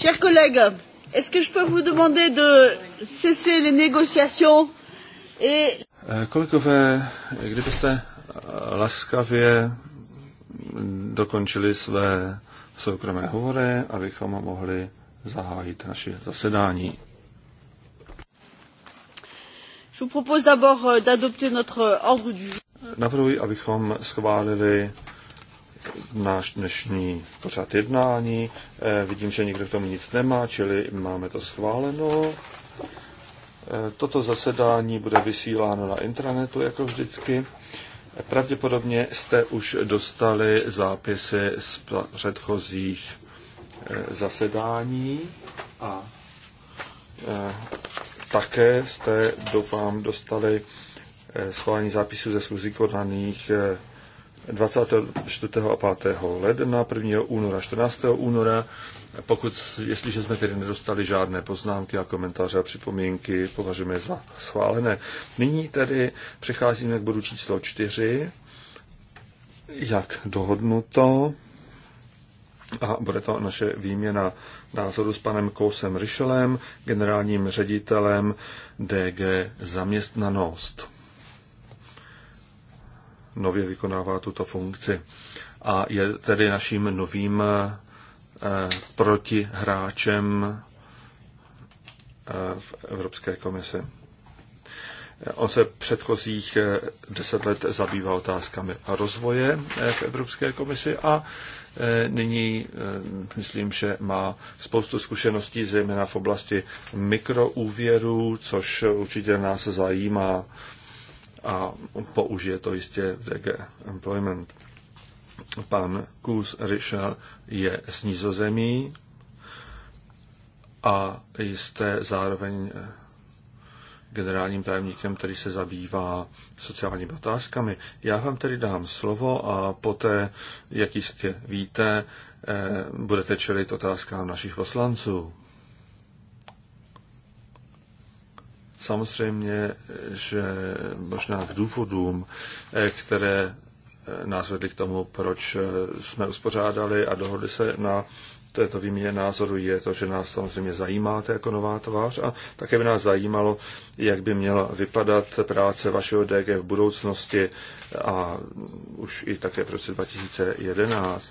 Chers collègues, est-ce que je peux vous demander de cesser les négociations et... Eh, kolegové, kdybyste eh, laskavě dokončili své soukromé hovory, abychom mohli zahájit naše zasedání. Je vous propose d'abord eh, d'adopter notre ordre du jour. Navrhuji, abychom schválili náš dnešní pořad jednání. Eh, vidím, že nikdo k tomu nic nemá, čili máme to schváleno. Eh, toto zasedání bude vysíláno na intranetu, jako vždycky. Eh, pravděpodobně jste už dostali zápisy z předchozích zasedání a také jste, doufám, dostali schválení zápisů ze schůzí konaných 24. a 5. ledna, 1. února, 14. února. Pokud, jestliže jsme tedy nedostali žádné poznámky a komentáře a připomínky, považujeme za schválené. Nyní tedy přecházíme k bodu číslo 4, jak dohodnuto, a bude to naše výměna názoru s panem Kousem Ryšelem, generálním ředitelem DG Zaměstnanost nově vykonává tuto funkci. A je tedy naším novým eh, protihráčem eh, v Evropské komisi. On se předchozích eh, deset let zabývá otázkami rozvoje v Evropské komisi a nyní myslím, že má spoustu zkušeností, zejména v oblasti mikroúvěrů, což určitě nás zajímá a použije to jistě v DG Employment. Pan Kus Richel je z Nizozemí a jste zároveň generálním tajemníkem, který se zabývá sociálními otázkami. Já vám tedy dám slovo a poté, jak jistě víte, eh, budete čelit otázkám našich poslanců. Samozřejmě, že možná k důvodům, eh, které eh, nás vedly k tomu, proč eh, jsme uspořádali a dohodli se na této výměně názoru, je to, že nás samozřejmě to jako nová tvář a také by nás zajímalo, jak by měla vypadat práce vašeho DG v budoucnosti a už i také v roce 2011.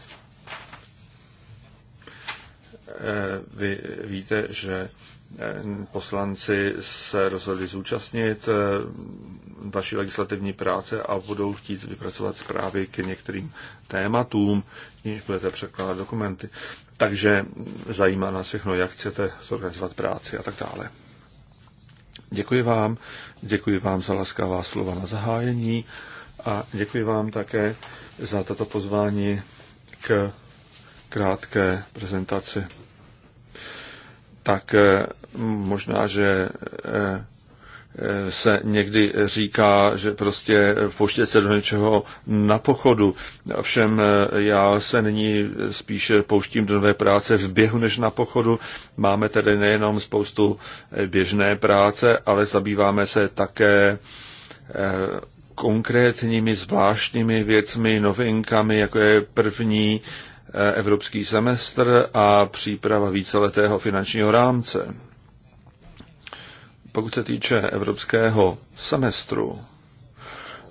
Vy víte, že Eh, poslanci se rozhodli zúčastnit eh, vaší legislativní práce a budou chtít vypracovat zprávy k některým tématům, níž budete překládat dokumenty. Takže zajímá nás všechno, jak chcete zorganizovat práci a tak dále. Děkuji vám, děkuji vám za laskavá slova na zahájení a děkuji vám také za tato pozvání k krátké prezentaci tak eh, možná, že eh, se někdy říká, že prostě pouštět se do něčeho na pochodu. Všem eh, já se nyní spíše pouštím do nové práce v běhu než na pochodu. Máme tedy nejenom spoustu běžné práce, ale zabýváme se také konkrétními zvláštními věcmi, novinkami, jako je první evropský semestr a příprava víceletého finančního rámce. Pokud se týče evropského semestru,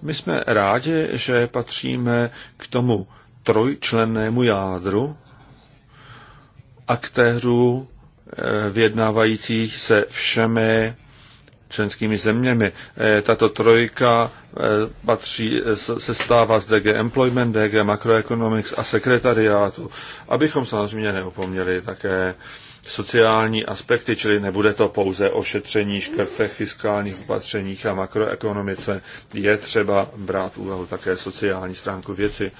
my jsme rádi, že patříme k tomu trojčlennému jádru aktérů eh, vyjednávajících se všemi členskými zeměmi. Eh, tato trojka eh, patří, eh, se stává z DG Employment, DG Macroeconomics a sekretariátu, abychom samozřejmě neopomněli také sociální aspekty, čili nebude to pouze o šetření škrtech, fiskálních opatřeních a makroekonomice. Je třeba brát v úvahu také sociální stránku věci.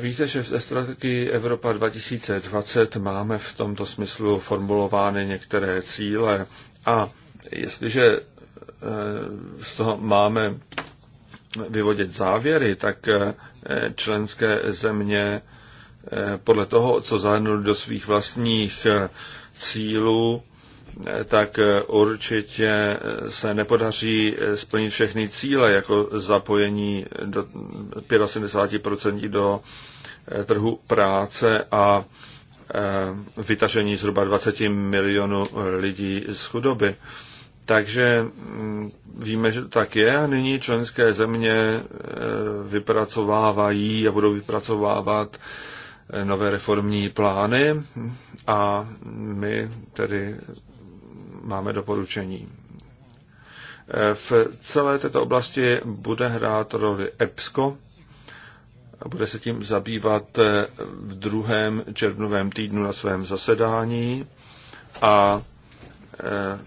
Víte, že ve strategii Evropa 2020 máme v tomto smyslu formulovány některé cíle a jestliže eh, z toho máme vyvodit závěry, tak eh, členské země eh, podle toho, co zahrnuli do svých vlastních cílů, tak určitě se nepodaří splnit všechny cíle, jako zapojení do 75% do trhu práce a Eh, vytažení zhruba 20 milionů lidí z chudoby. Takže mm, víme, že tak je a nyní členské země eh, vypracovávají a budou vypracovávat eh, nové reformní plány a my tedy máme doporučení. V celé této oblasti bude hrát roli EPSCO, bude se tím zabývat eh, v druhém červnovém týdnu na svém zasedání a eh,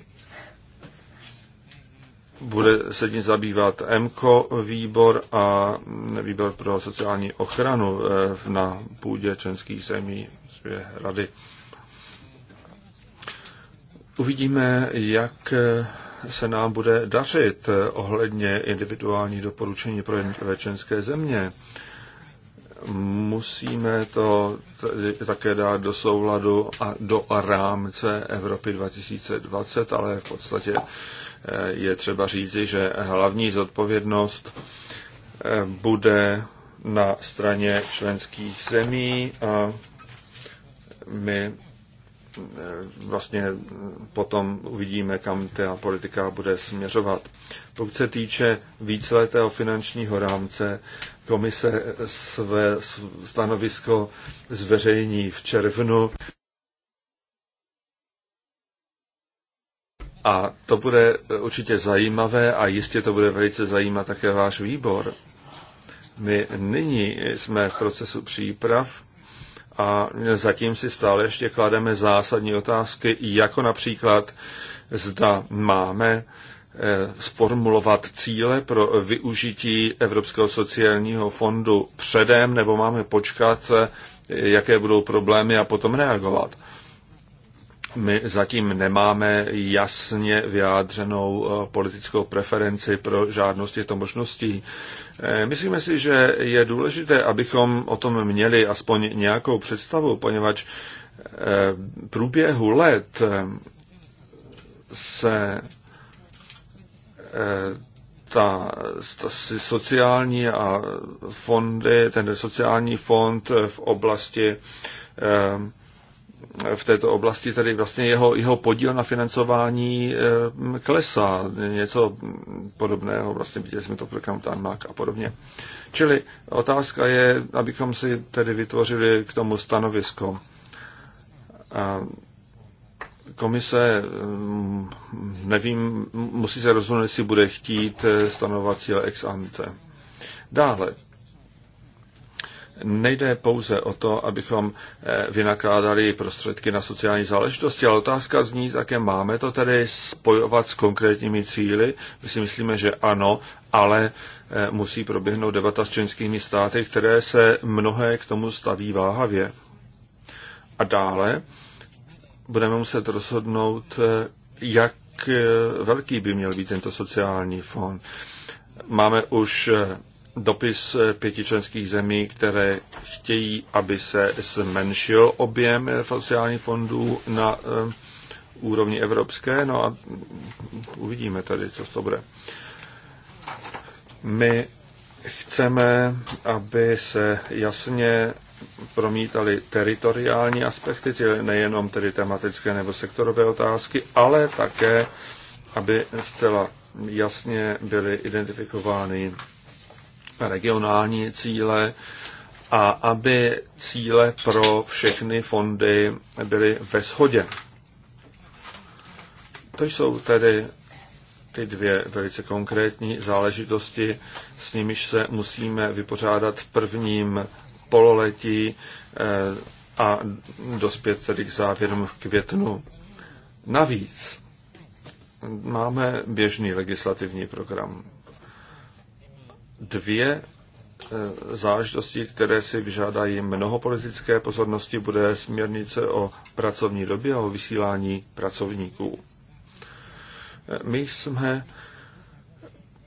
bude se tím zabývat MKO výbor a výbor pro sociální ochranu eh, na půdě členských zemí rady. Uvidíme, jak se nám bude dařit ohledně individuální doporučení pro jednotlivé členské země musíme to také dát do souladu a do rámce Evropy 2020, ale v podstatě eh, je třeba říci, že hlavní zodpovědnost eh, bude na straně členských zemí a my eh, vlastně potom uvidíme, kam ta politika bude směřovat. Pokud se týče víceletého finančního rámce, komise své stanovisko zveřejní v červnu. A to bude určitě zajímavé a jistě to bude velice zajímat také váš výbor. My nyní jsme v procesu příprav a zatím si stále ještě klademe zásadní otázky, jako například, zda máme Eh, sformulovat cíle pro využití Evropského sociálního fondu předem, nebo máme počkat, eh, jaké budou problémy a potom reagovat. My zatím nemáme jasně vyjádřenou eh, politickou preferenci pro žádnost těchto možností. Myslíme si, že je důležité, abychom o tom měli aspoň nějakou představu, poněvadž průběhu let se ta, ta sociální a fondy, ten sociální fond v oblasti eh, v této oblasti tedy vlastně jeho, jeho podíl na financování eh, klesá. Něco podobného, vlastně viděli jsme to v programu a podobně. Čili otázka je, abychom si tedy vytvořili k tomu stanovisko komise, eh, nevím, musí se rozhodnout, jestli bude chtít eh, stanovat cíle ex ante. Dále, nejde pouze o to, abychom eh, vynakládali prostředky na sociální záležitosti, ale otázka zní také, máme to tedy spojovat s konkrétními cíly? My si myslíme, že ano, ale musí proběhnout debata s členskými státy, které se mnohé k tomu staví váhavě. A dále budeme muset rozhodnout, eh, jak eh, velký by měl být tento sociální fond. Máme už eh, dopis pěti členských zemí, které chtějí, aby se zmenšil objem sociálních fondů na úrovni evropské. No a uvidíme tady, co to bude. My chceme, aby se jasně promítali teritoriální aspekty, nejenom tedy tematické nebo sektorové otázky, ale také, aby zcela jasně byly identifikovány regionální cíle a aby cíle pro všechny fondy byly ve shodě. To jsou tedy ty dvě velice konkrétní záležitosti, s nimiž se musíme vypořádat v prvním pololetí eh, a dospět tedy k závěrům v květnu. Navíc máme běžný legislativní program. Dvě eh, záležitosti, které si vyžádají mnoho politické pozornosti, bude směrnice o pracovní době a o vysílání pracovníků. Eh, my jsme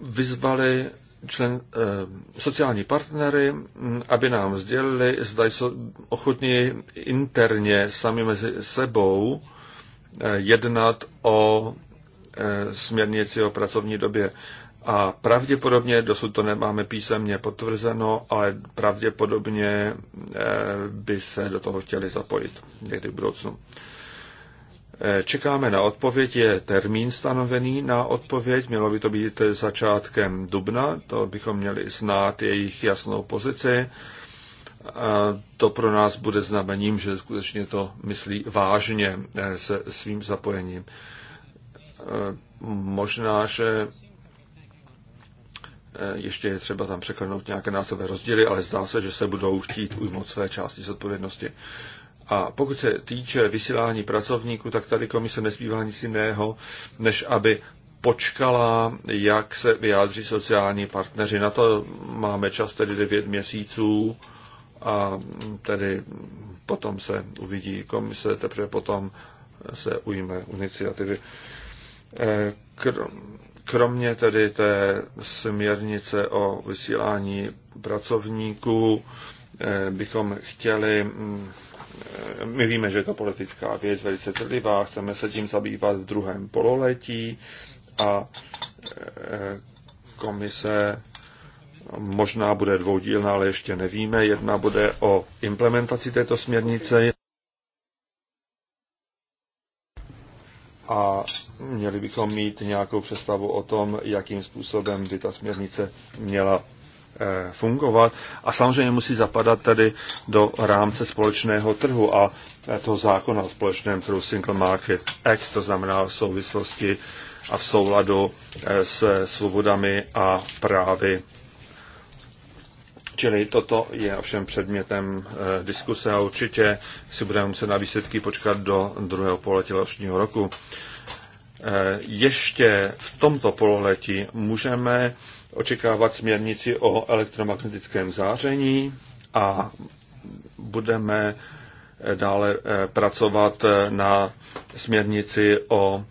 vyzvali člen, eh, sociální partnery, mm, aby nám sdělili, zda jsou ochotní interně sami mezi sebou eh, jednat o eh, směrnici o pracovní době. A pravděpodobně, dosud to nemáme písemně potvrzeno, ale pravděpodobně by se do toho chtěli zapojit někdy v budoucnu. Čekáme na odpověď, je termín stanovený na odpověď, mělo by to být začátkem dubna, to bychom měli znát jejich jasnou pozici. A to pro nás bude znamením, že skutečně to myslí vážně eh, se svým zapojením. Eh, možná, že eh, ještě je třeba tam překlenout nějaké názové rozdíly, ale zdá se, že se budou chtít ujmout své části zodpovědnosti. A pokud se týče vysílání pracovníků, tak tady komise nezbývá nic jiného, než aby počkala, jak se vyjádří sociální partneři. Na to máme čas tedy 9 měsíců a tedy potom se uvidí komise, teprve potom se ujme iniciativy. Eh, kromě tedy té směrnice o vysílání pracovníků eh, bychom chtěli mm, my víme, že je to politická věc, velice trlivá, chceme se tím zabývat v druhém pololetí a e, komise možná bude dvoudílná, ale ještě nevíme. Jedna bude o implementaci této směrnice a měli bychom mít nějakou představu o tom, jakým způsobem by ta směrnice měla Eh, fungovat a samozřejmě musí zapadat tady do rámce společného trhu a eh, toho zákona o společném trhu Single Market Act, to znamená v souvislosti a v souladu eh, s svobodami a právy. Čili toto je ovšem předmětem diskuse a určitě si budeme muset na výsledky počkat do druhého pololetí letošního roku. Ještě v tomto pololetí můžeme očekávat směrnici o elektromagnetickém záření a budeme eh, dále eh, pracovat eh, na směrnici o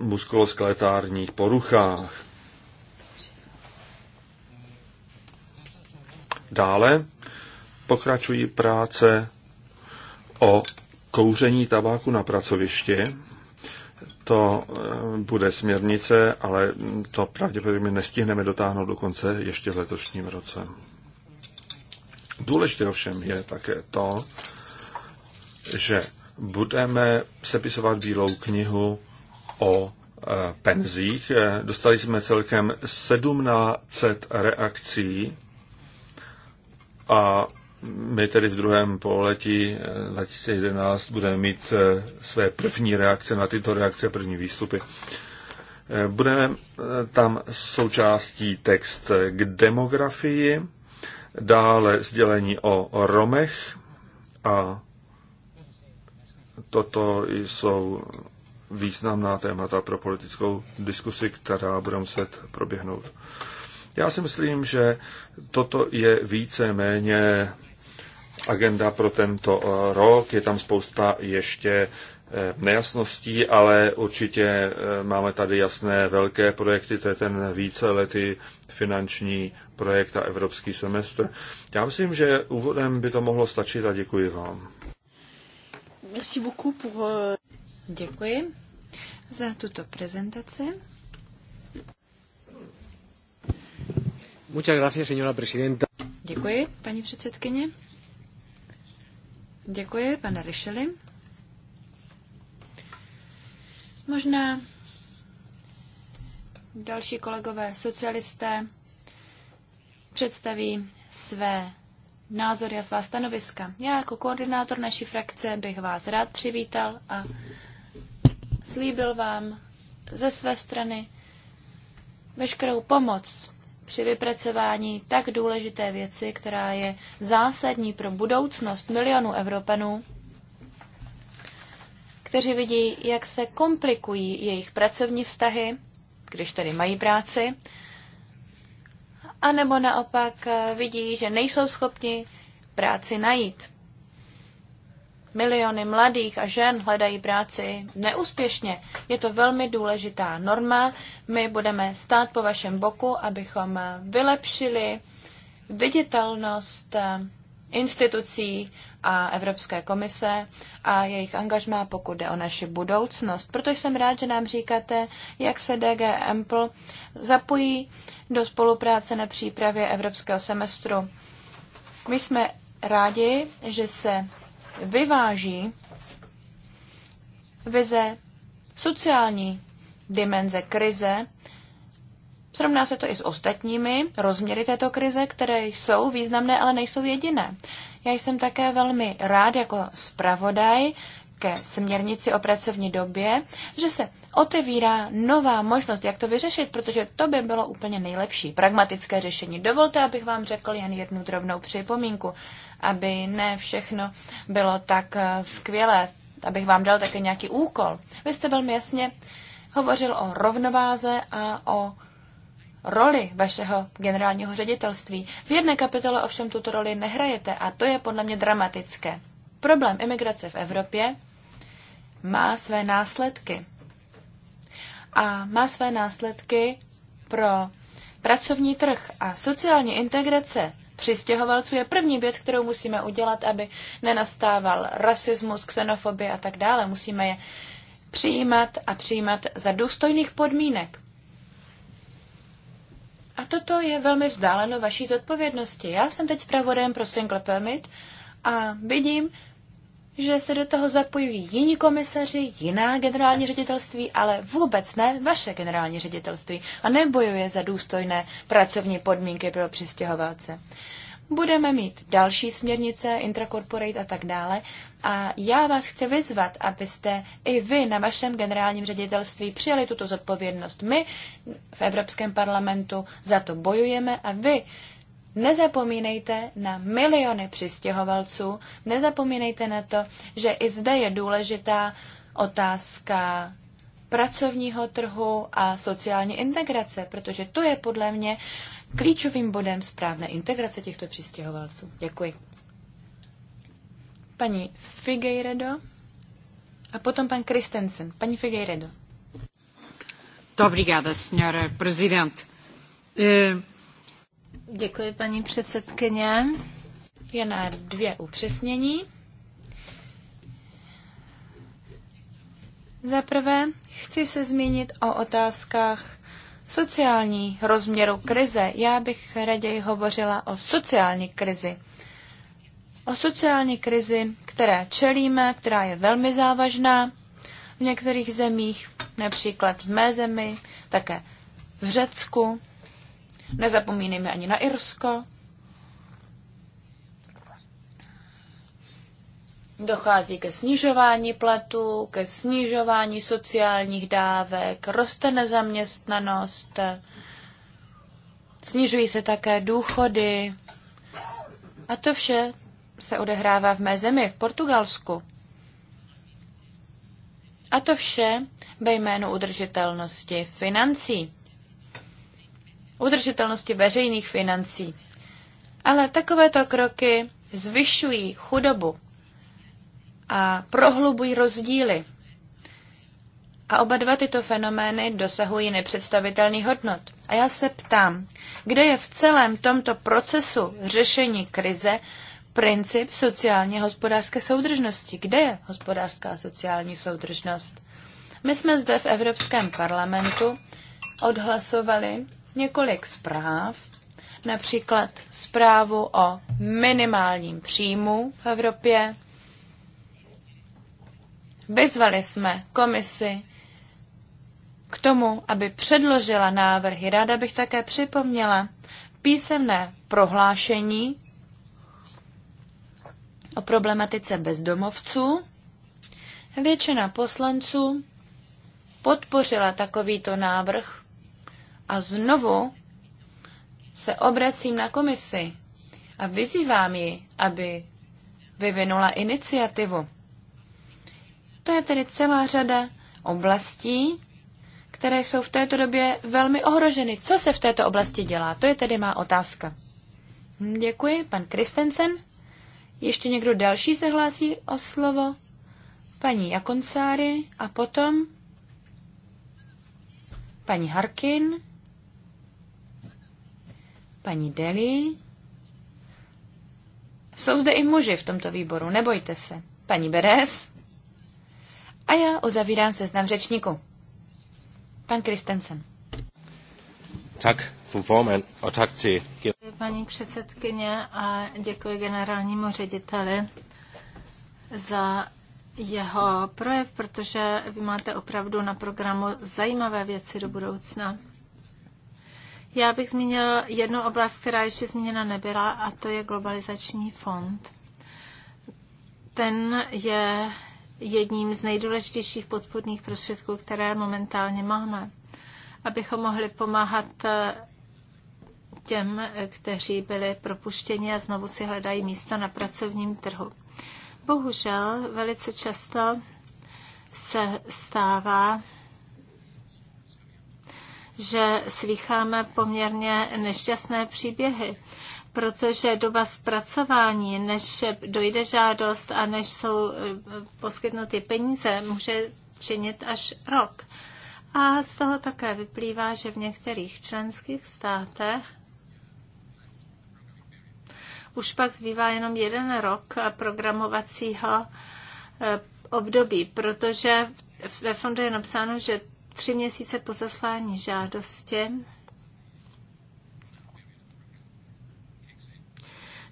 muskuloskeletárních poruchách. Dále pokračují práce o kouření tabáku na pracovišti to eh, bude směrnice, ale to pravděpodobně nestihneme dotáhnout do konce ještě v letošním roce. Důležité ovšem je také to, že budeme sepisovat bílou knihu o eh, penzích. Dostali jsme celkem 17 reakcí a my tedy v druhém pololetí eh, 2011 budeme mít eh, své první reakce na tyto reakce, první výstupy. Eh, budeme tam součástí text k demografii, dále sdělení o Romech a toto jsou významná témata pro politickou diskusi, která bude muset proběhnout. Já si myslím, že toto je více méně agenda pro tento eh, rok. Je tam spousta ještě eh, nejasností, ale určitě eh, máme tady jasné velké projekty, to je ten víceletý finanční projekt a evropský semestr. Já myslím, že úvodem by to mohlo stačit a děkuji vám. Merci beaucoup pour... Děkuji za tuto prezentaci. Muchas gracias, señora presidenta. Děkuji, paní předsedkyně. Děkuji, pane Rišeli. Možná další kolegové socialisté představí své názory a svá stanoviska. Já jako koordinátor naší frakce bych vás rád přivítal a slíbil vám ze své strany veškerou pomoc při vypracování tak důležité věci, která je zásadní pro budoucnost milionů Evropanů, kteří vidí, jak se komplikují jejich pracovní vztahy, když tedy mají práci, anebo naopak eh, vidí, že nejsou schopni práci najít. Miliony mladých a žen hledají práci neúspěšně. Je to velmi důležitá norma. My budeme stát po vašem boku, abychom vylepšili viditelnost eh, institucí a Evropské komise a jejich angažmá, pokud jde o naši budoucnost. Proto jsem rád, že nám říkáte, jak se DG Ample zapojí do spolupráce na přípravě Evropského semestru. My jsme rádi, že se vyváží vize sociální dimenze krize. Srovná se to i s ostatními rozměry této krize, které jsou významné, ale nejsou jediné. Já jsem také velmi rád jako zpravodaj ke směrnici o pracovní době, že se otevírá nová možnost, jak to vyřešit, protože to by bylo úplně nejlepší pragmatické řešení. Dovolte, abych vám řekl jen jednu drobnou připomínku aby ne všechno bylo tak eh, skvělé, abych vám dal také nějaký úkol. Vy jste velmi jasně hovořil o rovnováze a o roli vašeho generálního ředitelství. V jedné kapitole ovšem tuto roli nehrajete a to je podle mě dramatické. Problém imigrace v Evropě má své následky. A má své následky pro pracovní trh a sociální integrace přistěhovalců je první věc, kterou musíme udělat, aby nenastával rasismus, xenofobie a tak dále. Musíme je přijímat a přijímat za důstojných podmínek. A toto je velmi vzdáleno vaší zodpovědnosti. Já jsem teď zpravodajem pro single permit a vidím, že se do toho zapojují jiní komisaři, jiná generální ředitelství, ale vůbec ne vaše generální ředitelství a nebojuje za důstojné pracovní podmínky pro přistěhovalce. Budeme mít další směrnice, intracorporate a tak dále. A já vás chci vyzvat, abyste i vy na vašem generálním ředitelství přijali tuto zodpovědnost. My v Evropském parlamentu za to bojujeme a vy Nezapomínejte na miliony přistěhovalců, nezapomínejte na to, že i zde je důležitá otázka pracovního trhu a sociální integrace, protože to je podle mě klíčovým bodem správné integrace těchto přistěhovalců. Děkuji. Paní Figueiredo a potom pan Kristensen. Paní Figueiredo. Obrigada, senhora presidente. Uh... Děkuji, paní předsedkyně. Jen dvě upřesnění. Za prvé chci se zmínit o otázkách sociální rozměru krize. Já bych raději hovořila o sociální krizi. O sociální krizi, které čelíme, která je velmi závažná v některých zemích, například v mé zemi, také v Řecku. Nezapomínejme ani na Irsko. Dochází ke snižování platů, ke snižování sociálních dávek, roste nezaměstnanost, snižují se také důchody. A to vše se odehrává v mé zemi, v Portugalsku. A to vše ve jménu udržitelnosti financí udržitelnosti veřejných financí. Ale takovéto kroky zvyšují chudobu a prohlubují rozdíly. A oba dva tyto fenomény dosahují nepředstavitelných hodnot. A já se ptám, kde je v celém tomto procesu řešení krize princip sociálně hospodářské soudržnosti? Kde je hospodářská sociální soudržnost? My jsme zde v Evropském parlamentu odhlasovali několik zpráv, například zprávu o minimálním příjmu v Evropě. Vyzvali jsme komisi k tomu, aby předložila návrhy. Ráda bych také připomněla písemné prohlášení o problematice bezdomovců. Většina poslanců podpořila takovýto návrh a znovu se obracím na komisi a vyzývám ji, aby vyvinula iniciativu. To je tedy celá řada oblastí, které jsou v této době velmi ohroženy. Co se v této oblasti dělá? To je tedy má otázka. Děkuji, pan Kristensen. Ještě někdo další se hlásí o slovo? Paní Jakoncáry a potom paní Harkin paní Deli. Jsou zde i muži v tomto výboru, nebojte se. Paní Beres. A já uzavírám seznam řečníku. Pan Kristensen. Tak, fru formand, a tak til... Paní předsedkyně a děkuji generálnímu řediteli za jeho projev, protože vy máte opravdu na programu zajímavé věci do budoucna. Já bych zmínila jednu oblast, která ještě zmíněna nebyla, a to je globalizační fond. Ten je jedním z nejdůležitějších podpůrných prostředků, které momentálně máme, abychom mohli pomáhat eh, těm, kteří byli propuštěni a znovu si hledají místa na pracovním trhu. Bohužel velice často se stává, že slycháme poměrně nešťastné příběhy protože doba zpracování, než dojde žádost a než jsou eh, poskytnuty peníze, může činit až rok. A z toho také vyplývá, že v některých členských státech už pak zbývá jenom jeden rok programovacího eh, období, protože ve fondu je napsáno, že tři měsíce po zaslání žádosti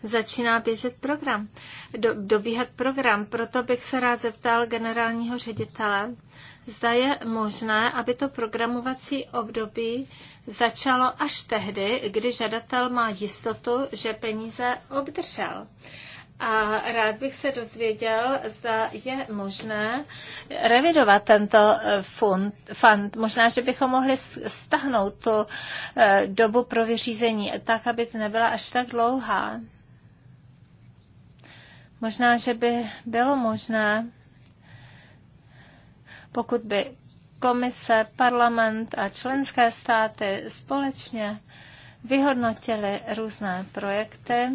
začíná běžet program, do, dobíhat program. Proto bych se rád zeptal generálního ředitele, zda je možné, aby to programovací období začalo až tehdy, kdy žadatel má jistotu, že peníze obdržel a rád bych se dozvěděl, zda je možné revidovat tento eh, fund, fund. Možná, že bychom mohli stahnout tu eh, dobu pro vyřízení tak, aby to nebyla až tak dlouhá. Možná, že by bylo možné, pokud by komise, parlament a členské státy společně vyhodnotili různé projekty,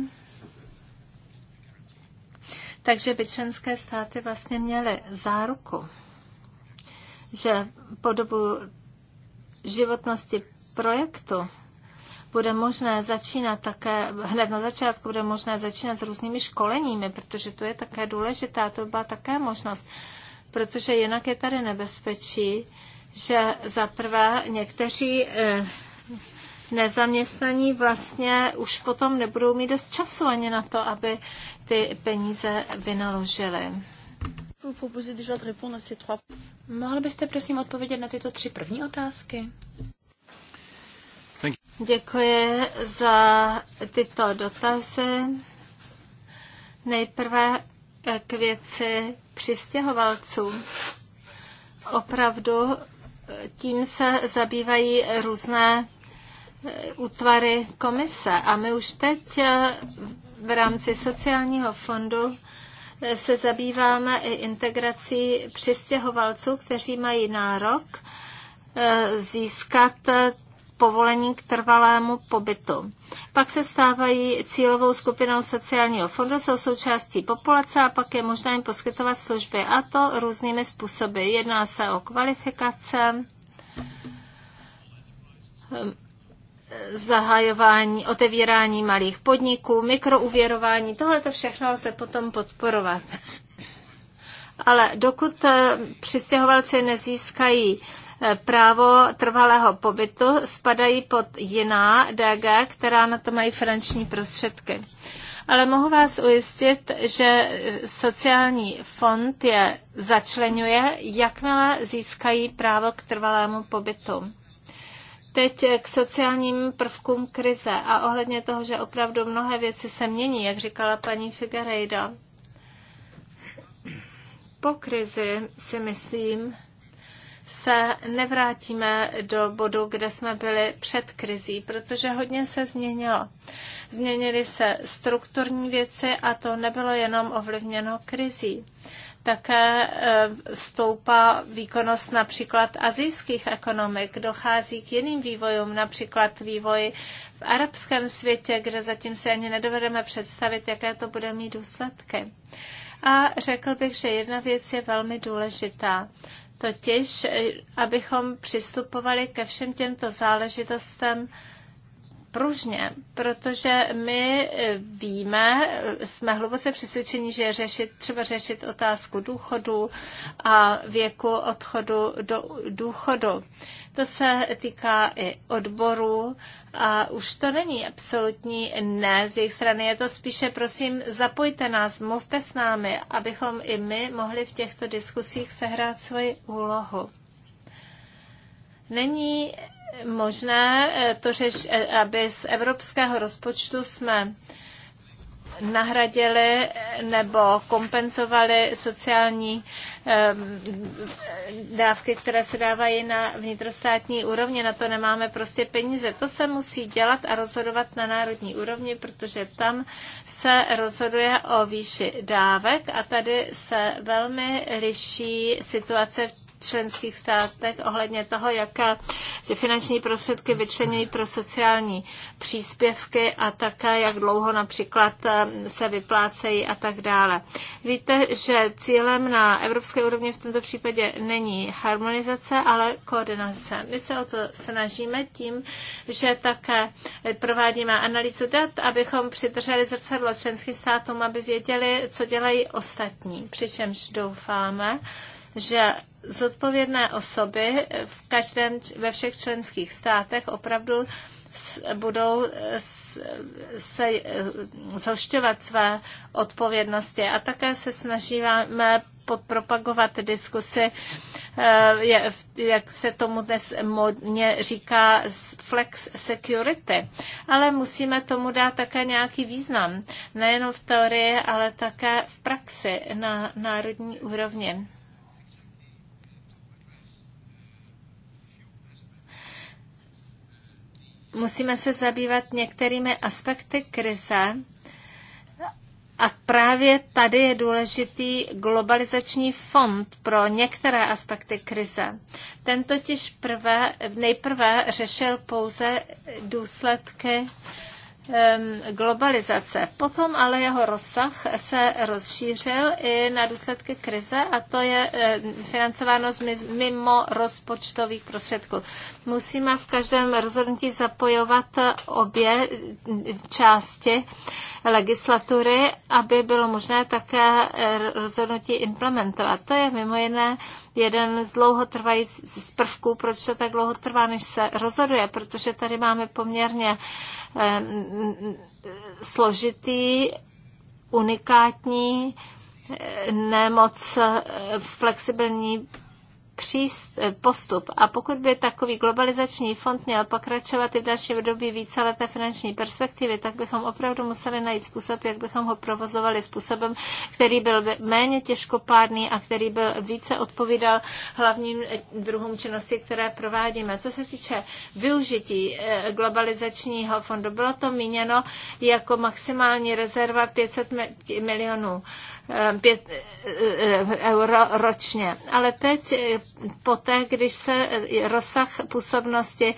takže by členské státy vlastně měly záruku, že po dobu životnosti projektu bude možné začínat také, hned na začátku bude možné začínat s různými školeními, protože to je také důležitá, to byla také možnost, protože jinak je tady nebezpečí, že za prvé někteří eh, nezaměstnaní vlastně už potom nebudou mít dost času ani na to, aby ty peníze vynaložili. Mohl byste prosím odpovědět na tyto tři první otázky? Děkuji za tyto dotazy. Nejprve k věci přistěhovalců. Opravdu eh, tím se zabývají různé útvary komise. A my už teď eh, v rámci sociálního fondu eh, se zabýváme i integrací přistěhovalců, kteří mají nárok eh, získat povolení k trvalému pobytu. Pak se stávají cílovou skupinou sociálního fondu, jsou součástí populace a pak je možné jim poskytovat služby a to různými způsoby. Jedná se o kvalifikace, zahajování, otevírání malých podniků, mikrouvěrování, tohle to všechno se potom podporovat. Ale dokud eh, přistěhovalci nezískají eh, právo trvalého pobytu, spadají pod jiná DG, která na to mají finanční prostředky. Ale mohu vás ujistit, že eh, sociální fond je začlenuje, jakmile získají právo k trvalému pobytu. Teď k sociálním prvkům krize a ohledně toho, že opravdu mnohé věci se mění, jak říkala paní Figarejda. Po krizi si myslím, se nevrátíme do bodu, kde jsme byli před krizí, protože hodně se změnilo. Změnily se strukturní věci a to nebylo jenom ovlivněno krizí také eh, stoupá výkonnost například azijských ekonomik, dochází k jiným vývojům, například vývoji v arabském světě, kde zatím si ani nedovedeme představit, jaké to bude mít důsledky. A řekl bych, že jedna věc je velmi důležitá totiž eh, abychom přistupovali ke všem těmto záležitostem pružně, protože my eh, víme, eh, jsme hluboce přesvědčeni, že řešit, třeba řešit otázku důchodu a věku odchodu do důchodu. To se týká i odborů a už to není absolutní ne z jejich strany, je to spíše prosím zapojte nás, mluvte s námi, abychom i my mohli v těchto diskusích sehrát svoji úlohu. Není možné eh, to řešit, eh, aby z evropského rozpočtu jsme nahradili eh, nebo kompenzovali sociální dávky, které se dávají na vnitrostátní úrovni. Na to nemáme prostě peníze. To se musí dělat a rozhodovat na národní úrovni, protože tam se rozhoduje o výši dávek a tady se velmi liší situace v členských státech ohledně toho, jaké finanční prostředky vyčlenují pro sociální příspěvky a také, jak dlouho například eh, se vyplácejí a tak dále. Víte, že cílem na evropské úrovni v tomto případě není harmonizace, ale koordinace. My se o to snažíme tím, že také provádíme analýzu dat, abychom přidrželi zrcadlo členským státům, aby věděli, co dělají ostatní. Přičemž doufáme, že zodpovědné osoby v každém, ve všech členských státech opravdu budou se eh, zhošťovat své odpovědnosti a také se snažíme podpropagovat diskusy, eh, jak se tomu dnes modně říká flex security. Ale musíme tomu dát také nějaký význam, nejenom v teorii, ale také v praxi na národní úrovni. musíme se zabývat některými aspekty krize, a právě tady je důležitý globalizační fond pro některé aspekty krize. Ten totiž prvé, nejprve řešil pouze důsledky Ehm, globalizace. Potom ale jeho rozsah se rozšířil i na důsledky krize a to je ehm, financováno z mimo rozpočtových prostředků. Musíme v každém rozhodnutí zapojovat obě ehm, části legislatury, aby bylo možné také rozhodnutí implementovat. To je mimo jiné jeden z dlouhotrvajících z prvků, proč to tak dlouho trvá, než se rozhoduje, protože tady máme poměrně eh, složitý, unikátní eh, nemoc eh, flexibilní příst, eh, postup. A pokud by takový globalizační fond měl pokračovat i v dalším období víceleté finanční perspektivy, tak bychom opravdu museli najít způsob, jak bychom ho provozovali způsobem, který byl méně těžkopádný a který byl více odpovídal hlavním eh, druhům činnosti, které provádíme. Co se týče využití eh, globalizačního fondu, bylo to míněno jako maximální rezerva 500 milionů 5 euro ročně. Ale teď eh, poté, když se eh, rozsah působnosti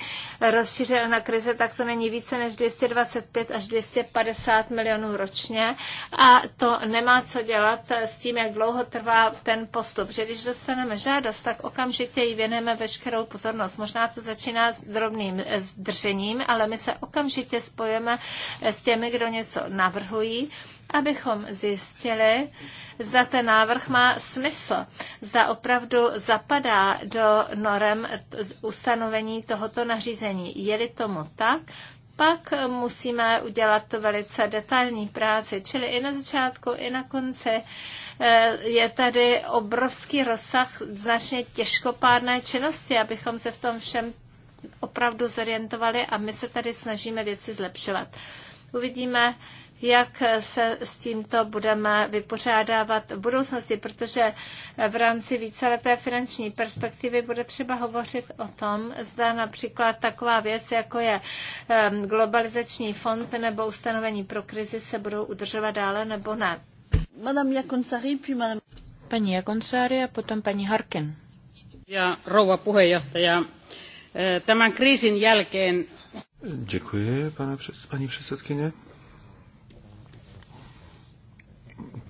rozšířil na krize, tak to není více než 225 až 250 milionů ročně a to nemá co dělat s tím, jak dlouho trvá ten postup. Že když dostaneme žádost, tak okamžitě ji věneme veškerou pozornost. Možná to začíná s drobným eh, zdržením, ale my se okamžitě spojeme s těmi, kdo něco navrhují abychom zjistili, zda ten návrh má smysl, zda opravdu zapadá do norem ustanovení tohoto nařízení. Je-li tomu tak, pak musíme udělat to velice detailní práci, čili i na začátku, i na konci eh, je tady obrovský rozsah značně těžkopádné činnosti, abychom se v tom všem opravdu zorientovali a my se tady snažíme věci zlepšovat. Uvidíme, jak se s tímto budeme vypořádávat v budoucnosti, protože v rámci víceleté finanční perspektivy bude třeba hovořit o tom, zda například taková věc, jako je ehm, globalizační fond nebo ustanovení pro krizi, se budou udržovat dále nebo ne. Madame Paní Jakonsari a potom paní Harkin. Já rouva puheenjohtaja, eh, tämän kriisin jälkeen... Děkuji, pane paní předsedkyně.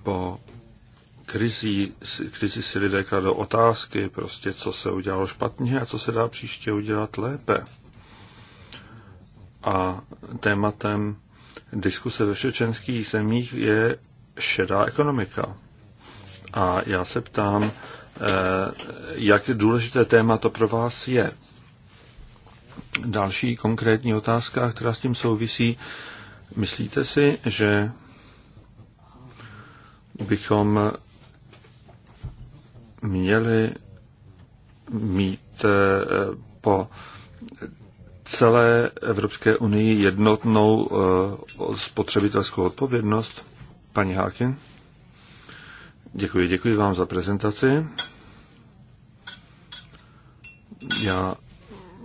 po krizi, krizi si lidé kladou otázky, prostě co se udělalo špatně a co se dá příště udělat lépe. A tématem diskuse ve všečenských zemích je šedá ekonomika. A já se ptám, eh, jak důležité téma to pro vás je. Další konkrétní otázka, která s tím souvisí. Myslíte si, že bychom měli mít eh, po celé Evropské unii jednotnou eh, spotřebitelskou odpovědnost. Paní Hákin. Děkuji, děkuji vám za prezentaci. Já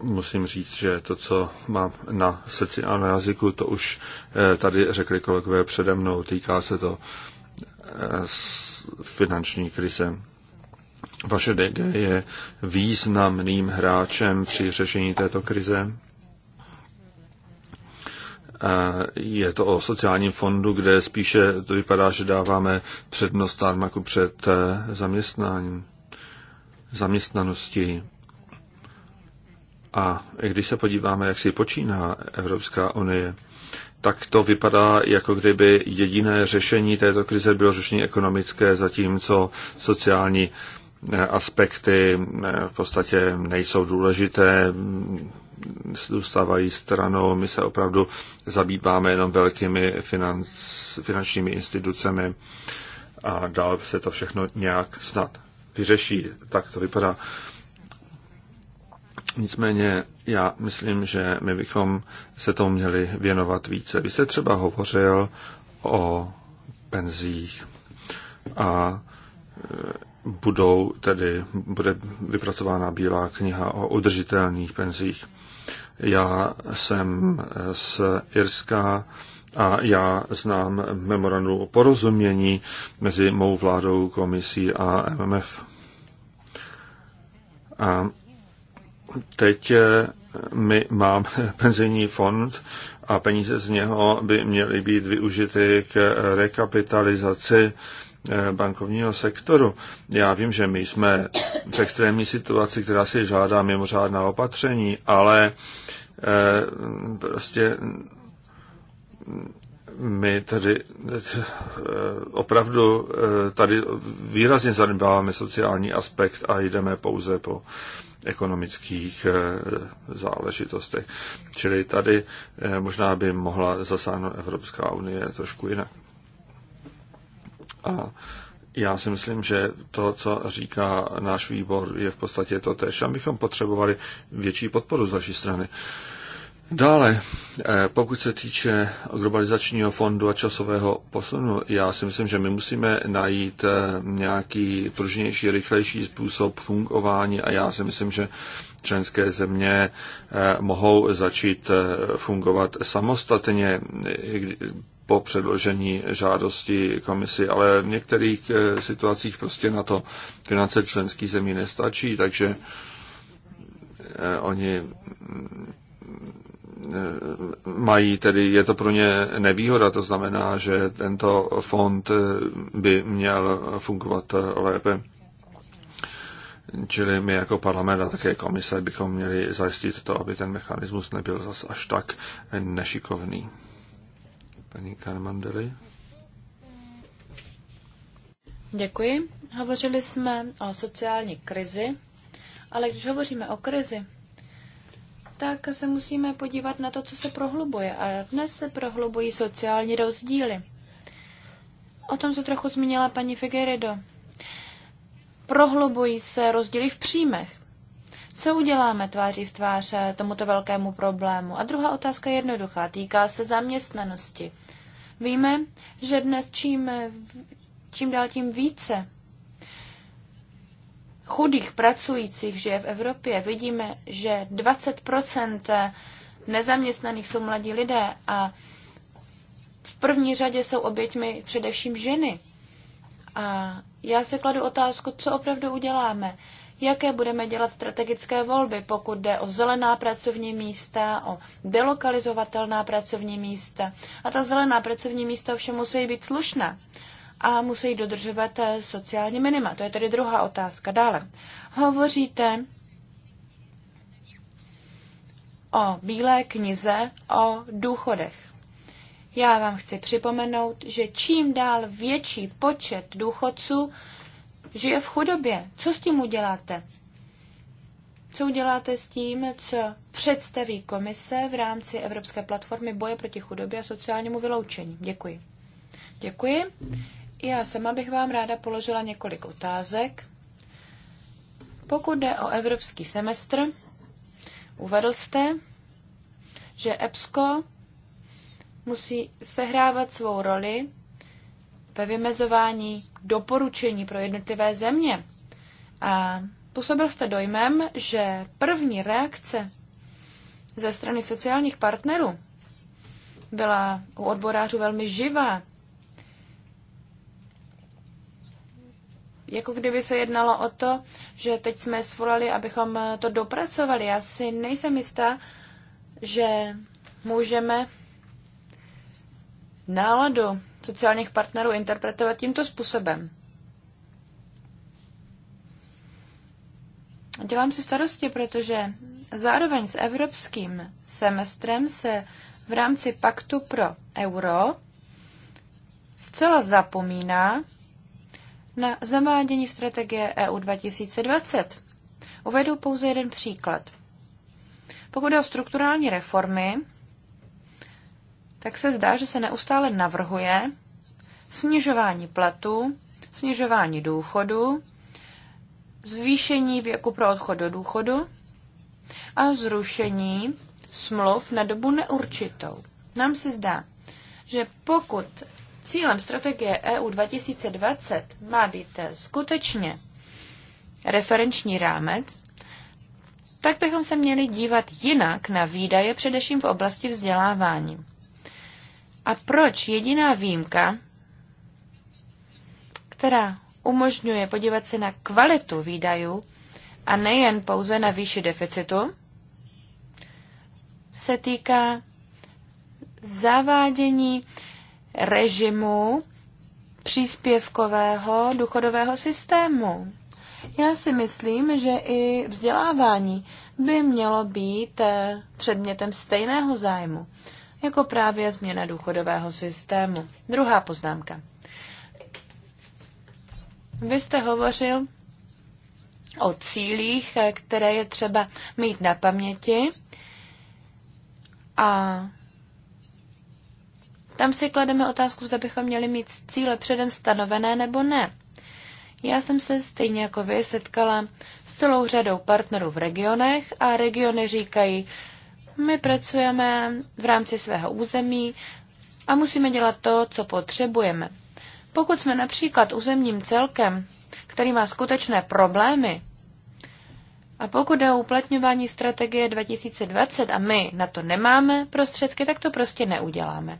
musím říct, že to, co mám na srdci a na jazyku, to už eh, tady řekli kolegové přede mnou. Týká se to finanční krize. Vaše DG je významným hráčem při řešení této krize. Je to o sociálním fondu, kde spíše to vypadá, že dáváme přednost tarmaku před eh, zaměstnáním, zaměstnaností. A když se podíváme, jak si počíná Evropská unie, tak to vypadá, jako kdyby jediné řešení této krize bylo řešení ekonomické, zatímco sociální eh, aspekty eh, v podstatě nejsou důležité, zůstávají stranou. My se opravdu zabýváme jenom velkými financ, finančními institucemi a dál se to všechno nějak snad vyřeší. Tak to vypadá. Nicméně já myslím, že my bychom se tomu měli věnovat více. Vy jste třeba hovořil o penzích a e, budou tedy, bude vypracována bílá kniha o udržitelných penzích. Já jsem z Irska a já znám memorandum o porozumění mezi mou vládou, komisí a MMF. A teď eh, my máme penzijní fond a peníze z něho by měly být využity k rekapitalizaci eh, bankovního sektoru. Já vím, že my jsme v extrémní situaci, která si žádá mimořádná opatření, ale eh, prostě my tady opravdu tady výrazně zanedbáváme sociální aspekt a jdeme pouze po ekonomických eh, záležitostech. Čili tady eh, možná by mohla zasáhnout Evropská unie trošku jinak. A já si myslím, že to, co říká náš výbor, je v podstatě to tež. A bychom potřebovali větší podporu z vaší strany. Uh, Dále, eh, pokud se týče globalizačního fondu a časového posunu, já si myslím, že my musíme najít eh, nějaký pružnější, rychlejší způsob fungování a já si myslím, že členské země eh, mohou začít fungovat samostatně po předložení žádosti komisi, ale v některých situacích prostě na to finance členských zemí nestačí, takže oni E, mají, tedy je to pro ně nevýhoda, to znamená, že tento fond by měl fungovat lépe. Čili my jako parlament a také komise bychom měli zajistit to, aby ten mechanismus nebyl zas až tak nešikovný. Paní Karmandeli. Děkuji. Hovořili jsme o sociální krizi, ale když hovoříme o krizi, tak se musíme podívat na to, co se prohlubuje. A dnes se prohlubují sociální rozdíly. O tom se trochu zmínila paní Figueredo. Prohlubují se rozdíly v příjmech. Co uděláme tváří v tvář eh, tomuto velkému problému? A druhá otázka je jednoduchá, týká se zaměstnanosti. Víme, že dnes čím, eh, čím dál tím více chudých pracujících žije v Evropě, vidíme, že 20 nezaměstnaných jsou mladí lidé a v první řadě jsou oběťmi především ženy. A já si kladu otázku, co opravdu uděláme. Jaké budeme dělat strategické volby, pokud jde o zelená pracovní místa, o delokalizovatelná pracovní místa. A ta zelená pracovní místa ovšem musí být slušná a musí dodržovat eh, sociální minima. To je tedy druhá otázka. Dále. Hovoříte o bílé knize o důchodech. Já vám chci připomenout, že čím dál větší počet důchodců žije v chudobě. Co s tím uděláte? Co uděláte s tím, co představí komise v rámci Evropské platformy boje proti chudobě a sociálnímu vyloučení? Děkuji. Děkuji. Já sama bych vám ráda položila několik otázek. Pokud jde o evropský semestr, uvedl jste, že EBSCO musí sehrávat svou roli ve vymezování doporučení pro jednotlivé země. A působil jste dojmem, že první reakce ze strany sociálních partnerů byla u odborářů velmi živá. Jako kdyby se jednalo o to, že teď jsme svolali, abychom to dopracovali. Já si nejsem jistá, že můžeme náladu sociálních partnerů interpretovat tímto způsobem. Dělám si starosti, protože zároveň s evropským semestrem se v rámci paktu pro euro zcela zapomíná na zavádění strategie EU 2020. Uvedu pouze jeden příklad. Pokud je o strukturální reformy, tak se zdá, že se neustále navrhuje snižování platů, snižování důchodu, zvýšení věku pro odchod do důchodu a zrušení smluv na dobu neurčitou. Nám se zdá, že pokud Cílem strategie EU 2020 má být skutečně referenční rámec, tak bychom se měli dívat jinak na výdaje především v oblasti vzdělávání. A proč jediná výjimka, která umožňuje podívat se na kvalitu výdajů a nejen pouze na výši deficitu, se týká zavádění režimu příspěvkového důchodového systému. Já si myslím, že i vzdělávání by mělo být eh, předmětem stejného zájmu, jako právě změna důchodového systému. Druhá poznámka. Vy jste hovořil o cílích, eh, které je třeba mít na paměti a tam si klademe otázku, zda bychom měli mít cíle předem stanovené nebo ne. Já jsem se stejně jako vy setkala s celou řadou partnerů v regionech a regiony říkají, my pracujeme v rámci svého území a musíme dělat to, co potřebujeme. Pokud jsme například územním celkem, který má skutečné problémy, a pokud je o uplatňování strategie 2020 a my na to nemáme prostředky, tak to prostě neuděláme.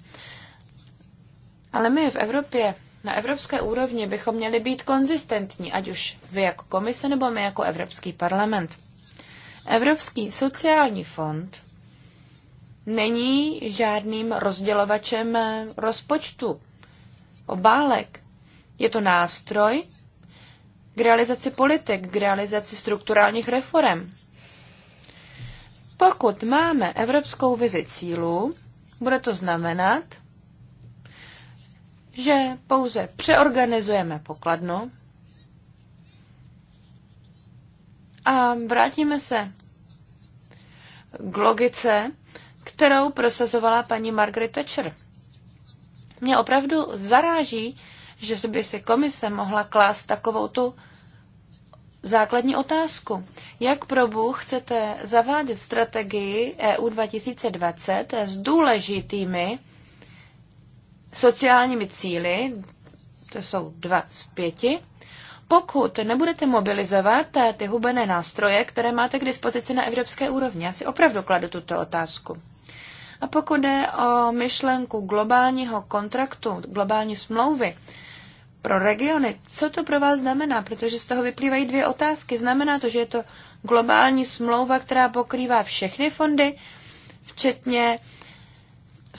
Ale my v Evropě, na evropské úrovni, bychom měli být konzistentní, ať už vy jako komise nebo my jako Evropský parlament. Evropský sociální fond není žádným rozdělovačem eh, rozpočtu, obálek. Je to nástroj k realizaci politik, k realizaci strukturálních reform. Pokud máme evropskou vizi cílů, bude to znamenat, že pouze přeorganizujeme pokladnu a vrátíme se k logice, kterou prosazovala paní Margaret Thatcher. Mě opravdu zaráží, že by si komise mohla klást takovou tu základní otázku. Jak pro Bůh chcete zavádět strategii EU 2020 s důležitými sociálními cíly, to jsou dva z pěti, pokud nebudete mobilizovat eh, ty hubené nástroje, které máte k dispozici na evropské úrovni, já si opravdu kladu tuto otázku. A pokud jde o myšlenku globálního kontraktu, globální smlouvy pro regiony, co to pro vás znamená? Protože z toho vyplývají dvě otázky. Znamená to, že je to globální smlouva, která pokrývá všechny fondy, včetně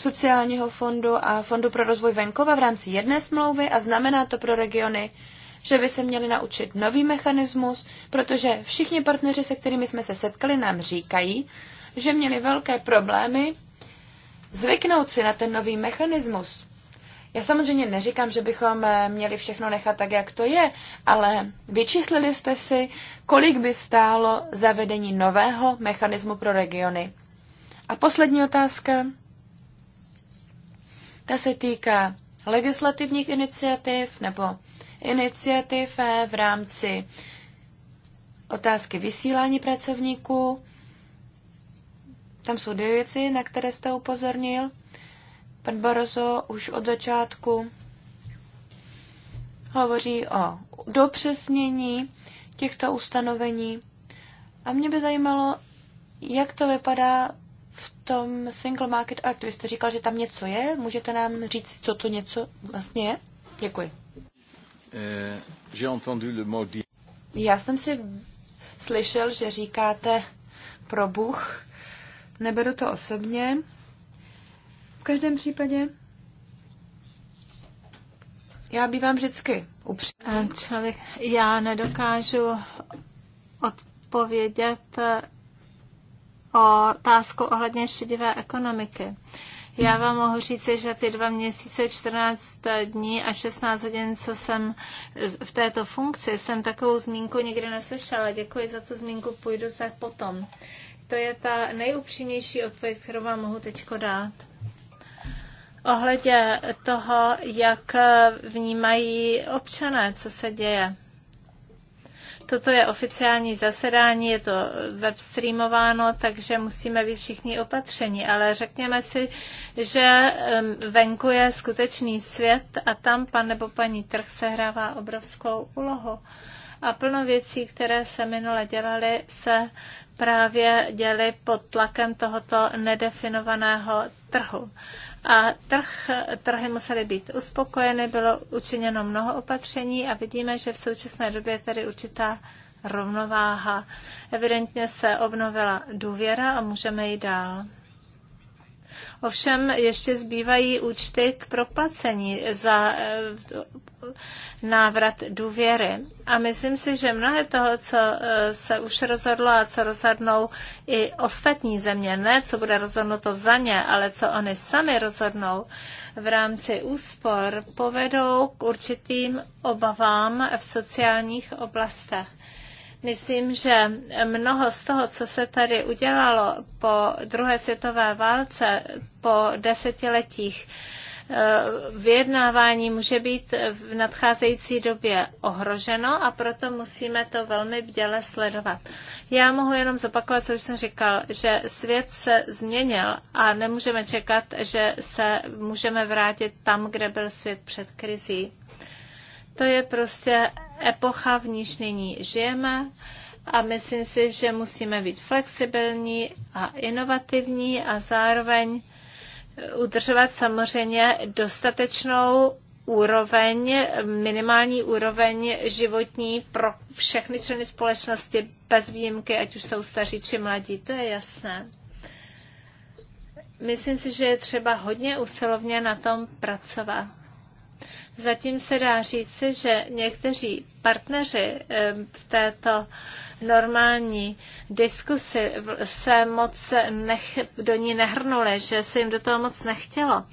sociálního fondu a fondu pro rozvoj venkova v rámci jedné smlouvy a znamená to pro regiony, že by se měli naučit nový mechanismus, protože všichni partneři, se kterými jsme se setkali, nám říkají, že měli velké problémy zvyknout si na ten nový mechanismus. Já samozřejmě neříkám, že bychom eh, měli všechno nechat tak, jak to je, ale vyčíslili jste si, kolik by stálo zavedení nového mechanismu pro regiony. A poslední otázka. Ta se týká legislativních iniciativ nebo iniciativ eh, v rámci otázky vysílání pracovníků. Tam jsou dvě věci, na které jste upozornil. Pan Barozo už od začátku hovoří o dopřesnění těchto ustanovení. A mě by zajímalo, jak to vypadá v tom Single Market Act. Vy jste říkal, že tam něco je. Můžete nám říct, co to něco vlastně je? Děkuji. Eh, já jsem si slyšel, že říkáte pro Bůh. Neberu to osobně. V každém případě já bývám vždycky upřímný. Člověk, já nedokážu odpovědět o otázku ohledně šedivé ekonomiky. Já vám mohu říct, že ty dva měsíce, 14 dní a 16 hodin, co jsem v této funkci, jsem takovou zmínku nikdy neslyšela. Děkuji za tu zmínku, půjdu se potom. To je ta nejupřímnější odpověď, kterou vám mohu teď dát. Ohledě toho, jak vnímají občané, co se děje. Toto je oficiální zasedání, je to webstreamováno, takže musíme být všichni opatření, ale řekněme si, že venku je skutečný svět a tam pan nebo paní trh sehrává obrovskou úlohu. A plno věcí, které se minule dělaly, se právě děly pod tlakem tohoto nedefinovaného trhu a trh, trhy musely být uspokojeny, bylo učiněno mnoho opatření a vidíme, že v současné době je tady určitá rovnováha. Evidentně se obnovila důvěra a můžeme jít dál. Ovšem ještě zbývají účty k proplacení za eh, návrat důvěry. A myslím si, že mnohé toho, co eh, se už rozhodlo a co rozhodnou i ostatní země, ne co bude rozhodnuto za ně, ale co oni sami rozhodnou v rámci úspor, povedou k určitým obavám v sociálních oblastech. Myslím, že mnoho z toho, co se tady udělalo po druhé světové válce, po desetiletích, eh, vyjednávání může být v nadcházející době ohroženo a proto musíme to velmi bděle sledovat. Já mohu jenom zopakovat, co už jsem říkal, že svět se změnil a nemůžeme čekat, že se můžeme vrátit tam, kde byl svět před krizí. To je prostě epocha, v níž nyní žijeme a myslím si, že musíme být flexibilní a inovativní a zároveň udržovat samozřejmě dostatečnou úroveň, minimální úroveň životní pro všechny členy společnosti bez výjimky, ať už jsou staří či mladí, to je jasné. Myslím si, že je třeba hodně usilovně na tom pracovat. Zatím se dá říci, že někteří partneři v této normální diskusy se moc nech, do ní nehrnuli, že se jim do toho moc nechtělo.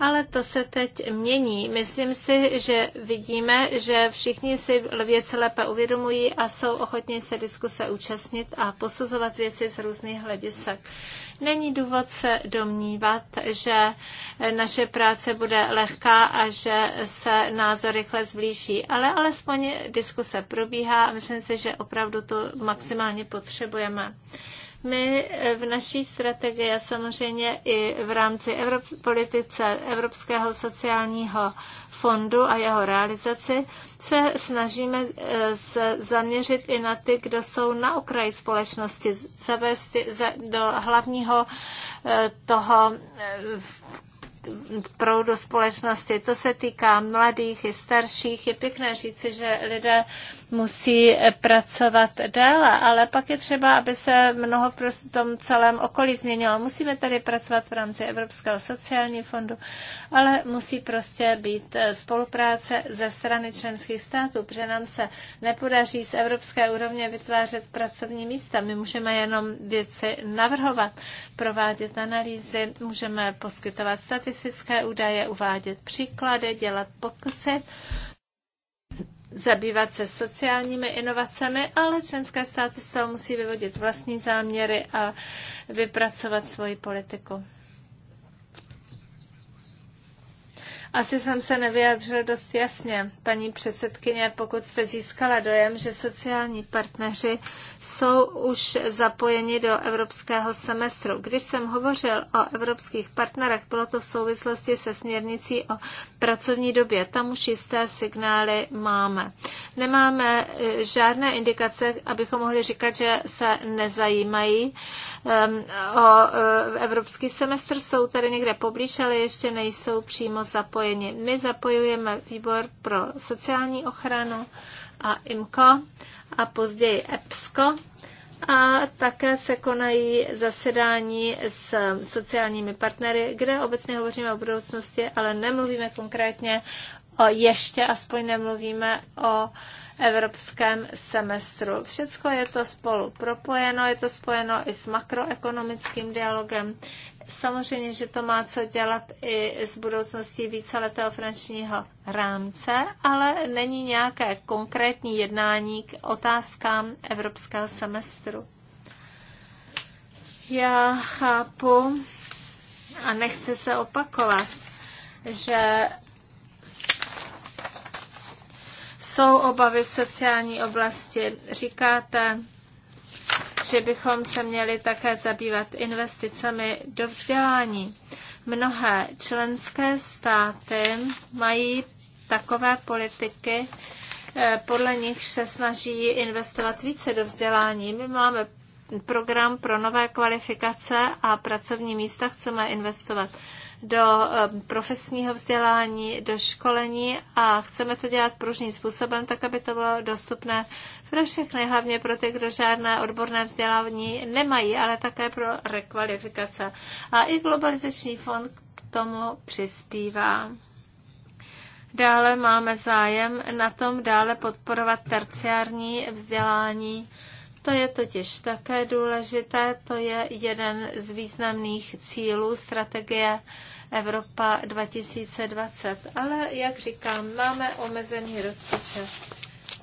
Ale to se teď mění. Myslím si, že vidíme, že všichni si věci lépe uvědomují a jsou ochotní se diskuse účastnit a posuzovat věci z různých hledisek. Není důvod se domnívat, že naše práce bude lehká a že se názor rychle zblíží, ale alespoň diskuse probíhá a myslím si, že opravdu to maximálně potřebujeme. My eh, v naší strategii a samozřejmě i v rámci Evrop- politice Evropského sociálního fondu a jeho realizaci se snažíme eh, se zaměřit i na ty, kdo jsou na okraji společnosti, zavést do hlavního eh, toho proudu společnosti. To se týká mladých i starších. Je pěkné říci, že lidé musí pracovat déle, ale pak je třeba, aby se mnoho v tom celém okolí změnilo. Musíme tady pracovat v rámci Evropského sociálního fondu, ale musí prostě být eh, spolupráce ze strany členských států, protože nám se nepodaří z evropské úrovně vytvářet pracovní místa. My můžeme jenom věci navrhovat, provádět analýzy, můžeme poskytovat statistické údaje, uvádět příklady, dělat pokusy, zabývat se sociálními inovacemi, ale členské státy z toho musí vyvodit vlastní záměry a vypracovat svoji politiku. Asi jsem se nevyjadřil dost jasně, paní předsedkyně, pokud jste získala dojem, že sociální partneři jsou už zapojeni do evropského semestru. Když jsem hovořil o evropských partnerech, bylo to v souvislosti se směrnicí o pracovní době. Tam už jisté signály máme. Nemáme eh, žádné indikace, abychom mohli říkat, že se nezajímají ehm, o eh, evropský semestr. Jsou tady někde poblíž, ale ještě nejsou přímo zapojeni zapojeni. My zapojujeme výbor pro sociální ochranu a IMCO a později EPSCO. A také se konají zasedání s sociálními partnery, kde obecně hovoříme o budoucnosti, ale nemluvíme konkrétně o ještě, aspoň nemluvíme o evropském semestru. Všecko je to spolu propojeno, je to spojeno i s makroekonomickým dialogem, Samozřejmě, že to má co dělat i s budoucností víceletého finančního rámce, ale není nějaké konkrétní jednání k otázkám evropského semestru. Já chápu a nechci se opakovat, že jsou obavy v sociální oblasti. Říkáte, že bychom se měli také zabývat investicemi do vzdělání. Mnohé členské státy mají takové politiky, eh, podle nich se snaží investovat více do vzdělání. My máme program pro nové kvalifikace a pracovní místa chceme investovat do eh, profesního vzdělání, do školení a chceme to dělat pružným způsobem, tak aby to bylo dostupné pro všechny, hlavně pro ty, kdo žádné odborné vzdělání nemají, ale také pro rekvalifikace. A i globalizační fond k tomu přispívá. Dále máme zájem na tom dále podporovat terciární vzdělání. To je totiž také důležité, to je jeden z významných cílů strategie Evropa 2020. Ale, jak říkám, máme omezený rozpočet.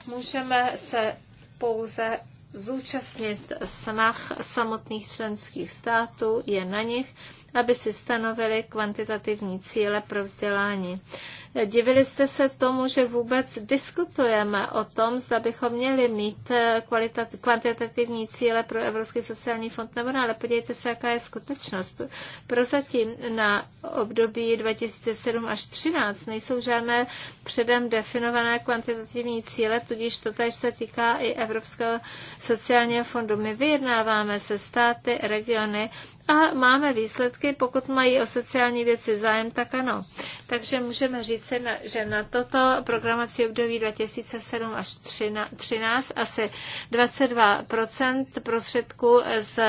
Můžeme se pouze zúčastnit snah samotných členských států je na nich, aby si stanovili kvantitativní cíle pro vzdělání. Divili jste se tomu, že vůbec diskutujeme o tom, zda bychom měli mít eh, kvantitativní cíle pro Evropský sociální fond nebo ne, ale podívejte se, jaká je skutečnost. Prozatím na období 2007 až 2013 nejsou žádné předem definované kvantitativní cíle, tudíž to tež se týká i Evropského sociálního fondu. My vyjednáváme se státy, regiony a máme výsledky, pokud mají o sociální věci zájem, tak ano. Takže můžeme říct, říci, že na toto programací období 2007 až 2013 asi 22 prostředků z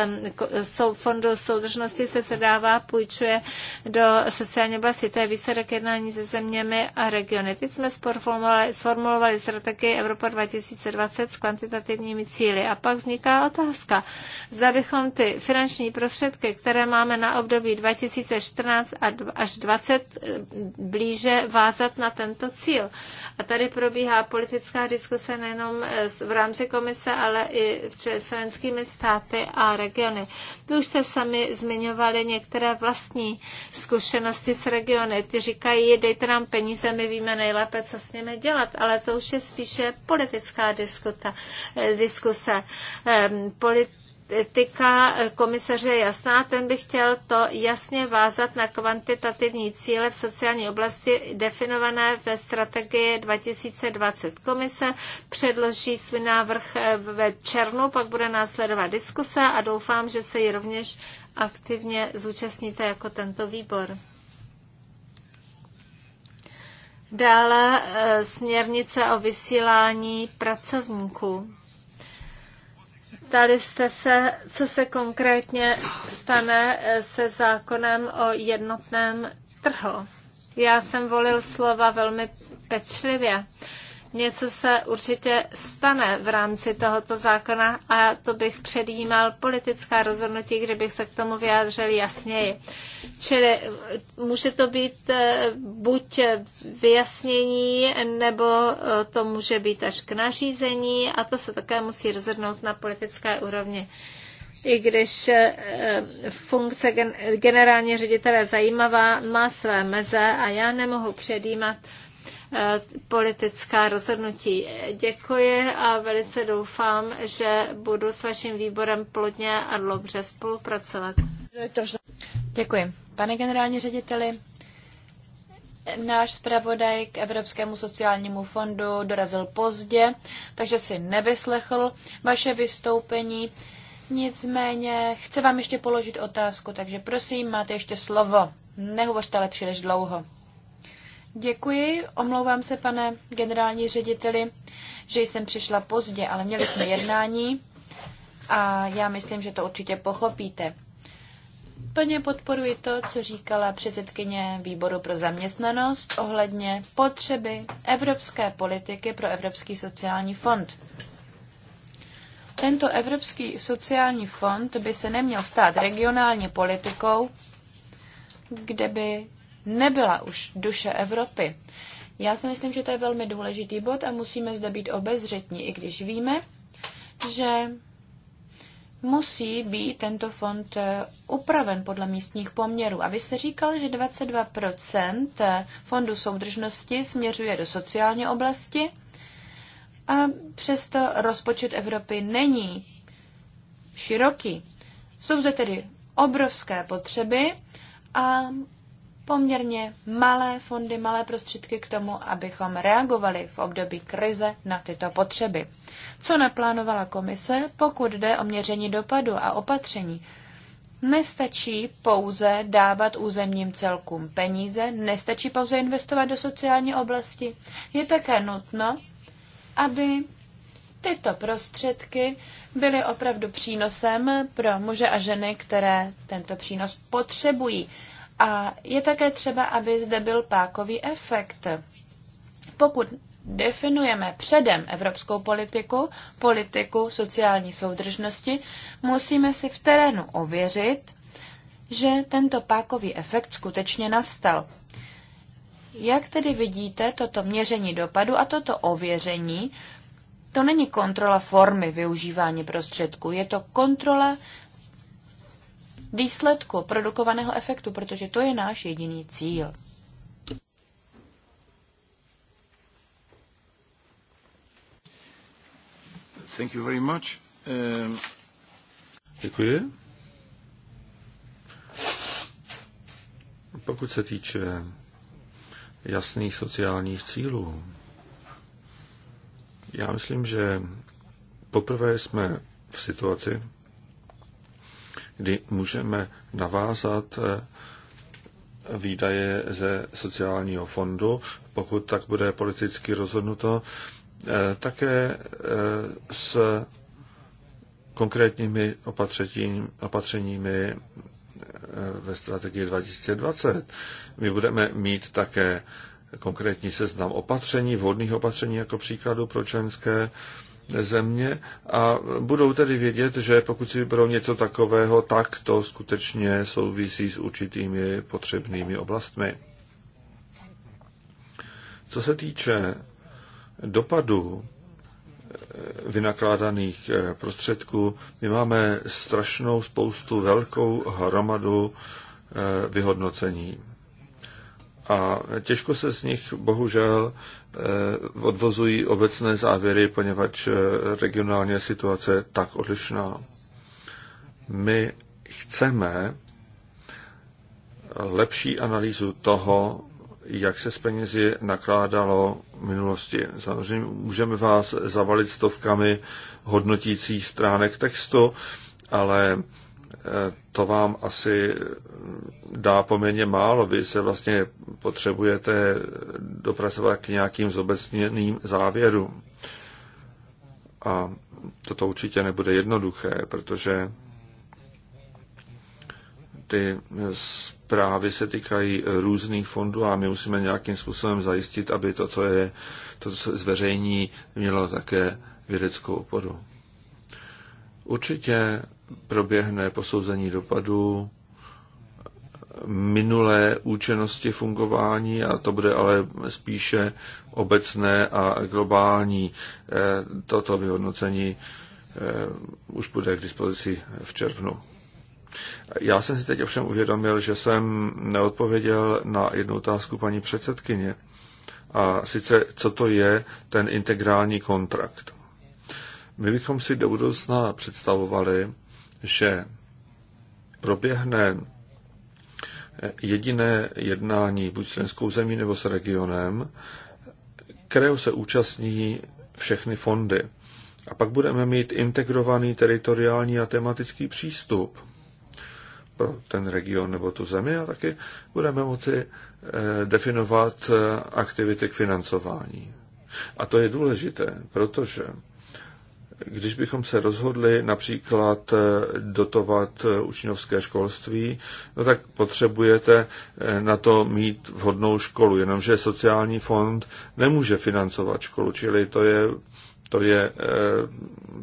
fondu soudržnosti se zadává, půjčuje do sociální oblasti. To je výsledek jednání se zeměmi a regiony. Teď jsme sformulovali, sformulovali strategii Evropa 2020 s kvantitativními cíly. A pak vzniká otázka, zda bychom ty finanční prostředky, které máme na období 2014 až 2020, eh, blíže vám navázat na tento cíl. A tady probíhá politická diskuse nejenom eh, v rámci komise, ale i v slovenskými státy a regiony. Vy už jste sami zmiňovali některé vlastní zkušenosti s regiony. Ty říkají, dejte nám peníze, my víme nejlépe, co s nimi dělat, ale to už je spíše politická diskuta, eh, diskuse. Polit- etika komisaře je jasná, ten by chtěl to jasně vázat na kvantitativní cíle v sociální oblasti definované ve strategii 2020. Komise předloží svůj návrh eh, ve černu, pak bude následovat diskuse a doufám, že se ji rovněž aktivně zúčastníte jako tento výbor. Dále eh, směrnice o vysílání pracovníků. Ptali jste se, co se konkrétně stane eh, se zákonem o jednotném trhu. Já jsem volil slova velmi pečlivě Něco se určitě stane v rámci tohoto zákona a to bych předjímal politická rozhodnutí, kdybych se k tomu vyjádřil jasněji. Čili eh, může to být eh, buď vyjasnění, nebo eh, to může být až k nařízení a to se také musí rozhodnout na politické úrovni i když funkce generálně ředitele zajímavá, má své meze a já nemohu předjímat, Eh, politická rozhodnutí. Děkuji a velice doufám, že budu s vaším výborem plodně a dobře spolupracovat. Děkuji. Pane generální řediteli, náš zpravodaj k Evropskému sociálnímu fondu dorazil pozdě, takže si nevyslechl vaše vystoupení. Nicméně chci vám ještě položit otázku, takže prosím, máte ještě slovo. Nehovořte ale příliš dlouho. Děkuji, omlouvám se, pane generální řediteli, že jsem přišla pozdě, ale měli jsme jednání a já myslím, že to určitě pochopíte. Plně podporuji to, co říkala předsedkyně výboru pro zaměstnanost ohledně potřeby evropské politiky pro Evropský sociální fond. Tento Evropský sociální fond by se neměl stát regionální politikou, kde by nebyla už duše Evropy. Já si myslím, že to je velmi důležitý bod a musíme zde být obezřetní, i když víme, že musí být tento fond eh, upraven podle místních poměrů. A vy jste říkal, že 22% eh, fondu soudržnosti směřuje do sociální oblasti a přesto rozpočet Evropy není široký. Jsou zde tedy obrovské potřeby a poměrně malé fondy, malé prostředky k tomu, abychom reagovali v období krize na tyto potřeby. Co naplánovala komise, pokud jde o měření dopadu a opatření? Nestačí pouze dávat územním celkům peníze, nestačí pouze investovat do sociální oblasti. Je také nutno, aby tyto prostředky byly opravdu přínosem pro muže a ženy, které tento přínos potřebují. A je také třeba, aby zde byl pákový efekt. Pokud definujeme předem evropskou politiku, politiku sociální soudržnosti, musíme si v terénu ověřit, že tento pákový efekt skutečně nastal. Jak tedy vidíte toto měření dopadu a toto ověření? To není kontrola formy využívání prostředků, je to kontrola výsledku, produkovaného efektu, protože to je náš jediný cíl. Thank you very much. Um... Děkuji. Pokud se týče jasných sociálních cílů, já myslím, že poprvé jsme v situaci, kdy můžeme navázat eh, výdaje ze sociálního fondu, pokud tak bude politicky rozhodnuto, eh, také eh, s konkrétními opatřeními ve strategii 2020. My budeme mít také konkrétní seznam opatření, vhodných opatření jako příkladu pro členské země a budou tedy vědět, že pokud si vyberou něco takového, tak to skutečně souvisí s určitými potřebnými oblastmi. Co se týče dopadu eh, vynakládaných eh, prostředků, my máme strašnou spoustu, velkou hromadu eh, vyhodnocení. A těžko se z nich bohužel Eh, odvozují obecné závěry, poněvadž eh, regionálně situace je tak odlišná. My chceme lepší analýzu toho, jak se s penězi nakládalo v minulosti. Samozřejmě můžeme vás zavalit stovkami hodnotících stránek textu, ale to vám asi dá poměrně málo. Vy se vlastně potřebujete dopracovat k nějakým zobecněným závěrům. A toto určitě nebude jednoduché, protože ty zprávy se týkají různých fondů a my musíme nějakým způsobem zajistit, aby to, co je, to, co zveřejní, mělo také vědeckou oporu. Určitě proběhne posouzení dopadu minulé účinnosti fungování a to bude ale spíše obecné a globální. Eh, toto vyhodnocení eh, už bude k dispozici v červnu. Já jsem si teď ovšem uvědomil, že jsem neodpověděl na jednu otázku paní předsedkyně. A sice, co to je ten integrální kontrakt. My bychom si do budoucna představovali, že proběhne jediné jednání buď s členskou zemí nebo s regionem, kterého se účastní všechny fondy. A pak budeme mít integrovaný teritoriální a tematický přístup pro ten region nebo tu zemi a taky budeme moci eh, definovat eh, aktivity k financování. A to je důležité, protože když bychom se rozhodli například eh, dotovat eh, učňovské školství, no tak potřebujete eh, na to mít vhodnou školu, jenomže sociální fond nemůže financovat školu, čili to je, to je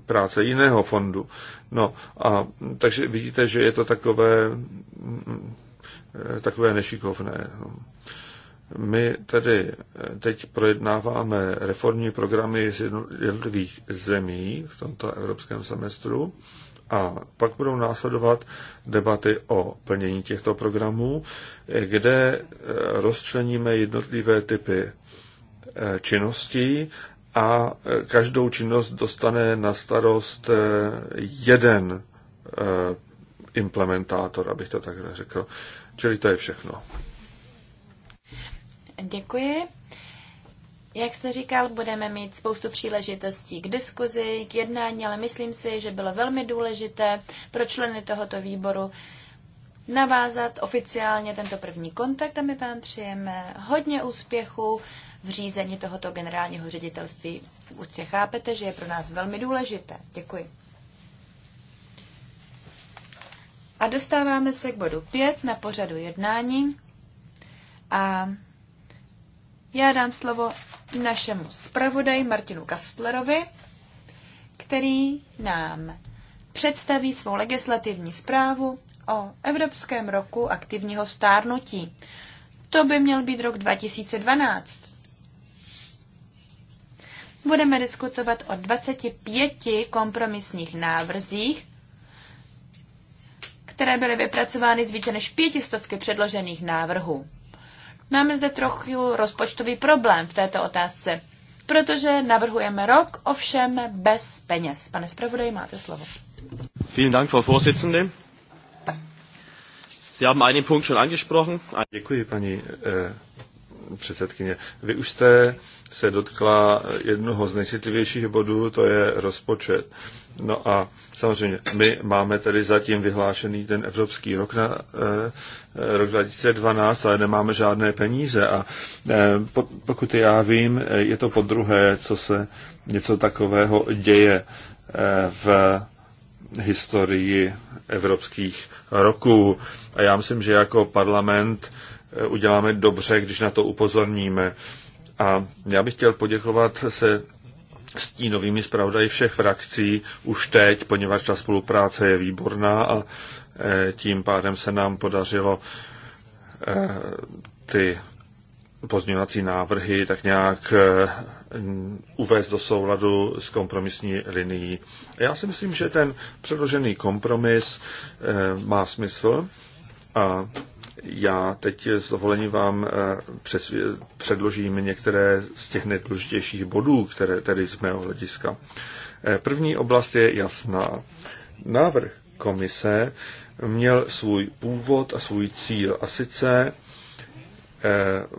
práce jiného fondu. No a takže vidíte, že je to takové, mm, mm, takové nešikovné. No. My tedy eh, teď projednáváme reformní programy z jednotlivých zemí v tomto evropském semestru a pak budou následovat debaty o plnění těchto programů, eh, kde eh, rozčleníme jednotlivé typy činností a každou činnost dostane na starost jeden implementátor, abych to takhle řekl. Čili to je všechno. Děkuji. Jak jste říkal, budeme mít spoustu příležitostí k diskuzi, k jednání, ale myslím si, že bylo velmi důležité pro členy tohoto výboru navázat oficiálně tento první kontakt a my vám přejeme hodně úspěchu v řízení tohoto generálního ředitelství. Určitě chápete, že je pro nás velmi důležité. Děkuji. A dostáváme se k bodu 5 na pořadu jednání. A já dám slovo našemu zpravodaji Martinu Kastlerovi, který nám představí svou legislativní zprávu o Evropském roku aktivního stárnutí. To by měl být rok 2012. Budeme diskutovat o 25 kompromisních návrzích, které byly vypracovány z více než 500 předložených návrhů. Máme zde trochu rozpočtový problém v této otázce, protože navrhujeme rok, ovšem bez peněz. Pane zpravodaj, máte slovo. Vielen Dank, Frau Vorsitzende. Sie haben einen Punkt schon angesprochen. Děkuji, paní eh, předsedkyně. Vy už jste se dotkla jednoho z nejcitlivějších bodů, to je rozpočet. Eh, No a samozřejmě my máme tedy zatím vyhlášený ten Evropský rok na eh, rok 2012, ale nemáme žádné peníze a eh, pokud já vím, eh, je to po druhé, co se něco takového děje eh, v historii evropských roků. A já myslím, že jako parlament eh, uděláme dobře, když na to upozorníme. A já bych chtěl poděkovat se stínovými zpravodaji všech frakcí už teď, poněvadž ta spolupráce je výborná a e, tím pádem se nám podařilo e, ty pozměňovací návrhy tak nějak e, uvést do souladu s kompromisní linií. Já si myslím, že ten předložený kompromis má smysl a já teď s dovolením vám eh, eh, předložím některé z těch nejdůležitějších bodů, které tedy z mého hlediska. Eh, první oblast je jasná. Návrh komise měl svůj původ a svůj cíl, a sice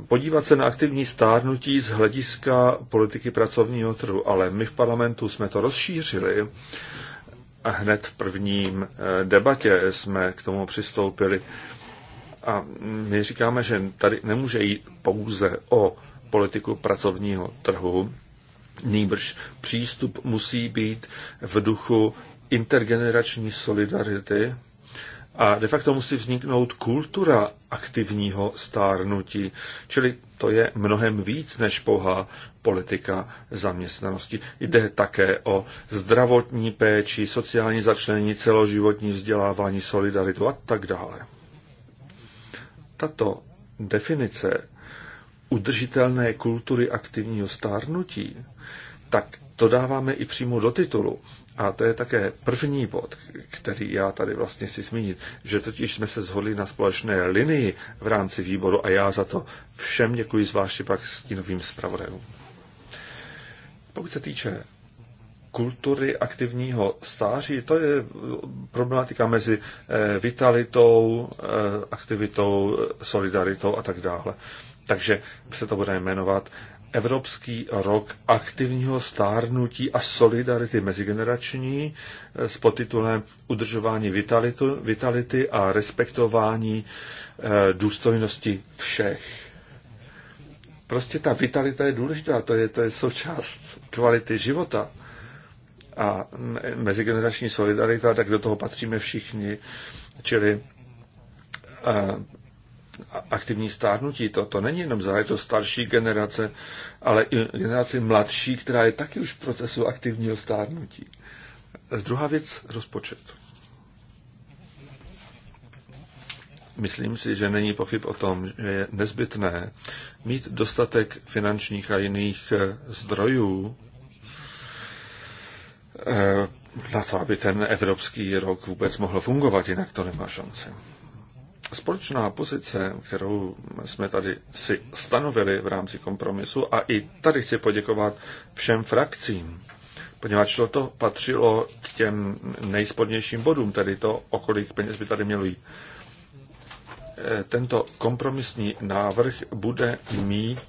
podívat se na aktivní stárnutí z hlediska politiky pracovního trhu, ale my v parlamentu jsme to rozšířili a hned v prvním debatě jsme k tomu přistoupili. A my říkáme, že tady nemůže jít pouze o politiku pracovního trhu, nýbrž přístup musí být v duchu intergenerační solidarity a de facto musí vzniknout kultura aktivního stárnutí, čili to je mnohem víc než pouhá politika zaměstnanosti. Jde také o zdravotní péči, sociální začlenění, celoživotní vzdělávání, solidaritu a tak dále tato definice udržitelné kultury aktivního stárnutí, tak to dáváme i přímo do titulu. A to je také první bod, který já tady vlastně chci zmínit, že totiž jsme se zhodli na společné linii v rámci výboru a já za to všem děkuji, zvláště pak stínovým zpravodajům. Pokud se týče kultury aktivního stáří, to je problematika mezi eh, vitalitou, eh, aktivitou, eh, solidaritou a tak dále. Takže se to bude jmenovat Evropský rok aktivního stárnutí a solidarity mezigenerační s podtitulem Udržování vitalitu, vitality a respektování důstojnosti všech. Prostě ta vitalita je důležitá, to je, to je součást kvality života a mezigenerační solidarita, tak do toho patříme všichni, čili aktivní stárnutí. To, to není jenom záležitost starší generace, ale i generaci mladší, která je taky už v procesu aktivního stárnutí. Druhá věc, rozpočet. Myslím si, že není pochyb o tom, že je nezbytné mít dostatek finančních a jiných eh, zdrojů Eh, na to, aby ten evropský rok vůbec mohl fungovat, jinak to nemá šanci. Společná pozice, kterou jsme tady si stanovili v rámci kompromisu, a i tady chci poděkovat všem frakcím, poněvadž toto patřilo k těm nejspodnějším bodům, tedy to, o kolik peněz by tady mělo jít. Eh, tento kompromisní návrh bude mít,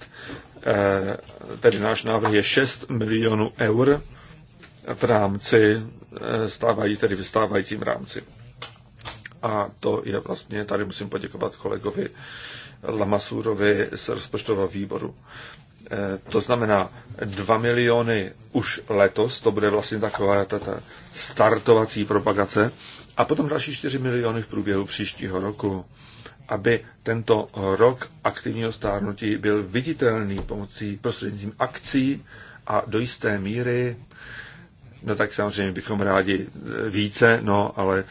eh, tedy náš návrh je 6 milionů eur, v rámci, eh, stávají tedy v stávajícím rámci. A to je vlastně, tady musím poděkovat kolegovi Lamasurovi z rozpočtového výboru. Eh, to znamená 2 miliony už letos, to bude vlastně taková ta, ta startovací propagace, a potom další 4 miliony v průběhu příštího roku, aby tento rok aktivního stárnutí byl viditelný pomocí prostřednictvím akcí a do jisté míry No tak samozřejmě bychom rádi více, no ale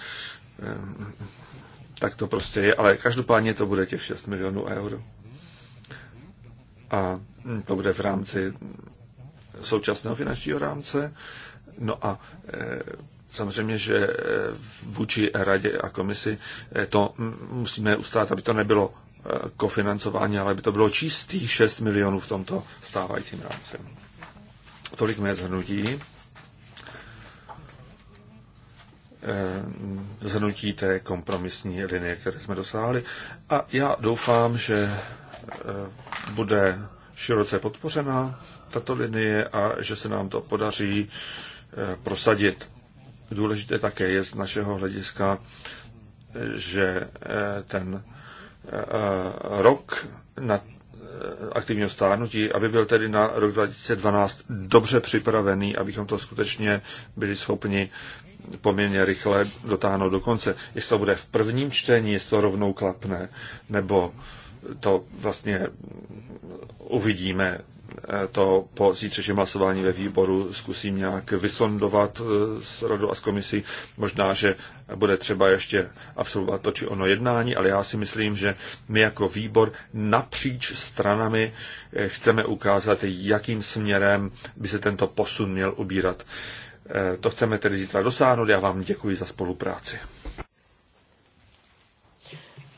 eh, tak to prostě je. Ale každopádně to bude těch 6 milionů eur. A hm, to bude v rámci současného finančního rámce. No a eh, samozřejmě, že eh, vůči radě a komisi to hm, musíme ustát, aby to nebylo kofinancování, ale aby to bylo čistých 6 milionů v tomto stávajícím rámci. Tolik mé zhrnutí. Eh, zhrnutí té kompromisní linie, které jsme dosáhli. A já doufám, že eh, bude široce podpořena tato linie a že se nám to podaří eh, prosadit. Důležité také je z našeho hlediska, že ten rok na aktivního stárnutí, aby byl tedy na rok 2012 dobře připravený, abychom to skutečně byli schopni poměrně rychle dotáhnout do konce. Jestli to bude v prvním čtení, jestli to rovnou klapne, nebo to vlastně uvidíme eh, to po zítřejším hlasování ve výboru zkusím nějak vysondovat eh, s radou a s komisí. Možná, že bude třeba ještě absolvovat to či ono jednání, ale já si myslím, že my jako výbor napříč stranami eh, chceme ukázat, jakým směrem by se tento posun měl ubírat. Eh, to chceme tedy zítra dosáhnout. Já vám děkuji za spolupráci.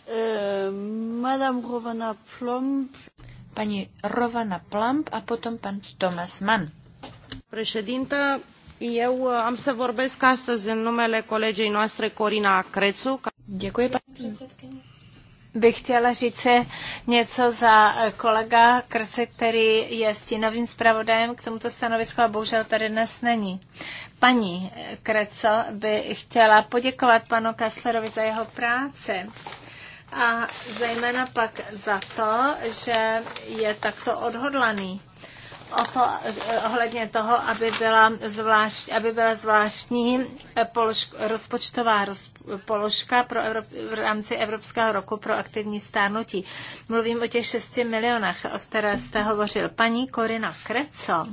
Eh, Madame Rovana Plump. Paní Rovana Plump a potom pan Thomas Mann. Președinte, eu am să vorbesc astăzi în numele colegei noastre Corina Crețu. Děkuji, paní předsedkyně bych chtěla říct něco za eh, kolega Krce, který je stínovým zpravodajem k tomuto stanovisku a bohužel tady dnes není. Paní eh, Kreco by chtěla poděkovat panu Kasslerovi za jeho práci a zejména pak za to, že je takto odhodlaný o to, eh, ohledně toho, aby byla, zvlášť, aby byla zvláštní eh, polož, rozpočtová roz, položka pro Evrop, v rámci Evropského roku pro aktivní stárnutí. Mluvím o těch 6 milionech, o které jste hovořil. Paní Korina Kreco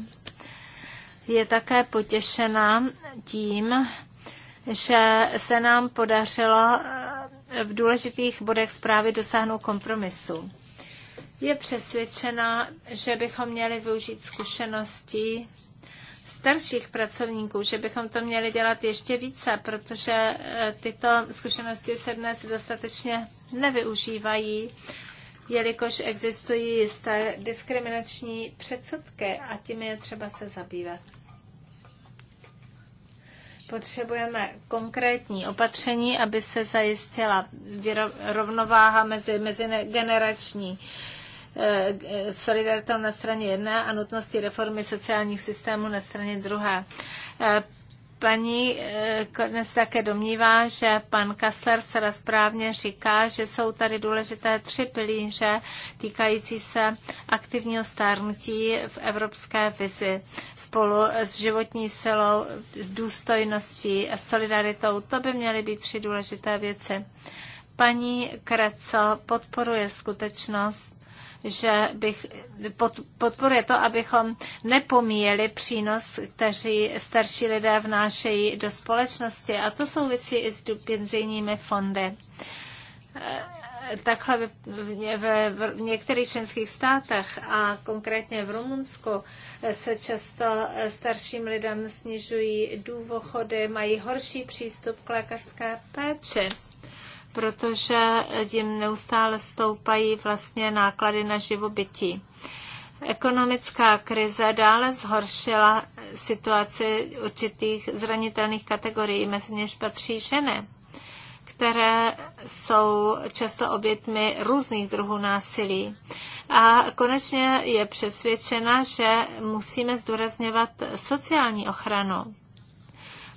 je také potěšena tím, že se nám podařilo eh, v důležitých bodech zprávy dosáhnout kompromisu je přesvědčena, že bychom měli využít zkušeností starších pracovníků, že bychom to měli dělat ještě více, protože eh, tyto zkušenosti se dnes dostatečně nevyužívají, jelikož existují jisté diskriminační předsudky a tím je třeba se zabývat. Potřebujeme konkrétní opatření, aby se zajistila rovnováha mezi, mezi generační Eh, solidaritou na straně jedné a nutnosti reformy sociálních systémů na straně druhé eh, paní dnes eh, také domnívá, že pan Kassler se správně říká, že jsou tady důležité tři pilíře týkající se aktivního stárnutí v evropské vizi spolu s životní silou, s důstojností a solidaritou. To by měly být tři důležité věci. Paní Kreco podporuje skutečnost, že bych podporuje to, abychom nepomíjeli přínos, který starší lidé vnášejí do společnosti. A to souvisí i s penzijními fondy takhle v, v, v některých členských státech a konkrétně v Rumunsku se často starším lidem snižují důvochody, mají horší přístup k lékařské péči protože jim neustále stoupají vlastně náklady na živobytí. Ekonomická krize dále zhoršila situaci určitých zranitelných kategorií, mezi něž patří ženy, které jsou často obětmi různých druhů násilí. A konečně je přesvědčena, že musíme zdůrazňovat sociální ochranu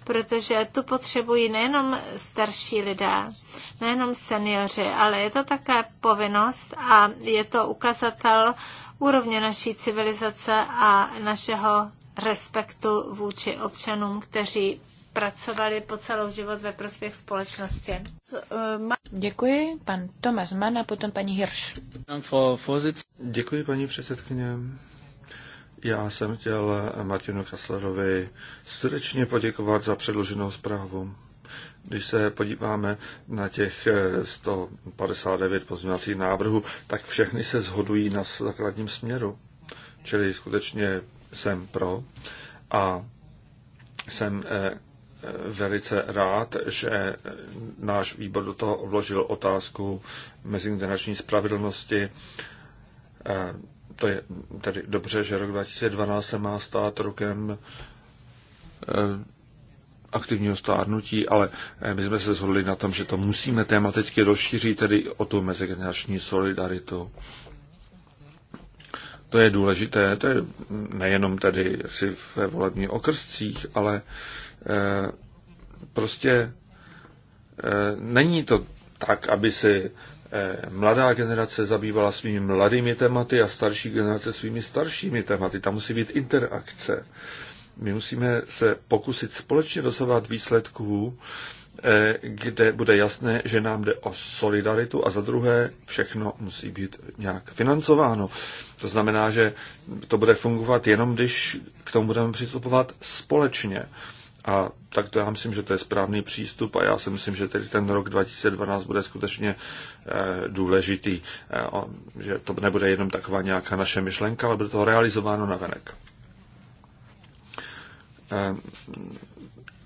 protože tu potřebují nejenom starší lidé, nejenom seniori, ale je to také povinnost a je to ukazatel úrovně naší civilizace a našeho respektu vůči občanům, kteří pracovali po celou život ve prospěch společnosti. Děkuji, pan Tomas Mann a potom paní Hirš. Děkuji, paní předsedkyně. Já jsem chtěl Martinu Kaslerovi srdečně poděkovat za předloženou zprávu. Když se podíváme na těch 159 pozměňovacích návrhů, tak všechny se shodují na základním směru. Čili skutečně jsem pro a jsem eh, velice rád, že náš výbor do toho vložil otázku mezigenerační spravedlnosti eh, to je tedy dobře, že rok 2012 se má stát rokem eh, aktivního stárnutí, ale eh, my jsme se shodli na tom, že to musíme tematicky rozšířit tedy o tu mezigenerační solidaritu. To je důležité, to je nejenom tedy si ve volebních okrscích, ale eh, prostě není to tak, aby si Eh, mladá generace zabývala svými mladými tématy a starší generace svými staršími tématy. Tam musí být interakce. My musíme se pokusit společně dosahovat výsledků, eh, kde bude jasné, že nám jde o solidaritu a za druhé všechno musí být nějak financováno. To znamená, že to bude fungovat jenom, když k tomu budeme přistupovat společně. A tak to já myslím, že to je správný přístup a já si myslím, že tedy ten rok 2012 bude skutečně eh, důležitý. Eh, že to nebude jenom taková nějaká naše myšlenka, ale bude to realizováno na venek. Eh,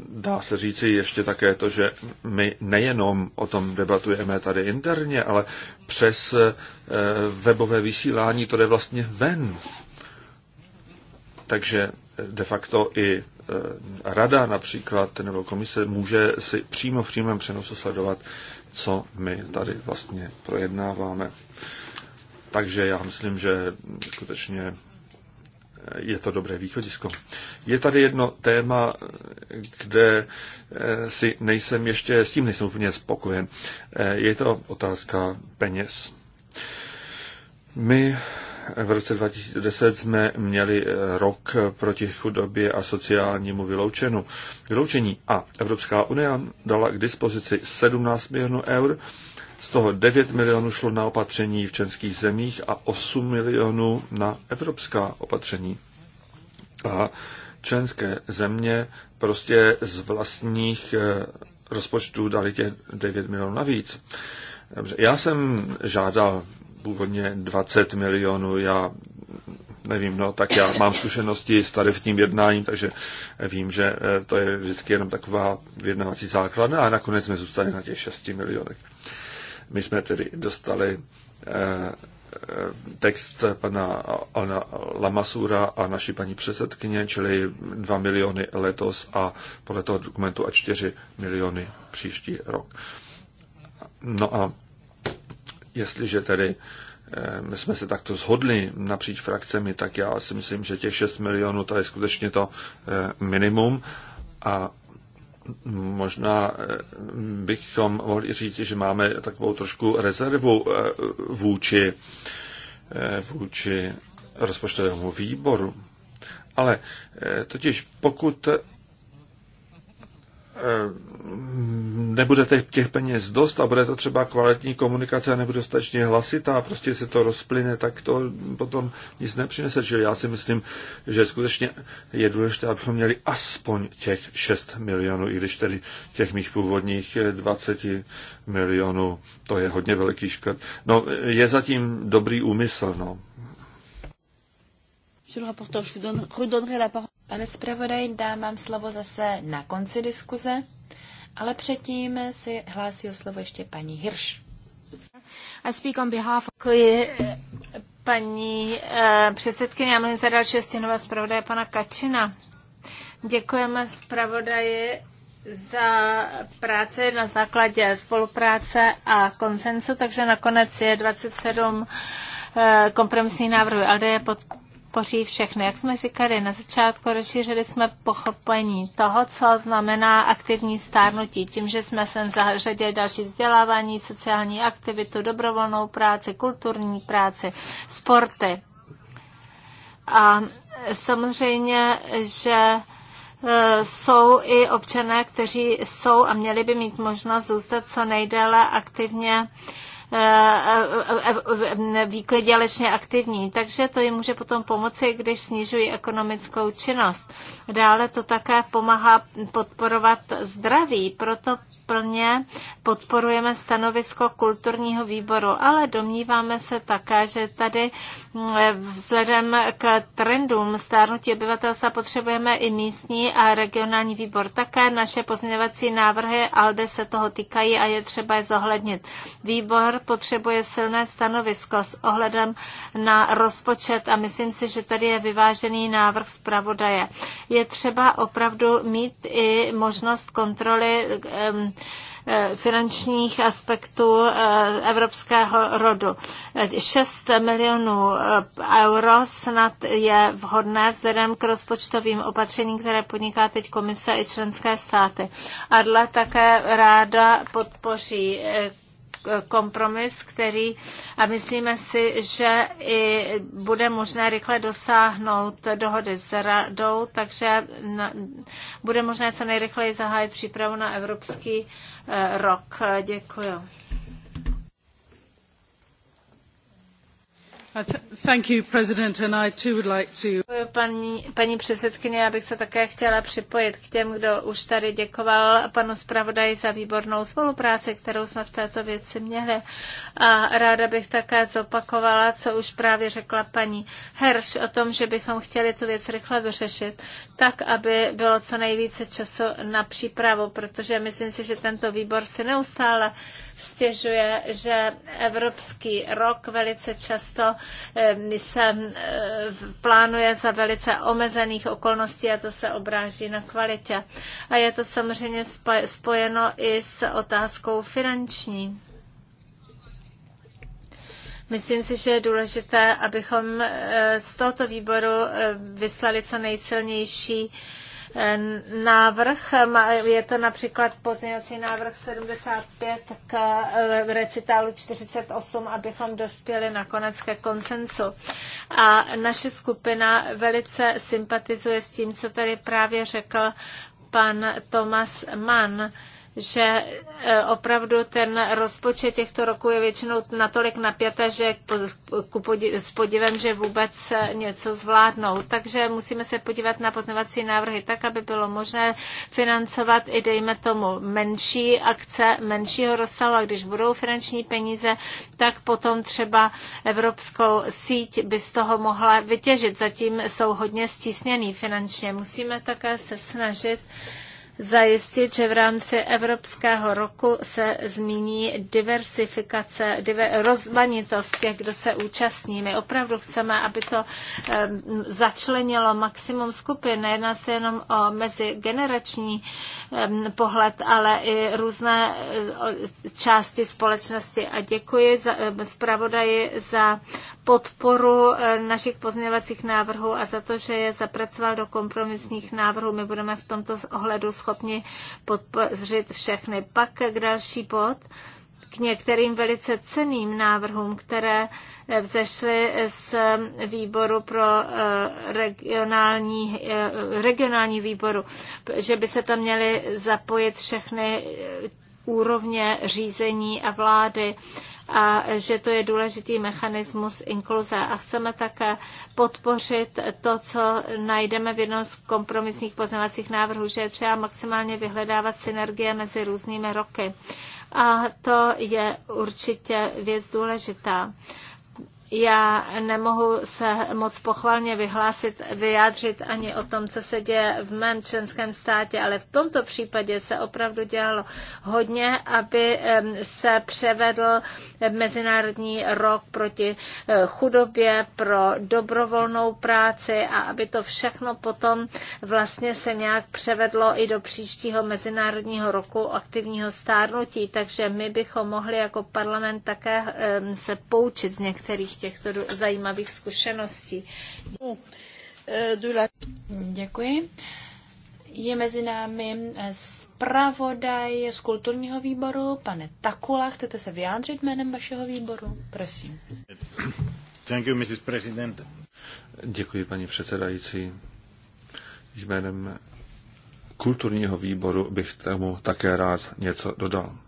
dá se říci ještě také to, že my nejenom o tom debatujeme tady interně, ale přes webové vysílání to jde vlastně ven. Takže de facto i Eh, rada například nebo komise může si přímo v přímém přenosu sledovat, co my tady vlastně projednáváme. Takže já myslím, že skutečně eh, je to dobré východisko. Je tady jedno téma, eh, kde si nejsem ještě, s tím nejsem úplně spokojen. Je to otázka peněz. My v roce 2010 jsme měli eh, rok proti chudobě a sociálnímu vyloučenu, vyloučení a Evropská unie dala k dispozici 17 milionů eur, z toho 9 milionů šlo na opatření v českých zemích a 8 milionů na evropská opatření. A členské země prostě z vlastních eh, rozpočtů dali těch 9 milionů navíc. Dobře, já jsem žádal původně 20 milionů. Já nevím, no tak já mám zkušenosti s tarifním jednáním, takže vím, že eh, to je vždycky jenom taková vyjednávací základna a nakonec jsme zůstali na těch 6 milionech. My jsme tedy dostali eh, eh, text pana Alna Lamasura a naší paní předsedkyně, čili 2 miliony letos a podle toho dokumentu a 4 miliony příští rok. No a Jestliže tedy eh, my jsme se takto zhodli napříč frakcemi, tak já si myslím, že těch 6 milionů to je skutečně to eh, minimum a možná eh, bychom mohli říct, že máme takovou trošku rezervu vůči, vůči rozpočtovému výboru. Ale totiž pokud Eh, nebude těch peněz dost a bude to třeba kvalitní komunikace a nebude dostatečně hlasitá, prostě se to rozplyne, tak to potom nic nepřinese. Čili já si myslím, že skutečně je důležité, abychom měli aspoň těch 6 milionů, i když tedy těch mých původních 20 milionů, to je hodně velký škrt. No, je zatím dobrý úmysl, no. Pane zpravodaj, dám vám slovo zase na konci diskuze, ale předtím si hlásí o slovo ještě paní Hirš. I speak on behalf of... paní eh, předsedkyně, já mluvím za dalšího stěnová zpravodaje pana Kačina. Děkujeme zpravodaji za práci na základě spolupráce a konsensu, takže nakonec je 27 eh, kompromisní návrhů Ale je pod, podpoří všechny. Jak jsme říkali na začátku, rozšířili jsme pochopení toho, co znamená aktivní stárnutí, tím, že jsme sem zařadili další vzdělávání, sociální aktivitu, dobrovolnou práci, kulturní práci, sporty. A samozřejmě, že e, jsou i občané, kteří jsou a měli by mít možnost zůstat co nejdéle aktivně Eh, eh, eh, výkladělečně aktivní, takže to jim může potom pomoci, když snižují ekonomickou činnost. Dále to také pomáhá podporovat zdraví, proto plně podporujeme stanovisko kulturního výboru, ale domníváme se také, že tady mm, vzhledem k trendům stárnutí obyvatelstva potřebujeme i místní a regionální výbor. Také naše pozměňovací návrhy ALDE se toho týkají a je třeba je zohlednit. Výbor potřebuje silné stanovisko s ohledem na rozpočet a myslím si, že tady je vyvážený návrh zpravodaje. Je třeba opravdu mít i možnost kontroly um, Eh, finančních aspektů eh, evropského rodu. 6 milionů eh, euro snad je vhodné vzhledem k rozpočtovým opatřením, které podniká teď komise i členské státy. A dle také ráda podpoří kompromis, který a myslíme si, že i bude možné rychle dosáhnout dohody s radou, takže na, bude možné co nejrychleji zahájit přípravu na Evropský eh, rok. Děkuji. Uh, thank you, President, and I too would like to... Paní, paní předsedkyně, já bych se také chtěla připojit k těm, kdo už tady děkoval panu zpravodaji za výbornou spolupráci, kterou jsme v této věci měli. A ráda bych také zopakovala, co už právě řekla paní Herš o tom, že bychom chtěli tu věc rychle vyřešit, tak, aby bylo co nejvíce času na přípravu, protože myslím si, že tento výbor si neustále stěžuje, že Evropský rok velice často Ehm, se ehm, plánuje za velice omezených okolností a to se obráží na kvalitě. A je to samozřejmě spojeno i s otázkou finanční. Myslím si, že je důležité, abychom eh, z tohoto výboru eh, vyslali co nejsilnější návrh. Je to například pozměňovací návrh 75 k eh, recitálu 48, abychom dospěli nakonec ke konsensu. A naše skupina velice sympatizuje s tím, co tady právě řekl pan Thomas Mann že e, opravdu ten rozpočet těchto roků je většinou natolik napjaté, že s podívem, že vůbec něco zvládnou. Takže musíme se podívat na poznavací návrhy tak, aby bylo možné financovat i dejme tomu menší akce, menšího rozsahu a když budou finanční peníze, tak potom třeba evropskou síť by z toho mohla vytěžit. Zatím jsou hodně stísněný finančně. Musíme také se snažit zajistit, že v rámci Evropského roku se zmíní diversifikace, diver, rozmanitost těch, kdo se účastní. My opravdu chceme, aby to začlenilo maximum skupin. Nejedná se jenom o mezigenerační pohled, ale i různé e, části společnosti. A děkuji za, za podporu eh, našich pozměňovacích návrhů a za to, že je zapracoval do kompromisních návrhů. My budeme v tomto ohledu schopni podpořit všechny. Pak k další bod k některým velice ceným návrhům, které eh, vzešly z výboru pro eh, regionální, regionální výboru, že by se tam měly zapojit všechny úrovně řízení a vlády a že to je důležitý mechanismus inkluze. A chceme také podpořit to, co najdeme v jednom z kompromisních poznávacích návrhů, že je třeba maximálně vyhledávat synergie mezi různými roky. A to je určitě věc důležitá já nemohu se moc pochvalně vyhlásit, vyjádřit ani o tom, co se děje v mém členském státě, ale v tomto případě se opravdu dělalo hodně, aby se převedl Mezinárodní rok proti eh, chudobě, pro dobrovolnou práci a aby to všechno potom vlastně se nějak převedlo i do příštího Mezinárodního roku aktivního stárnutí. Takže my bychom mohli jako parlament také se poučit z některých těchto zajímavých zkušeností. Děkuji. Je mezi námi zpravodaj z kulturního výboru, pane Takula. Chcete se vyjádřit jménem vašeho výboru? Prosím. Thank you, Mrs. President. Děkuji, paní předsedající. Jménem kulturního výboru bych tomu také rád něco dodal.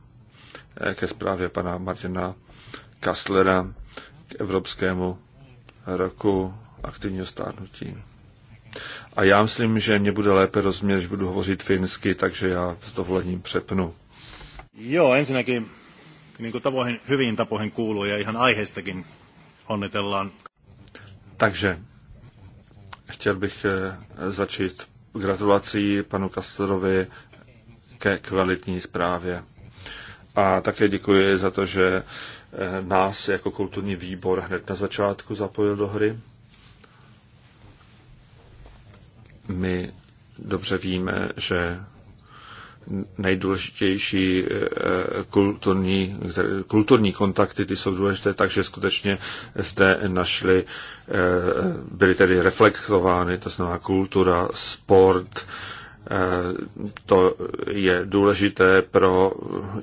Ke zprávě pana Martina Kasslera k Evropskému roku aktivního stárnutí. A já myslím, že mě bude lépe rozumět, když budu hovořit finsky, takže já s dovolením přepnu. Jo, ensinnäkin niin kuin tavoihin, hyvin tapoihin kuuluu ja ihan aiheestakin onnitellaan. Takže chtěl bych eh, začít gratulací panu Kastorovi ke kvalitní zprávě. A také děkuji za to, že Eh, nás jako kulturní výbor hned na začátku zapojil do hry. My dobře víme, že nejdůležitější eh, kulturní, kulturní kontakty, ty jsou důležité, takže skutečně zde našli, eh, byly tedy reflektovány, to znamená kultura, sport, to je důležité pro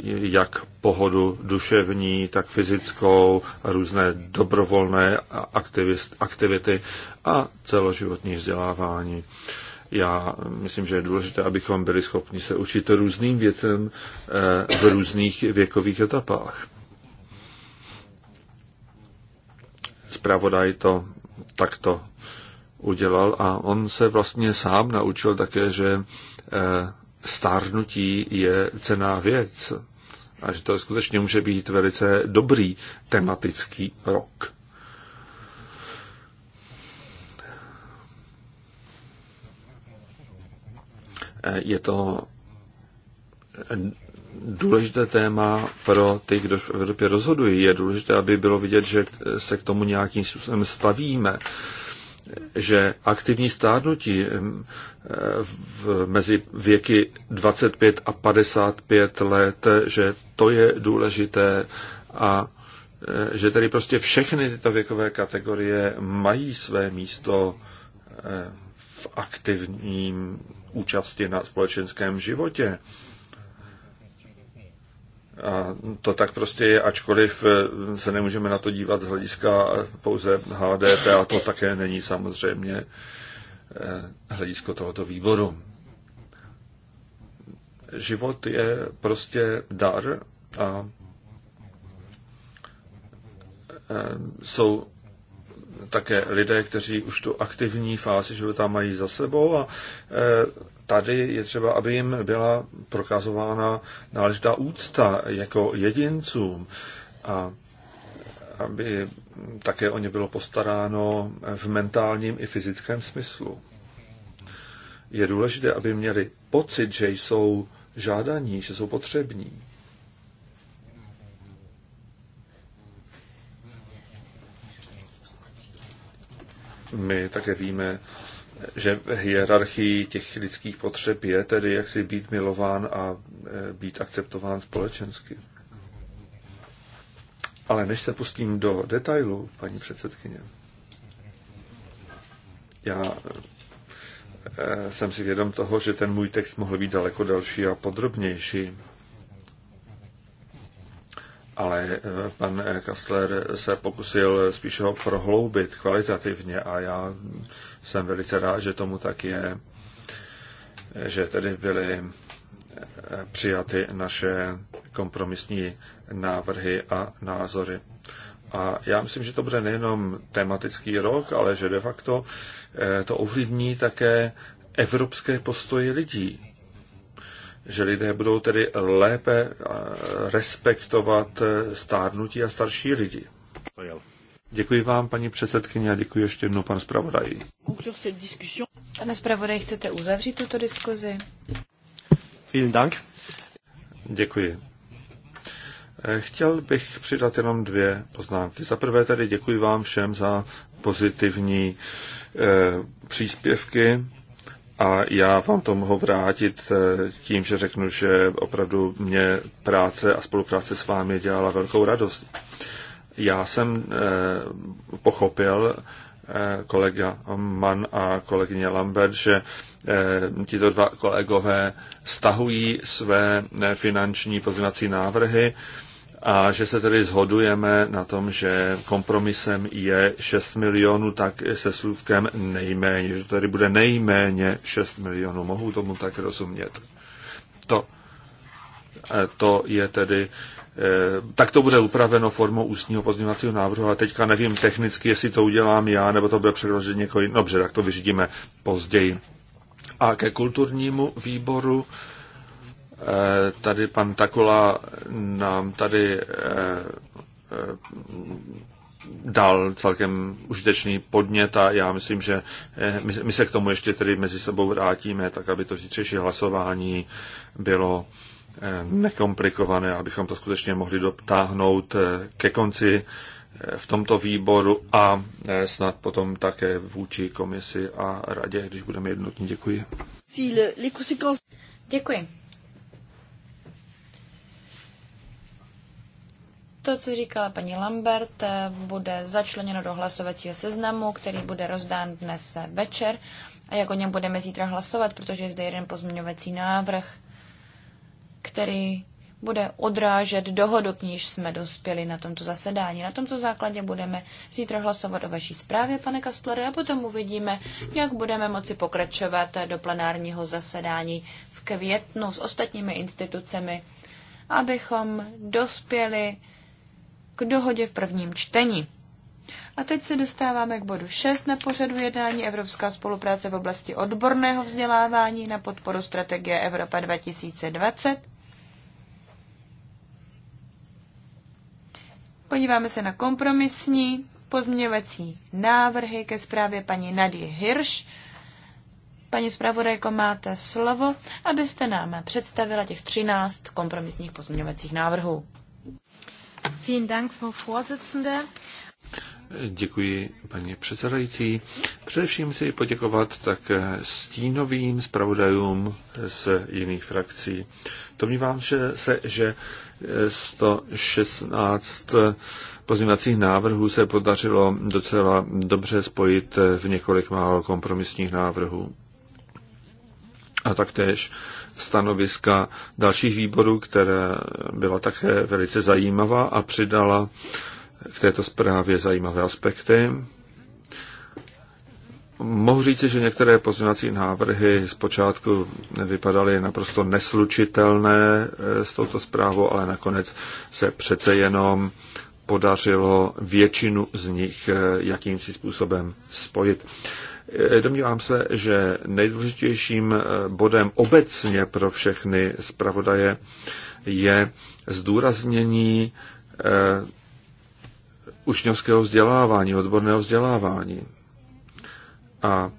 jak pohodu duševní, tak fyzickou, různé dobrovolné aktivity a celoživotní vzdělávání. Já myslím, že je důležité, abychom byli schopni se učit různým věcem eh, v různých věkových etapách. Zpravodaj to takto udělal a on se vlastně sám naučil také, že eh, stárnutí je cená věc a že to skutečně může být velice dobrý tematický rok. Eh, je to důležité téma pro ty, kdo v Evropě rozhodují. Je důležité, aby bylo vidět, že se k tomu nějakým způsobem stavíme že aktivní stárnutí v, mezi věky 25 a 55 let, že to je důležité a e, že tedy prostě všechny tyto věkové kategorie mají své místo e, v aktivním účasti na společenském životě. A to tak prostě je, ačkoliv eh, se nemůžeme na to dívat z hlediska pouze HDP, a to také není samozřejmě eh, hledisko tohoto výboru. Život je prostě dar a eh, jsou také lidé, kteří už tu aktivní fázi života mají za sebou a tady je třeba, aby jim byla prokazována náležitá úcta jako jedincům a aby také o ně bylo postaráno v mentálním i fyzickém smyslu. Je důležité, aby měli pocit, že jsou žádaní, že jsou potřební. My také víme, že v hierarchii těch lidských potřeb je tedy jak si být milován a e, být akceptován společensky. Ale než se pustím do detailu, paní předsedkyně, já e, e, jsem si vědom toho, že ten můj text mohl být daleko další a podrobnější ale eh, pan eh, Kastler se pokusil spíše ho prohloubit kvalitativně a já jsem velice rád, že tomu tak je, že tedy byly eh, přijaty naše kompromisní návrhy a názory. A já myslím, že to bude nejenom tematický rok, ale že de facto to ovlivní také evropské postoje lidí že lidé budou tedy lépe respektovat stárnutí a starší lidi. Děkuji vám, paní předsedkyně, a děkuji ještě jednou, pan zpravodaj. Pane zpravodaj, chcete uzavřít tuto diskuzi? Vielen Dank. Děkuji. Chtěl bych přidat jenom dvě poznámky. Za prvé tedy děkuji vám všem za pozitivní eh, příspěvky a já vám to mohu vrátit eh, tím, že řeknu, že opravdu mě práce a spolupráce s vámi dělala velkou radost. Já jsem eh, pochopil, eh, kolega Mann a kolegyně Lambert, že tito dva kolegové stahují své finanční pozměňovací návrhy a že se tedy zhodujeme na tom, že kompromisem je 6 milionů, tak se slůvkem nejméně, že tady bude nejméně 6 milionů. Mohu tomu tak rozumět. To, e, to je tedy e, tak to bude upraveno formou ústního pozměňovacího návrhu, ale teďka nevím technicky, jestli to udělám já, nebo to bude předložit někoho jiný. Dobře, tak to vyřídíme později. A ke kulturnímu výboru Eh, tady pan Takola nám tady eh, eh, dal celkem užitečný podnět a já myslím, že my, my se k tomu ještě tedy mezi sebou vrátíme, tak aby to zítřejší hlasování bylo nekomplikované, abychom to skutečně mohli dotáhnout ke konci v tomto výboru a snad potom také vůči komisi a radě, když budeme jednotní. Děkuji. Děkuji. To, co říkala paní Lambert, eh, bude začleněno do hlasovacího seznamu, který bude rozdán dnes eh, večer a jak o něm budeme zítra hlasovat, protože je zde jeden pozměňovací návrh, který bude odrážet dohodu, k níž jsme dospěli na tomto zasedání. Na tomto základě budeme zítra hlasovat o vaší zprávě, pane Kastlere, a potom uvidíme, jak budeme moci pokračovat eh, do plenárního zasedání v květnu s ostatními institucemi, abychom dospěli k dohodě v prvním čtení. A teď se dostáváme k bodu 6 na pořadu jednání Evropská spolupráce v oblasti odborného vzdělávání na podporu strategie Evropa 2020. Podíváme se na kompromisní pozměňovací návrhy ke zprávě paní Nadie Hirsch. Paní zpravodajko, máte slovo, abyste nám představila těch 13 kompromisních pozměňovacích návrhů. Děkuji, paní předsedající. Především si poděkovat také stínovým zpravodajům z jiných frakcí. Domnívám že se, že 116 pozměňovacích návrhů se podařilo docela dobře spojit v několik málo kompromisních návrhů. A taktéž stanoviska dalších výborů, která byla také velice zajímavá a přidala k této zprávě zajímavé aspekty. Mohu říci, že některé pozměňovací návrhy zpočátku vypadaly naprosto neslučitelné eh, s touto zprávou, ale nakonec se přece jenom podařilo většinu z nich eh, jakýmsi způsobem spojit. Eh, domnívám se, že nejdůležitějším eh, bodem obecně pro všechny zpravodaje je zdůraznění eh, učňovského vzdělávání, odborného vzdělávání. A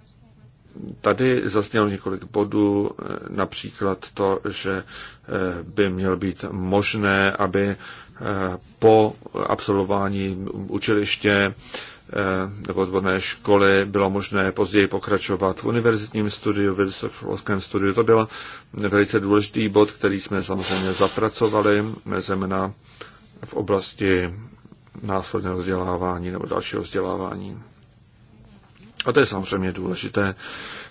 tady zaznělo několik bodů, například to, že by měl být možné, aby po absolvování učiliště Eh, nebo odborné školy, bylo možné později pokračovat v univerzitním studiu, v vysokoškolském studiu. To byl velice důležitý bod, který jsme samozřejmě zapracovali, zejména v oblasti následného vzdělávání nebo dalšího vzdělávání. A to je samozřejmě důležité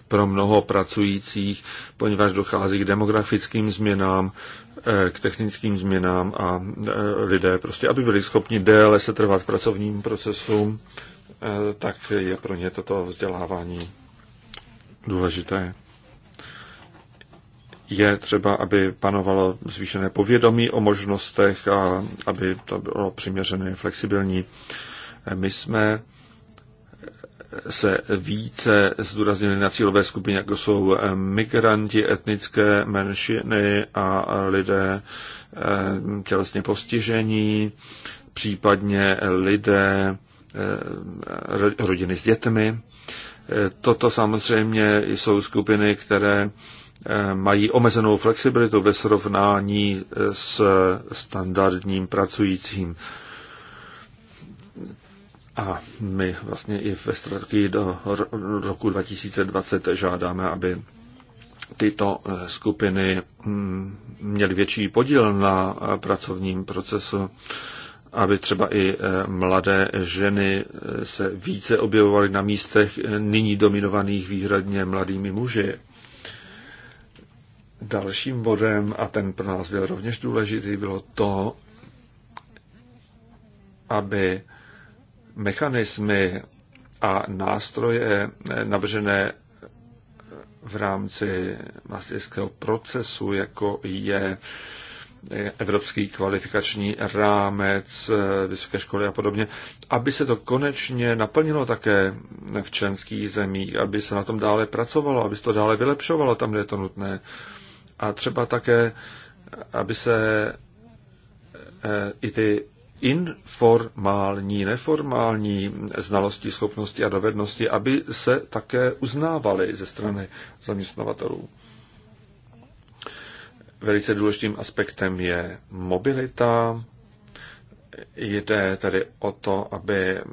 pro mnoho pracujících, poněvadž dochází k demografickým změnám, Eh, k technickým změnám a eh, lidé prostě, aby byli schopni déle se trvat pracovním procesu, eh, tak je pro ně toto vzdělávání důležité. Je třeba, aby panovalo zvýšené povědomí o možnostech a aby to bylo přiměřené, flexibilní. My jsme se více zdůrazněny na cílové skupině, jako jsou migranti, etnické menšiny a lidé eh, tělesně postižení, případně lidé, eh, rodiny s dětmi. Eh, toto samozřejmě jsou skupiny, které mají omezenou flexibilitu ve srovnání s standardním pracujícím. A my vlastně i ve strategii do roku 2020 žádáme, aby tyto eh, skupiny hm, měly větší podíl na eh, pracovním procesu, aby třeba i eh, mladé ženy se více objevovaly na místech nyní dominovaných výhradně mladými muži. Dalším bodem, a ten pro nás byl rovněž důležitý, bylo to, aby mechanismy a nástroje eh, navržené eh, v rámci maastrichtského procesu, jako je eh, evropský kvalifikační rámec, vysoké školy a podobně, aby se to konečně naplnilo také v členských zemích, aby se na tom dále pracovalo, aby se to dále vylepšovalo tam, kde je to nutné. A třeba také, aby se i ty informální, neformální znalosti, schopnosti a dovednosti, aby se také uznávaly ze strany zaměstnavatelů. Velice důležitým aspektem je mobilita. Jde tedy o to, aby eh,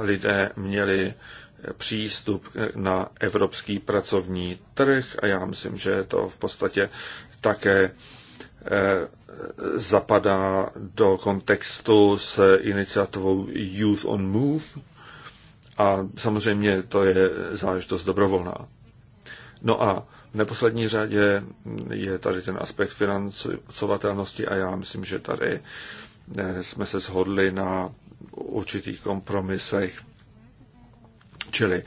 lidé měli přístup na evropský pracovní trh a já myslím, že je to v podstatě také Eh, zapadá do kontextu s iniciativou Youth on Move a samozřejmě to je záležitost dobrovolná. No a v neposlední řadě je tady ten aspekt financovatelnosti a já myslím, že tady eh, jsme se shodli na určitých kompromisech. Čili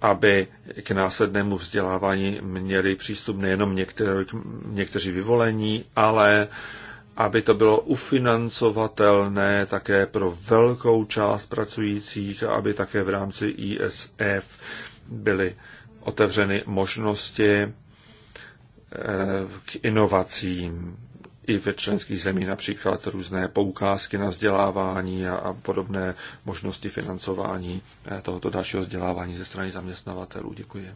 aby k následnému vzdělávání měli přístup nejenom některý, někteří vyvolení, ale aby to bylo ufinancovatelné také pro velkou část pracujících a aby také v rámci ISF byly otevřeny možnosti eh, k inovacím i ve členských zemích například různé poukázky na vzdělávání a, a podobné možnosti financování eh, tohoto dalšího vzdělávání ze strany zaměstnavatelů. Děkuji.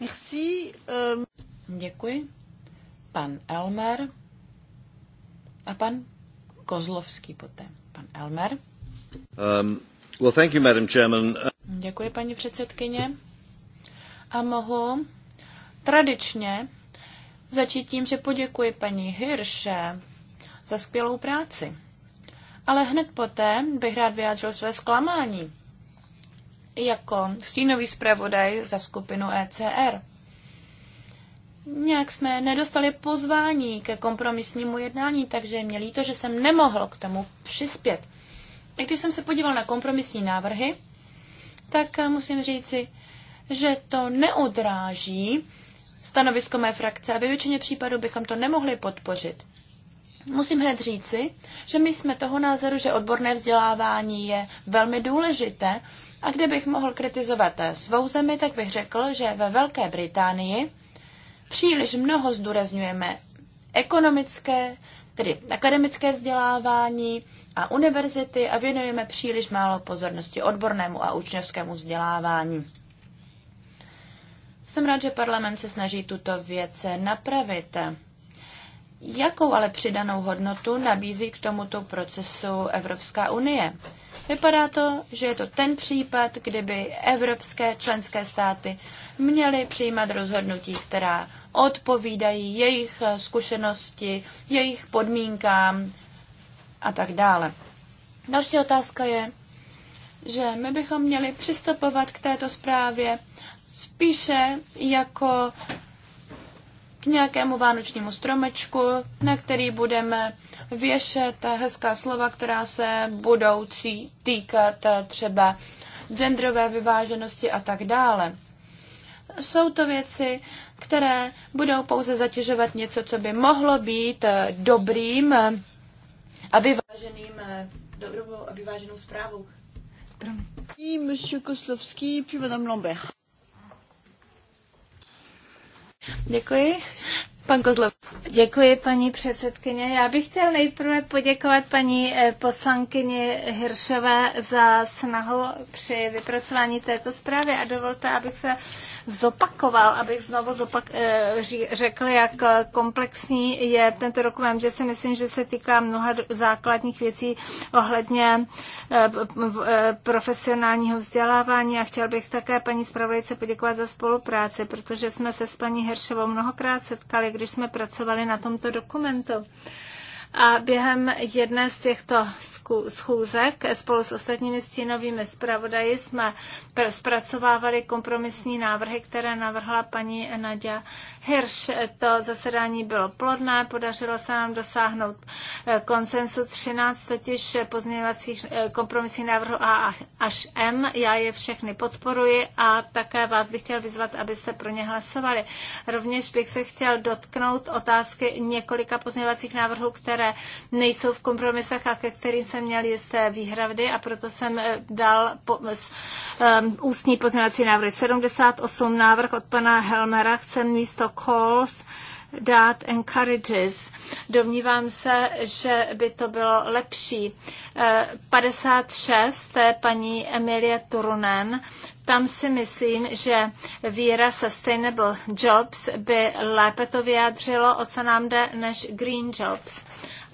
Merci. Um... Děkuji. Pan Elmer a pan Kozlovský poté. Pan Elmer. Um, well, thank you, Madam Chairman. Děkuji, paní předsedkyně. A mohu tradičně začít tím, že poděkuji paní Hirše za skvělou práci. Ale hned poté bych rád vyjádřil své zklamání jako stínový zpravodaj za skupinu ECR. Nějak jsme nedostali pozvání ke kompromisnímu jednání, takže mě líto, že jsem nemohl k tomu přispět. A když jsem se podíval na kompromisní návrhy, tak musím říci, že to neodráží stanovisko mé frakce a ve většině případů bychom to nemohli podpořit. Musím hned říci, že my jsme toho názoru, že odborné vzdělávání je velmi důležité a kdybych mohl kritizovat svou zemi, tak bych řekl, že ve Velké Británii příliš mnoho zdůrazňujeme ekonomické, tedy akademické vzdělávání a univerzity a věnujeme příliš málo pozornosti odbornému a učňovskému vzdělávání. Jsem rád, že parlament se snaží tuto věc napravit. Jakou ale přidanou hodnotu nabízí k tomuto procesu Evropská unie? Vypadá to, že je to ten případ, kdyby evropské členské státy měly přijímat rozhodnutí, která odpovídají jejich zkušenosti, jejich podmínkám a tak dále. Další otázka je, že my bychom měli přistupovat k této zprávě spíše jako k nějakému vánočnímu stromečku, na který budeme věšet hezká slova, která se budou týkat třeba genderové vyváženosti a tak dále. Jsou to věci, které budou pouze zatěžovat něco, co by mohlo být dobrým a vyváženým, dobrou a vyváženou zprávou. Pardon. Monsieur Koslovský, puis Madame Lambert. Děkuji. Pan Kozlov. Děkuji, paní předsedkyně. Já bych chtěl nejprve poděkovat paní eh, poslankyni Hiršové za snahu při vypracování této zprávy a dovolte, abych se zopakoval, abych znovu zopak, eh, řekl, jak komplexní je tento dokument, že si myslím, že se týká mnoha základních věcí ohledně eh, eh, profesionálního vzdělávání a chtěl bych také paní zpravodajce poděkovat za spolupráci, protože jsme se s paní Heršovou mnohokrát setkali, když jsme pracovali na tomto dokumentu. A během jedné z těchto schůzek spolu s ostatními stínovými zpravodaji jsme zpracovávali kompromisní návrhy, které navrhla paní Nadia Hirsch. To zasedání bylo plodné, podařilo se nám dosáhnout eh, konsensu 13, totiž pozměňovacích eh, kompromisních návrhů A až M. Já je všechny podporuji a také vás bych chtěl vyzvat, abyste pro ně hlasovali. Rovněž bych se chtěl dotknout otázky několika pozměňovacích návrhů, které které nejsou v kompromisech a ke kterým jsem měl jisté výhrady a proto jsem eh, dal po, s, um, ústní poznávací návrh 78 návrh od pana Helmera, chcem místo calls dát encourages. Domnívám se, že by to bylo lepší. 56, eh, to je paní Emilie Turunen. Tam si myslím, že víra sustainable jobs by lépe to vyjádřilo, o co nám jde, než green jobs.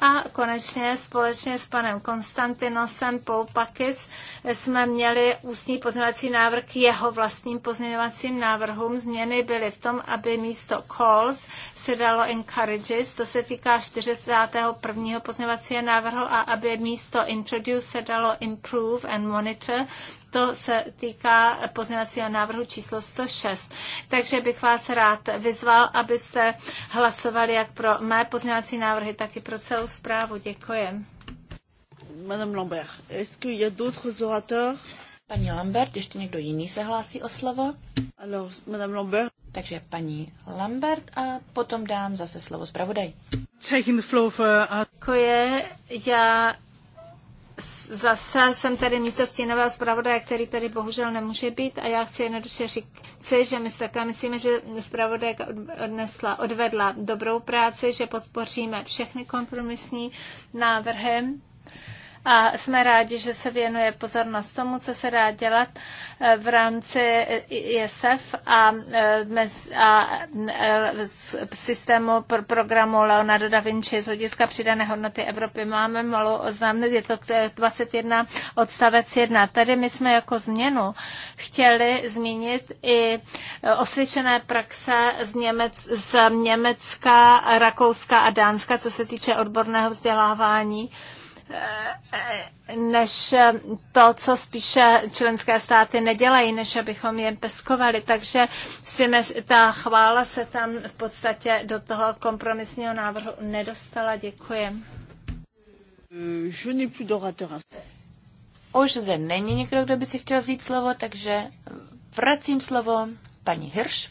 A konečně společně s panem Konstantinosem Poupakis jsme měli ústní pozměňovací návrh k jeho vlastním pozměňovacím návrhům. Změny byly v tom, aby místo calls se dalo encourages, to se týká 41. pozměňovacího návrhu a aby místo introduce se dalo improve and monitor, to se týká pozměňovacího návrhu číslo 106. Takže bych vás rád vyzval, abyste hlasovali jak pro mé pozměňovací návrhy, tak i pro celou zprávu. Děkuji. Madame Lambert, est-ce qu'il y a d'autres orateurs? Paní Lambert, ještě někdo jiný se hlásí o slovo? Alors, Madame Lambert. Takže paní Lambert a potom dám zase slovo zpravodaj. Taking the floor for... Uh, Děkuji. Já zase jsem tady místo stínového zpravodaje, který tady bohužel nemůže být a já chci jednoduše říct, že my se také myslíme, že zpravodaj odnesla, odvedla dobrou práci, že podpoříme všechny kompromisní návrhy a jsme rádi, že se věnuje pozornost tomu, co se dá dělat eh, v rámci eh, ISF a, eh, a systému pro programu Leonardo da Vinci z hlediska přidané hodnoty Evropy. Máme malou oznámit, je to 21 odstavec 1. Tady my jsme jako změnu chtěli zmínit i osvědčené praxe z, Němec, z Německa, Rakouska a Dánska, co se týče odborného vzdělávání než to, co spíše členské státy nedělají, než abychom je peskovali. Takže si mes, ta chvála se tam v podstatě do toho kompromisního návrhu nedostala. Děkuji. Už zde není někdo, kdo by si chtěl vzít slovo, takže vracím slovo paní Hirsch.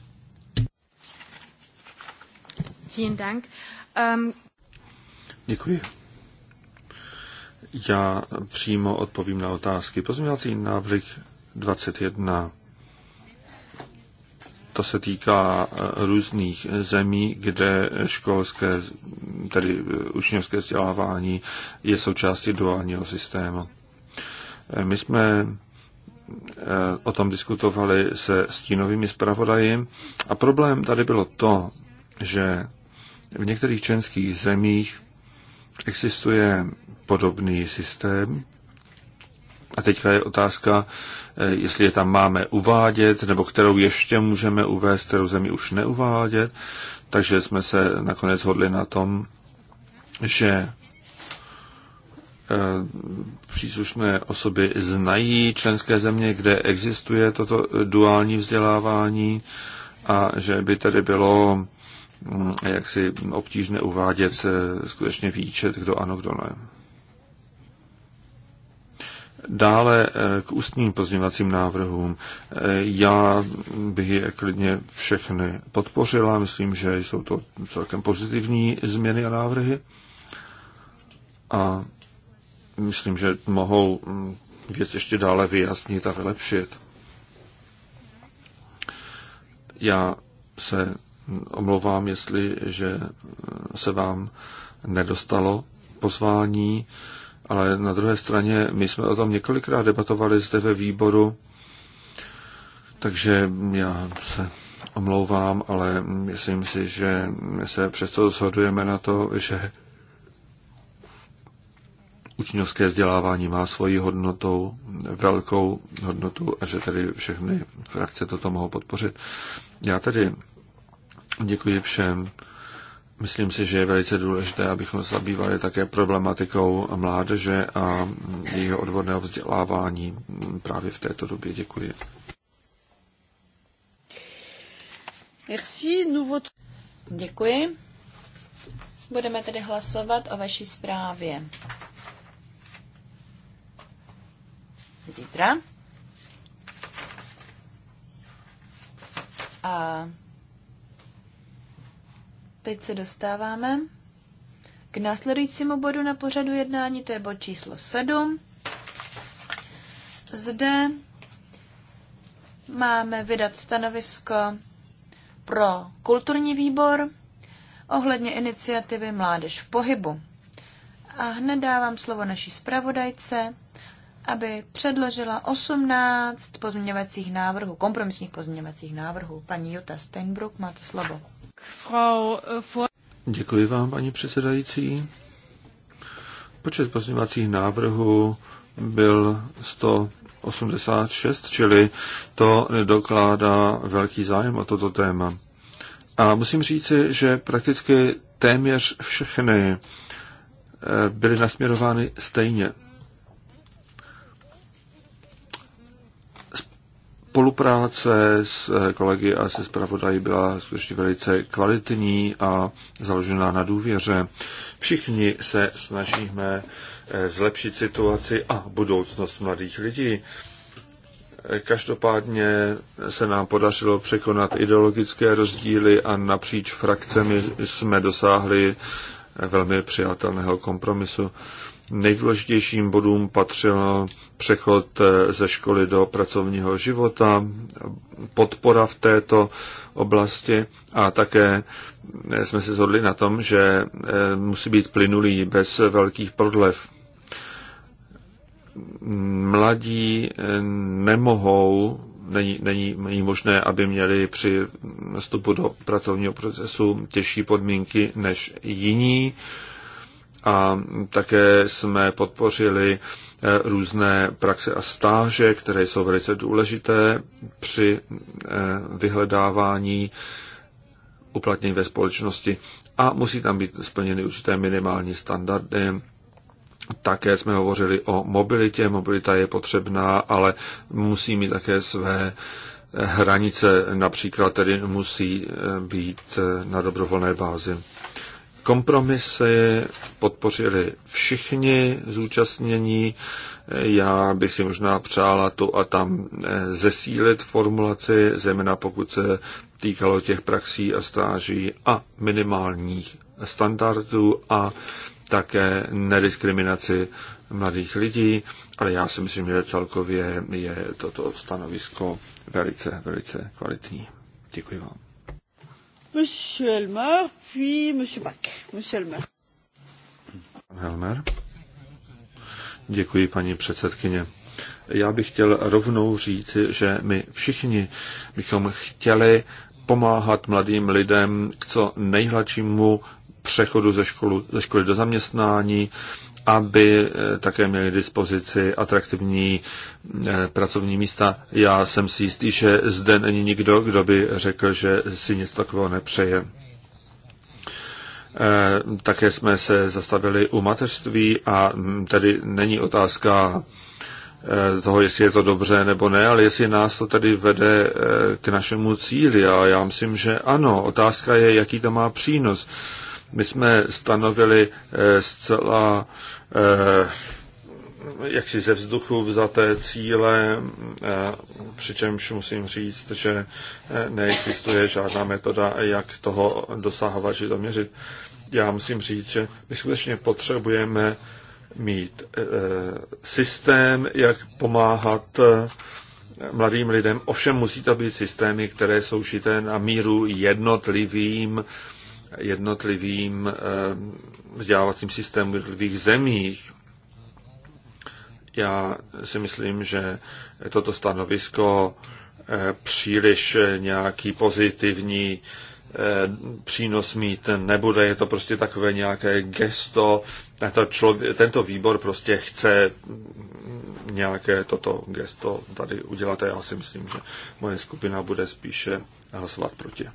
Vielen Dank. Um... Děkuji já přímo odpovím na otázky. Pozměňovací návrh 21. To se týká eh, různých zemí, kde školské, tedy eh, učňovské vzdělávání je součástí duálního systému. Eh, my jsme o tom diskutovali se stínovými zpravodaji a problém tady bylo to, že v některých členských zemích existuje podobný systém. A teďka je otázka, eh, jestli je tam máme uvádět, nebo kterou ještě můžeme uvést, kterou zemi už neuvádět. Takže jsme se nakonec hodli na tom, že eh, příslušné osoby znají členské země, kde existuje toto duální vzdělávání a že by tedy bylo mm, jaksi obtížné uvádět eh, skutečně výčet, kdo ano, kdo ne. Dále eh, k ústním pozměňovacím návrhům. Eh, já bych je klidně všechny podpořila. Myslím, že jsou to celkem pozitivní změny a návrhy. A myslím, že mohou hm, věc ještě dále vyjasnit a vylepšit. Já se omlouvám, jestli, že hm, se vám nedostalo pozvání ale na druhé straně my jsme o tom několikrát debatovali zde ve výboru, takže já se omlouvám, ale myslím si, že my se přesto shodujeme na to, že učňovské vzdělávání má svoji hodnotu velkou hodnotu a že tady všechny frakce toto mohou podpořit. Já tady děkuji všem Myslím si, že je velice důležité, abychom se zabývali také problematikou mládeže a jejího odborného vzdělávání právě v této době. Děkuji. Děkuji. Budeme tedy hlasovat o vaší zprávě. Zítra. A teď se dostáváme k následujícímu bodu na pořadu jednání, to je bod číslo 7. Zde máme vydat stanovisko pro kulturní výbor ohledně iniciativy Mládež v pohybu. A hned dávám slovo naší zpravodajce, aby předložila 18 pozměňovacích návrhů, kompromisních pozměňovacích návrhů. Paní Jutta Steinbruck, máte slovo. Eh, Děkuji vám, paní předsedající. Počet pozměňovacích návrhů byl 186, čili to dokládá velký zájem o toto téma. A musím říci, že prakticky téměř všechny eh, byly nasměrovány stejně. Spolupráce s eh, kolegy a se zpravodají byla skutečně velice kvalitní a založená na důvěře. Všichni se snažíme eh, zlepšit situaci a budoucnost mladých lidí. Eh, každopádně se nám podařilo překonat ideologické rozdíly a napříč frakcemi jsme dosáhli velmi přijatelného kompromisu nejdůležitějším bodům patřil přechod eh, ze školy do pracovního života, podpora v této oblasti a také eh, jsme se shodli na tom, že eh, musí být plynulý bez velkých prodlev. Mladí nemohou není, není, možné, aby měli při vstupu do pracovního procesu těžší podmínky než jiní a také jsme podpořili eh, různé praxe a stáže, které jsou velice důležité při eh, vyhledávání uplatnění ve společnosti a musí tam být splněny určité minimální standardy. Také jsme hovořili o mobilitě. Mobilita je potřebná, ale musí mít také své eh, hranice. Například tedy musí být na dobrovolné bázi. Kompromisy podpořili všichni zúčastnění. Já bych si možná přála tu a tam eh, zesílit formulaci, zejména pokud se týkalo těch praxí a stáží a minimálních standardů a také nediskriminaci mladých lidí, ale já si myslím, že celkově je toto stanovisko velice, velice kvalitní. Děkuji vám. Monsieur Helmer, puis Monsieur Bach. Monsieur Helmer. Helmer. Děkuji, paní předsedkyně. Já bych chtěl rovnou říct, že my všichni bychom chtěli pomáhat mladým lidem k co nejhladšímu přechodu ze, školu, ze školy do zaměstnání, aby eh, také měli dispozici atraktivní eh, pracovní místa. Já jsem si jistý, že zde není nikdo, kdo by řekl, že si něco takového nepřeje. Eh, také jsme se zastavili u mateřství a hm, tady není otázka toho, jestli je to dobře nebo ne, ale jestli nás to tady vede k našemu cíli. A já myslím, že ano, otázka je, jaký to má přínos. My jsme stanovili zcela Eh, jaksi ze vzduchu vzaté cíle, eh, přičemž musím říct, že eh, neexistuje žádná metoda, jak toho dosahovat, že to měřit. Já musím říct, že my skutečně potřebujeme mít systém, jak pomáhat mladým lidem. Ovšem musí to být systémy, které jsou šité na míru jednotlivým jednotlivým vzdělávacím systému v jednotlivých zemích. Já si myslím, že toto stanovisko eh, příliš nějaký pozitivní eh, přínos mít nebude, je to prostě takové nějaké gesto. Tento, člověk, tento výbor prostě chce nějaké toto gesto tady udělat já si myslím, že moje skupina bude spíše hlasovat proti.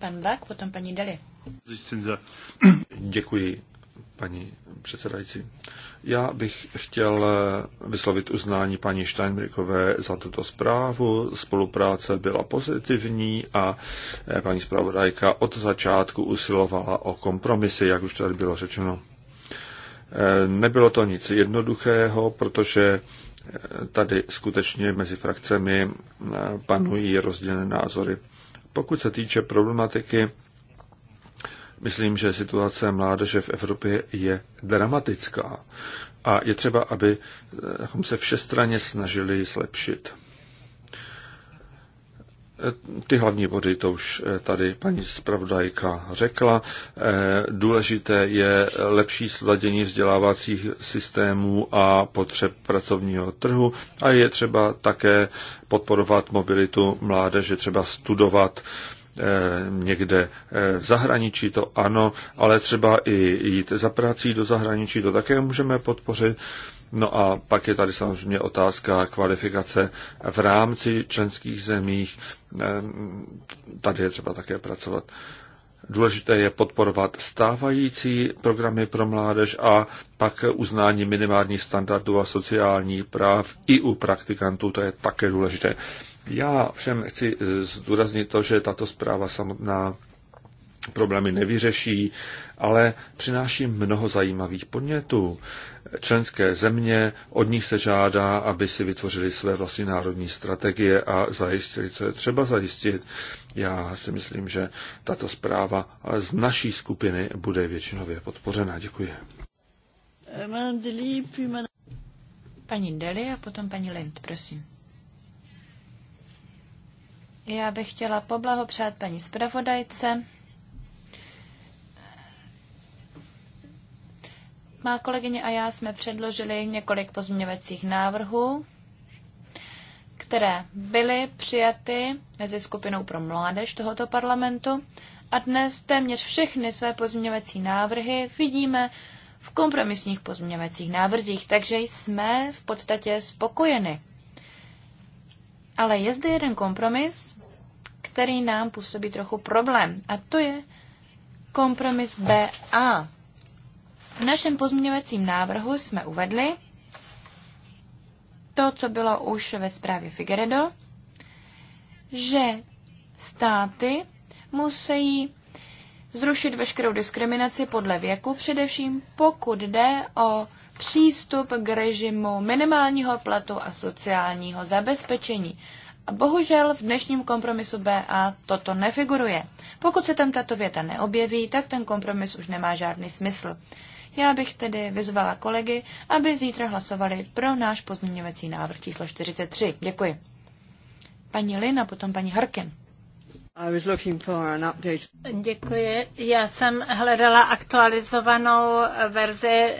Pan Bak, potom paní Deli. Děkuji, paní předsedající. Já bych chtěl vyslovit uznání paní Steinbrickové za tuto zprávu. Spolupráce byla pozitivní a eh, paní zpravodajka od začátku usilovala o kompromisy, jak už tady bylo řečeno. Eh, nebylo to nic jednoduchého, protože eh, tady skutečně mezi frakcemi panují rozdílné názory. Pokud se týče problematiky Myslím, že situace mládeže v Evropě je dramatická a je třeba, aby eh, se všestranně snažili zlepšit. Eh, ty hlavní body to už eh, tady paní zpravodajka řekla. Důležité je lepší sladění vzdělávacích systémů a potřeb pracovního trhu a je třeba také podporovat mobilitu mládeže, třeba studovat Eh, někde eh, v zahraničí, to ano, ale třeba i jít za prací do zahraničí, to také můžeme podpořit. No a pak je tady samozřejmě otázka kvalifikace v rámci členských zemích. Eh, tady je třeba také pracovat. Důležité je podporovat stávající programy pro mládež a pak uznání minimálních standardů a sociálních práv i u praktikantů, to je také důležité. Já všem chci eh, zdůraznit to, že tato zpráva samotná problémy nevyřeší, ale přináší mnoho zajímavých podnětů. Členské země, od nich se žádá, aby si vytvořili své vlastní národní strategie a zajistili, co je třeba zajistit. Já si myslím, že tato zpráva z naší skupiny bude většinově podpořena. Děkuji. Eh, paní Deli a potom paní Lind, prosím. Já bych chtěla poblahopřát paní zpravodajce. Má kolegyně a já jsme předložili několik pozměňovacích návrhů, které byly přijaty mezi skupinou pro mládež tohoto parlamentu a dnes téměř všechny své pozměňovací návrhy vidíme v kompromisních pozměňovacích návrzích, takže jsme v podstatě spokojeni ale je zde jeden kompromis, který nám působí trochu problém. A to je kompromis BA. V našem pozměňovacím návrhu jsme uvedli to, co bylo už ve zprávě Figueredo, že státy musí zrušit veškerou diskriminaci podle věku, především pokud jde o přístup k režimu minimálního platu a sociálního zabezpečení. A bohužel v dnešním kompromisu BA toto nefiguruje. Pokud se tam tato věta neobjeví, tak ten kompromis už nemá žádný smysl. Já bych tedy vyzvala kolegy, aby zítra hlasovali pro náš pozměňovací návrh číslo 43. Děkuji. Paní Lina, potom paní Harkin. Děkuji. Já jsem hledala aktualizovanou verzi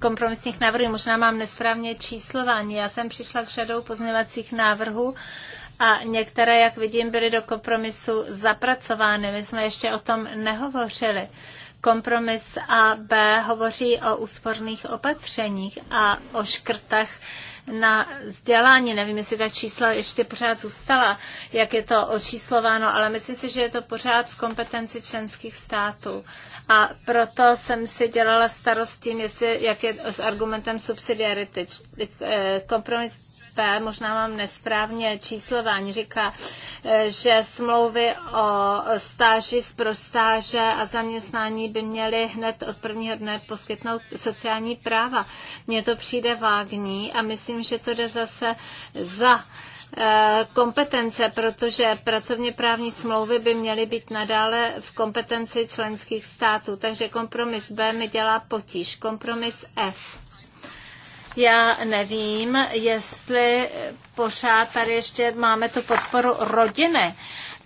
kompromisních návrhů. Možná mám nesprávně číslování. Já jsem přišla k řadou pozměvacích návrhů a některé, jak vidím, byly do kompromisu zapracovány. My jsme ještě o tom nehovořili. Kompromis A B hovoří o úsporných opatřeních a o škrtech na vzdělání. Nevím, jestli ta čísla ještě pořád zůstala, jak je to očíslováno, ale myslím si, že je to pořád v kompetenci členských států. A proto jsem si dělala starost tím, jestli, jak je s argumentem subsidiarity. Eh, kompromis P možná mám nesprávně číslování, říká, eh, že smlouvy o stáži z prostáže a zaměstnání by měly hned od prvního dne poskytnout sociální práva. Mně to přijde vágní a myslím, že to jde zase za eh, kompetence, protože pracovně právní smlouvy by měly být nadále v kompetenci členských států. Takže kompromis B mi dělá potíž. Kompromis F. Já nevím, jestli pořád tady ještě máme tu podporu rodiny,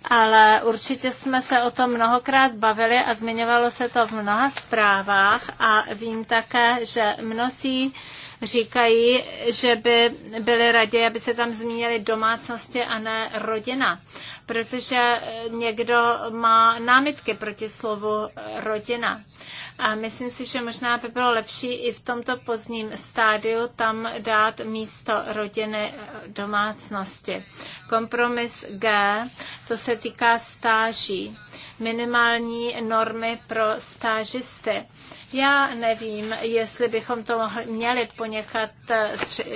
ale určitě jsme se o tom mnohokrát bavili a zmiňovalo se to v mnoha zprávách a vím také, že mnozí říkají, že by byli raději, aby se tam zmínili domácnosti a ne rodina. Protože někdo má námitky proti slovu rodina. A myslím si, že možná by bylo lepší i v tomto pozdním stádiu tam dát místo rodiny eh, domácnosti. Kompromis G, to se týká stáží, minimální normy pro stážisty. Já nevím, jestli bychom to mohli, měli poněchat eh,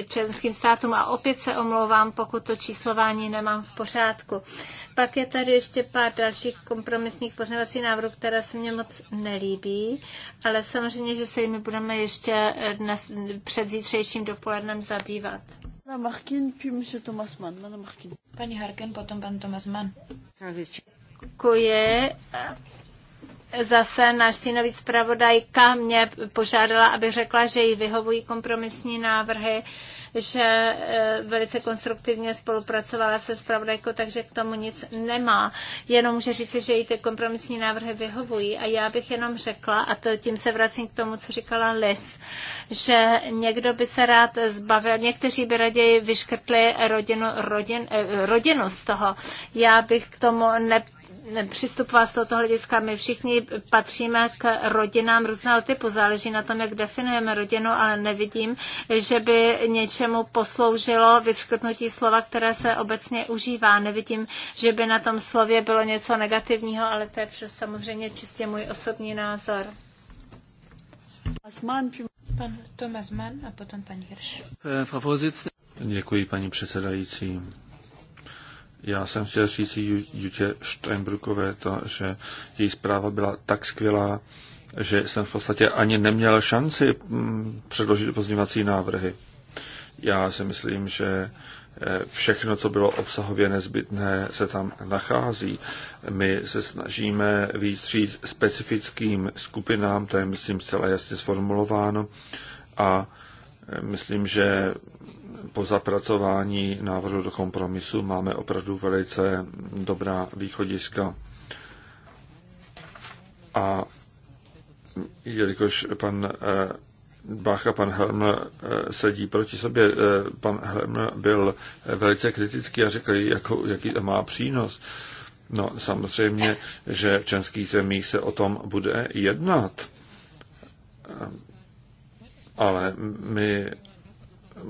členským státům a opět se omlouvám, pokud to číslování nemám v pořádku. Pak je tady ještě pár dalších kompromisních pozměňovacích návrhů, které se mně moc nelíbí, ale samozřejmě, že se jimi budeme ještě eh, dnes, před zítřejším dopolednem zabývat. Madame Harkin, Paní Harkin, potom pan Tomas Mann. Děkuji zase náš stínový zpravodajka mě požádala, aby řekla, že jí vyhovují kompromisní návrhy, že e, velice konstruktivně spolupracovala se zpravodajkou, takže k tomu nic nemá. Jenom může říct, že jí ty kompromisní návrhy vyhovují. A já bych jenom řekla, a to tím se vracím k tomu, co říkala Liz, že někdo by se rád zbavil, někteří by raději vyškrtli rodinu, rodin, e, rodinu z toho. Já bych k tomu ne, přistupovat z tohoto hlediska. My všichni patříme k rodinám různého typu, záleží na tom, jak definujeme rodinu, ale nevidím, že by něčemu posloužilo vyskutnutí slova, které se obecně užívá. Nevidím, že by na tom slově bylo něco negativního, ale to je samozřejmě čistě můj osobní názor. Pan Tomas Mann a potom paní Hirsch. Eh, Děkuji, paní předsedající. Já jsem chtěl říct Jutě Steinbrukové to, že její zpráva byla tak skvělá, že jsem v podstatě ani neměl šanci mm, předložit pozměňovací návrhy. Já si myslím, že eh, všechno, co bylo obsahově nezbytné, se tam nachází. My se snažíme výstřít specifickým skupinám, to je, myslím, zcela jasně sformulováno a eh, myslím, že po zapracování návrhu do kompromisu máme opravdu velice dobrá východiska. A jelikož pan eh, Bach a pan Helm eh, sedí proti sobě. Eh, pan Helm byl velice kritický a řekl, jako, jaký to má přínos. No samozřejmě, že v českých zemích se o tom bude jednat. Ale my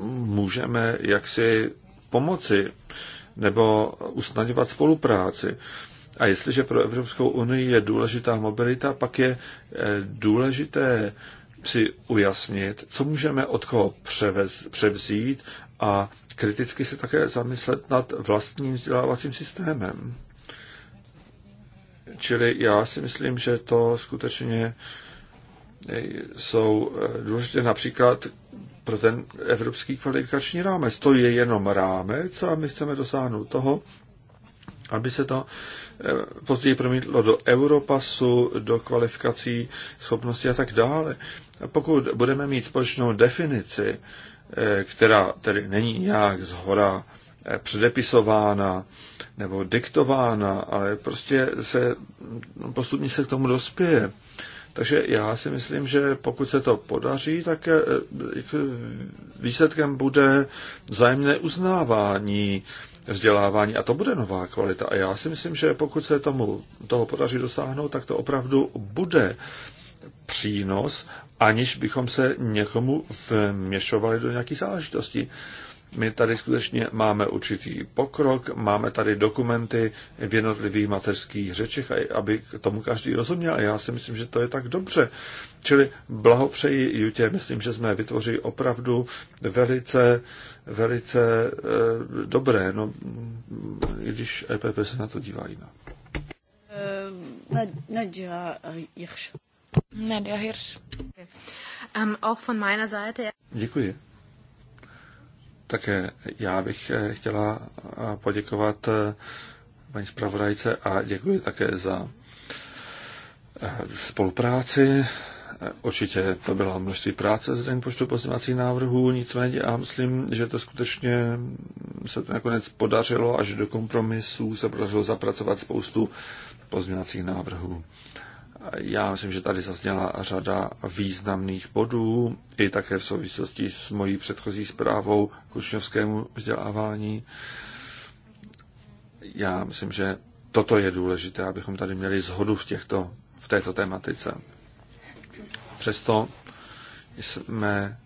můžeme jaksi pomoci nebo usnadňovat spolupráci. A jestliže pro Evropskou unii je důležitá mobilita, pak je eh, důležité si ujasnit, co můžeme od koho převez, převzít a kriticky se také zamyslet nad vlastním vzdělávacím systémem. Čili já si myslím, že to skutečně eh, jsou eh, důležité například pro ten evropský kvalifikační rámec. To je jenom rámec a my chceme dosáhnout toho, aby se to eh, později promítlo do Europasu, do kvalifikací, schopnosti a tak dále. Pokud budeme mít společnou definici, eh, která tedy není nějak zhora eh, předepisována nebo diktována, ale prostě se no, postupně se k tomu dospěje, takže já si myslím, že pokud se to podaří, tak eh, výsledkem bude vzájemné uznávání vzdělávání a to bude nová kvalita. A já si myslím, že pokud se tomu toho podaří dosáhnout, tak to opravdu bude přínos, aniž bychom se někomu vměšovali do nějakých záležitostí. My tady skutečně máme určitý pokrok, máme tady dokumenty v jednotlivých mateřských řečech, aby k tomu každý rozuměl. A já si myslím, že to je tak dobře. Čili blahopřeji Jutě, myslím, že jsme vytvořili opravdu velice, velice e, dobré, no, i když EPP se na to dívá jinak. Eh, Nadja Hirsch. Nadja Hirsch. Um, auch von meiner Seite. Děkuji. Také já bych eh, chtěla eh, poděkovat eh, paní zpravodajce a děkuji také za spolupráci. Určitě to byla množství práce z den počtu pozměňovacích návrhů, nicméně já myslím, že to skutečně se to nakonec podařilo a že do kompromisů se podařilo zapracovat spoustu pozměňovacích návrhů. Já myslím, že tady zazněla řada významných bodů, i také v souvislosti s mojí předchozí zprávou k učňovskému vzdělávání. Já myslím, že toto je důležité, abychom tady měli zhodu v, těchto, v této tematice. Přesto jsme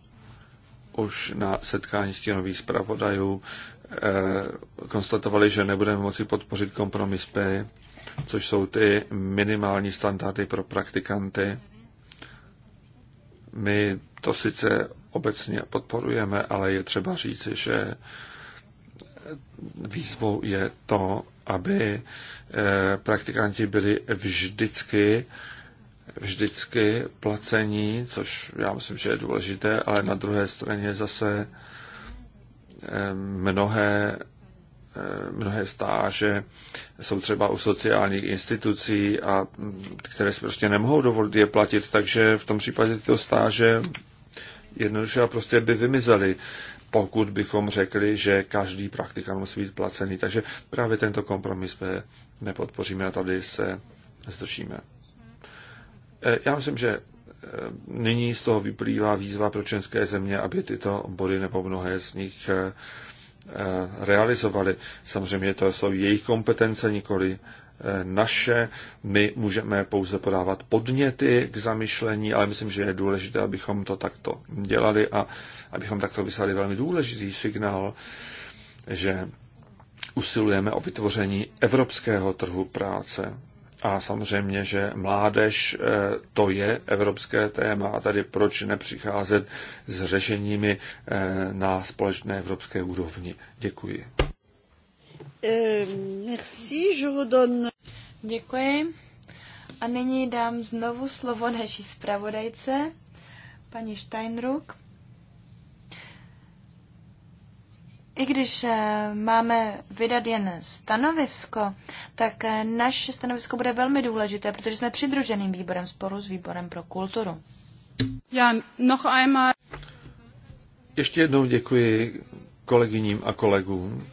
už na setkání stěnových zpravodajů eh, konstatovali, že nebudeme moci podpořit kompromis P, což jsou ty minimální standardy pro praktikanty. My to sice obecně podporujeme, ale je třeba říci, že výzvou je to, aby eh, praktikanti byli vždycky vždycky placení, což já myslím, že je důležité, ale na druhé straně zase eh, mnohé mnohé stáže jsou třeba u sociálních institucí, a které si prostě nemohou dovolit je platit, takže v tom případě tyto stáže jednoduše a prostě by vymizely, pokud bychom řekli, že každý praktikant musí být placený. Takže právě tento kompromis my nepodpoříme a tady se zdržíme. Eh, já myslím, že eh, nyní z toho vyplývá výzva pro české země, aby tyto body nebo mnohé z nich eh, Eh, realizovali. Samozřejmě to jsou jejich kompetence, nikoli eh, naše. My můžeme pouze podávat podněty k zamyšlení, ale myslím, že je důležité, abychom to takto dělali a abychom takto vyslali velmi důležitý signál, že usilujeme o vytvoření evropského trhu práce. A samozřejmě, že mládež eh, to je evropské téma a tady proč nepřicházet s řešeními eh, na společné evropské úrovni. Děkuji. Eh, merci, Děkuji. A nyní dám znovu slovo naší zpravodajce, paní Steinruck. i když eh, máme vydat jen stanovisko, tak eh, naše stanovisko bude velmi důležité, protože jsme přidruženým výborem sporu s výborem pro kulturu. Já noch einmal. Ještě jednou děkuji kolegyním a kolegům.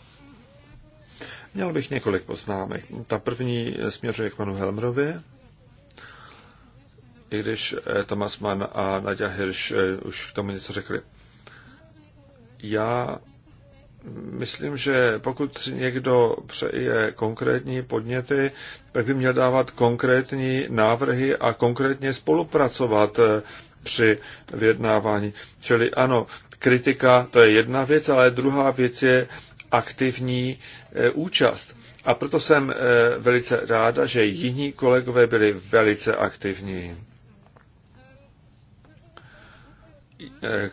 Měl bych několik poznámek. Ta první směřuje k panu Helmrovi. I když eh, Thomas Mann a Nadia Hirsch už k tomu něco řekli. Já myslím, že pokud někdo přeje konkrétní podněty, tak by měl dávat konkrétní návrhy a konkrétně spolupracovat eh, při vyjednávání. Čili ano, kritika to je jedna věc, ale druhá věc je aktivní eh, účast. A proto jsem eh, velice ráda, že jiní kolegové byli velice aktivní.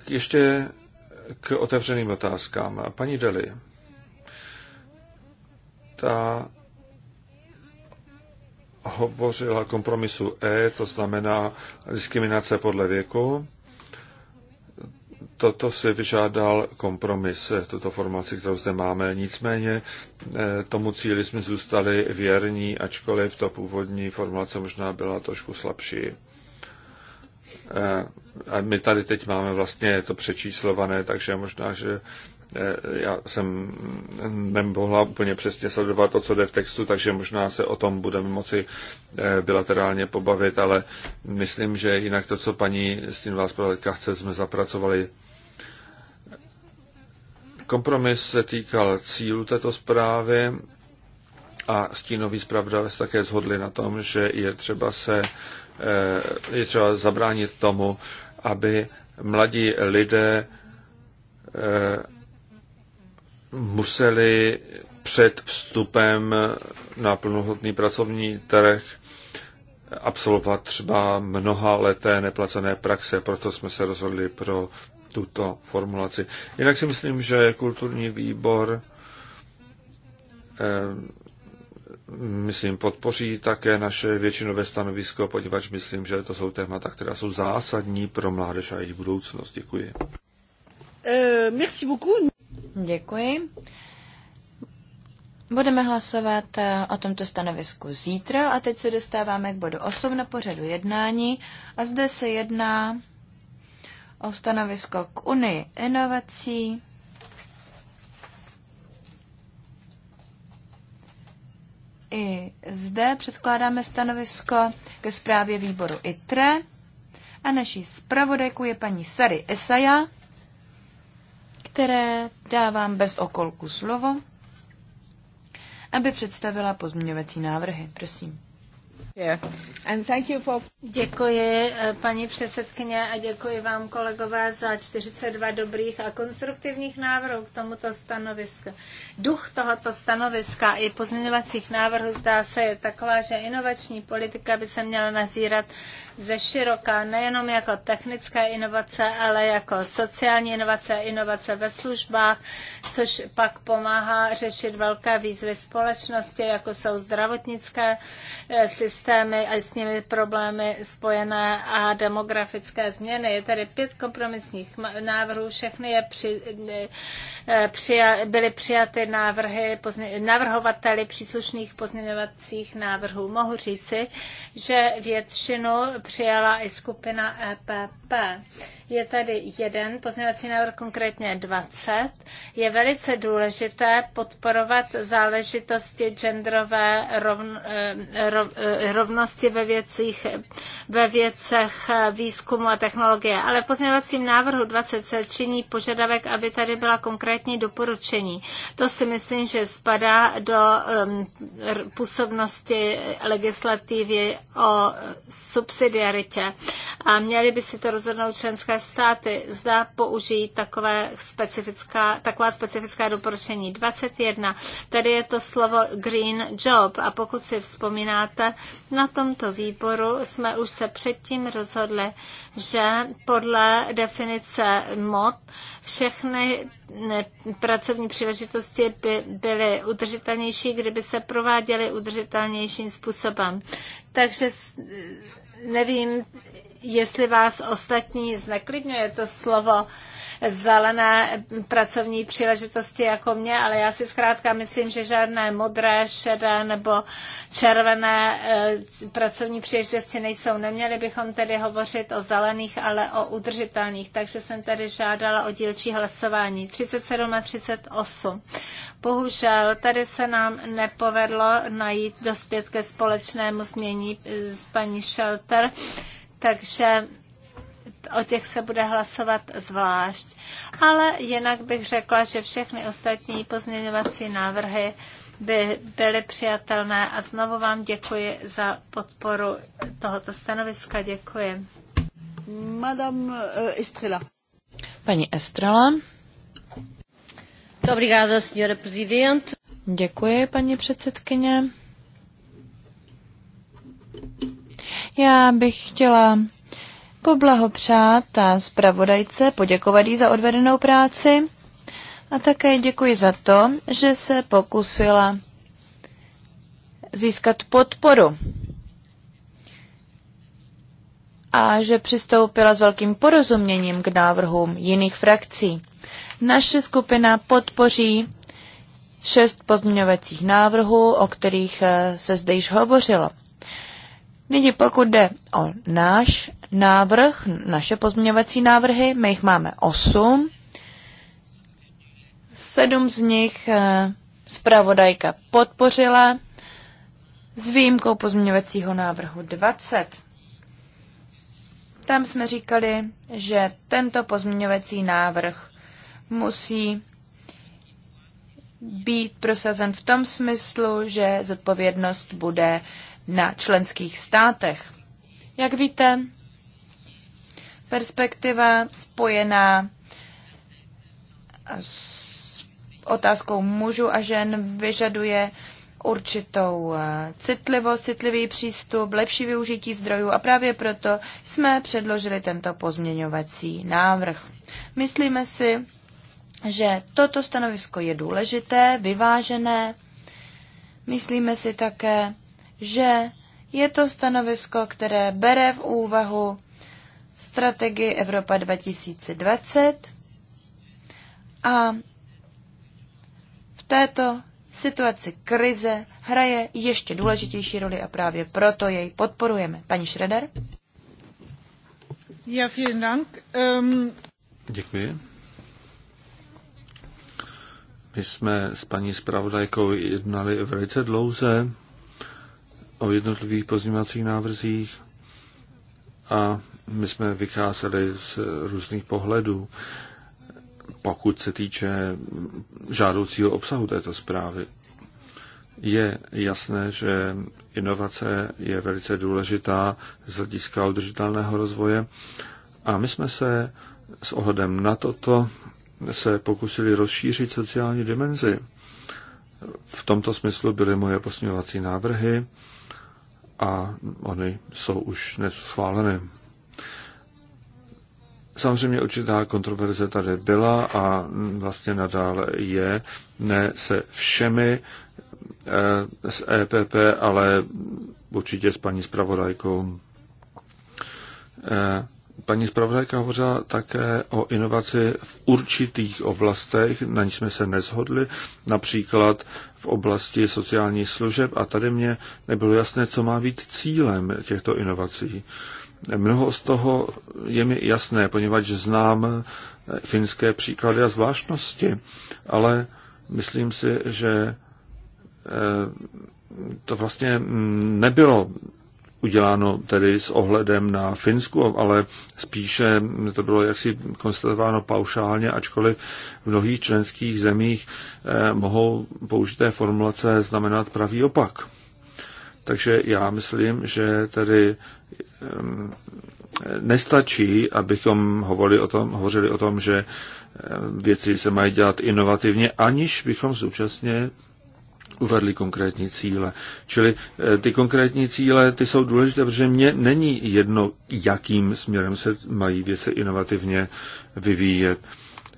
Ještě k otevřeným otázkám. Paní Deli, ta hovořila kompromisu E, to znamená diskriminace podle věku. Toto si vyžádal kompromis, tuto formaci, kterou zde máme. Nicméně e, tomu cíli jsme zůstali věrní, ačkoliv ta původní formace možná byla trošku slabší. Eh, a my tady teď máme vlastně to přečíslované, takže možná, že eh, já jsem nemohla úplně přesně sledovat to, co jde v textu, takže možná se o tom budeme moci eh, bilaterálně pobavit, ale myslím, že jinak to, co paní Stínová zpravodajka chce, jsme zapracovali. Kompromis se týkal cílu této zprávy a stínový zpravodajové také zhodli na tom, že je třeba se Eh, je třeba zabránit tomu, aby mladí lidé eh, museli před vstupem na plnohodný pracovní trh absolvovat třeba mnoha leté neplacené praxe, proto jsme se rozhodli pro tuto formulaci. Jinak si myslím, že kulturní výbor eh, myslím, podpoří také naše většinové stanovisko, poněvadž myslím, že to jsou témata, která jsou zásadní pro mládež a jejich budoucnost. Děkuji. Uh, merci beaucoup. Děkuji. Budeme hlasovat eh, o tomto stanovisku zítra a teď se dostáváme k bodu 8 na pořadu jednání a zde se jedná o stanovisko k Unii inovací i zde předkládáme stanovisko ke zprávě výboru ITRE a naší zpravodajku je paní Sary Esaja, které dávám bez okolku slovo, aby představila pozměňovací návrhy. Prosím. Děkuji, eh, paní předsedkyně, a děkuji vám, kolegové, za 42 dobrých a konstruktivních návrhů k tomuto stanovisku. Duch tohoto stanoviska i pozměňovacích návrhů zdá se je taková, že inovační politika by se měla nazírat ze široka, nejenom jako technické inovace, ale jako sociální inovace, inovace ve službách, což pak pomáhá řešit velké výzvy společnosti, jako jsou zdravotnické eh, systémy, systémy a s nimi problémy spojené a demografické změny. Je tady pět kompromisních návrhů, všechny je při, eh, přija, byly přijaty návrhy pozně, navrhovateli příslušných pozměňovacích návrhů. Mohu říci, že většinu přijala i skupina EPP je tady jeden pozměňovací návrh, konkrétně 20. Je velice důležité podporovat záležitosti genderové rovn, eh, rov, eh, rovnosti ve, věcích, ve věcech eh, výzkumu a technologie. Ale v pozměňovacím návrhu 20 se činí požadavek, aby tady byla konkrétní doporučení. To si myslím, že spadá do um, působnosti legislativy o subsidiaritě. A měli by si to rozhodnout členské státy, zda použijí takové specifická, taková specifická doporučení. 21. Tady je to slovo green job a pokud si vzpomínáte, na tomto výboru jsme už se předtím rozhodli, že podle definice MOD všechny pracovní příležitosti by byly udržitelnější, kdyby se prováděly udržitelnějším způsobem. Takže nevím, jestli vás ostatní zneklidňuje to slovo zelené pracovní příležitosti jako mě, ale já si zkrátka myslím, že žádné modré, šedé nebo červené eh, pracovní příležitosti nejsou. Neměli bychom tedy hovořit o zelených, ale o udržitelných. Takže jsem tady žádala o dílčí hlasování. 37 a 38. Bohužel tady se nám nepovedlo najít dospět ke společnému změní eh, s paní Shelter takže o těch se bude hlasovat zvlášť. Ale jinak bych řekla, že všechny ostatní pozměňovací návrhy by byly přijatelné a znovu vám děkuji za podporu tohoto stanoviska. Děkuji. Madame eh, Estrela. Paní Estrela. den, pane presidente. Děkuji, paní předsedkyně. Já bych chtěla poblahopřát a zpravodajce, poděkovat jí za odvedenou práci a také děkuji za to, že se pokusila získat podporu a že přistoupila s velkým porozuměním k návrhům jiných frakcí. Naše skupina podpoří šest pozměňovacích návrhů, o kterých eh, se zde již hovořilo. Nyní pokud jde o náš návrh, naše pozměňovací návrhy, my jich máme osm. Sedm z nich eh, zpravodajka podpořila s výjimkou pozměňovacího návrhu 20. Tam jsme říkali, že tento pozměňovací návrh musí být prosazen v tom smyslu, že zodpovědnost bude uh, na členských státech. Jak víte, perspektiva spojená s otázkou mužů a žen vyžaduje určitou eh, citlivost, citlivý přístup, lepší využití zdrojů a právě proto jsme předložili tento pozměňovací návrh. Myslíme si, že toto stanovisko je důležité, vyvážené. Myslíme si také, že je to stanovisko, které bere v úvahu strategii Evropa 2020 a v této situaci krize hraje ještě důležitější roli a právě proto jej podporujeme. Paní Šreder? Ja, vielen Dank. Um... Děkuji. My jsme s paní zpravodajkou jednali velice dlouze o jednotlivých pozměňovacích návrzích a my jsme vycházeli z různých pohledů, pokud se týče žádoucího obsahu této zprávy. Je jasné, že inovace je velice důležitá z hlediska udržitelného rozvoje a my jsme se s ohledem na toto se pokusili rozšířit sociální dimenzi. V tomto smyslu byly moje posměvací návrhy a ony jsou už dnes schváleny. Samozřejmě určitá kontroverze tady byla a vlastně nadále je, ne se všemi eh, z EPP, ale určitě s paní zpravodajkou. Eh, Paní zpravodajka hovořila také o inovaci v určitých oblastech, na ní jsme se nezhodli, například v oblasti sociálních služeb a tady mě nebylo jasné, co má být cílem těchto inovací. Mnoho z toho je mi jasné, poněvadž znám finské příklady a zvláštnosti, ale myslím si, že eh, to vlastně nebylo uděláno tedy s ohledem na Finsku, ale spíše to bylo jaksi konstatováno paušálně, ačkoliv v mnohých členských zemích eh, mohou použité formulace znamenat pravý opak. Takže já myslím, že tedy ehm, nestačí, abychom hovorili o tom, hovořili o tom, že ehm, věci se mají dělat inovativně, aniž bychom současně uvedli konkrétní cíle. Čili eh, ty konkrétní cíle, ty jsou důležité, protože mně není jedno, jakým směrem se mají věci inovativně vyvíjet.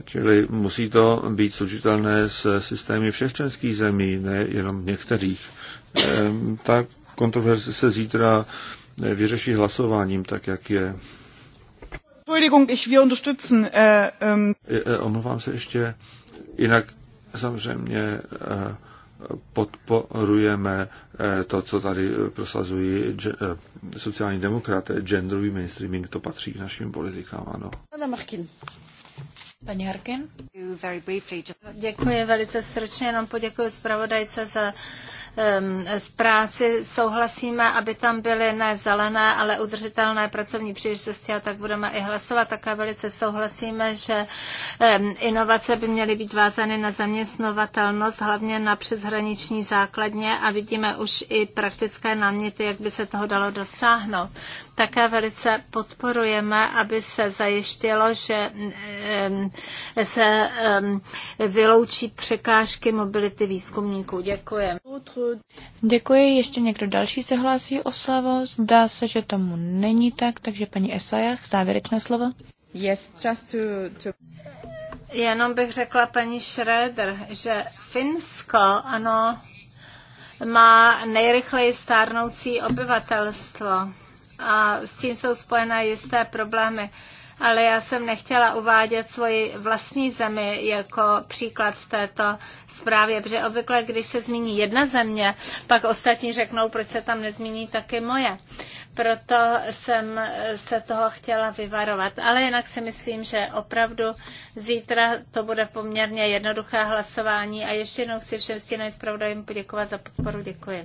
Čili musí to být slučitelné s systémy všech členských zemí, ne jenom některých. Ehm, ta kontroverze se zítra eh, vyřeší hlasováním, tak jak je. Entschuldigung, ich wir unterstützen. Äh, ähm. eh, omlouvám se ještě. Jinak samozřejmě podporujeme eh, to, co tady eh, prosazují eh, sociální demokraté, genderový mainstreaming, to patří k našim politikám, ano. Paní Harkin. Děkuji velice stručně, jenom poděkuji zpravodajce za z práci. Souhlasíme, aby tam byly ne zelené, ale udržitelné pracovní příležitosti a tak budeme i hlasovat. Také velice souhlasíme, že inovace by měly být vázány na zaměstnovatelnost, hlavně na přeshraniční základně a vidíme už i praktické náměty, jak by se toho dalo dosáhnout. Také velice podporujeme, aby se zajištilo, že se vyloučí překážky mobility výzkumníků. Děkuji. Děkuji. Ještě někdo další se hlásí o slovo? Zdá se, že tomu není tak, takže paní Esajach, závěrečné slovo. Yes, just to, to... Jenom bych řekla paní Schröder, že Finsko, ano, má nejrychleji stárnoucí obyvatelstvo a s tím jsou spojené jisté problémy. Ale já jsem nechtěla uvádět svoji vlastní zemi jako příklad v této zprávě, protože obvykle, když se zmíní jedna země, pak ostatní řeknou, proč se tam nezmíní taky moje. Proto jsem se toho chtěla vyvarovat. Ale jinak si myslím, že opravdu zítra to bude poměrně jednoduché hlasování. A ještě jednou chci všem stínovým zpravodajům poděkovat za podporu. Děkuji.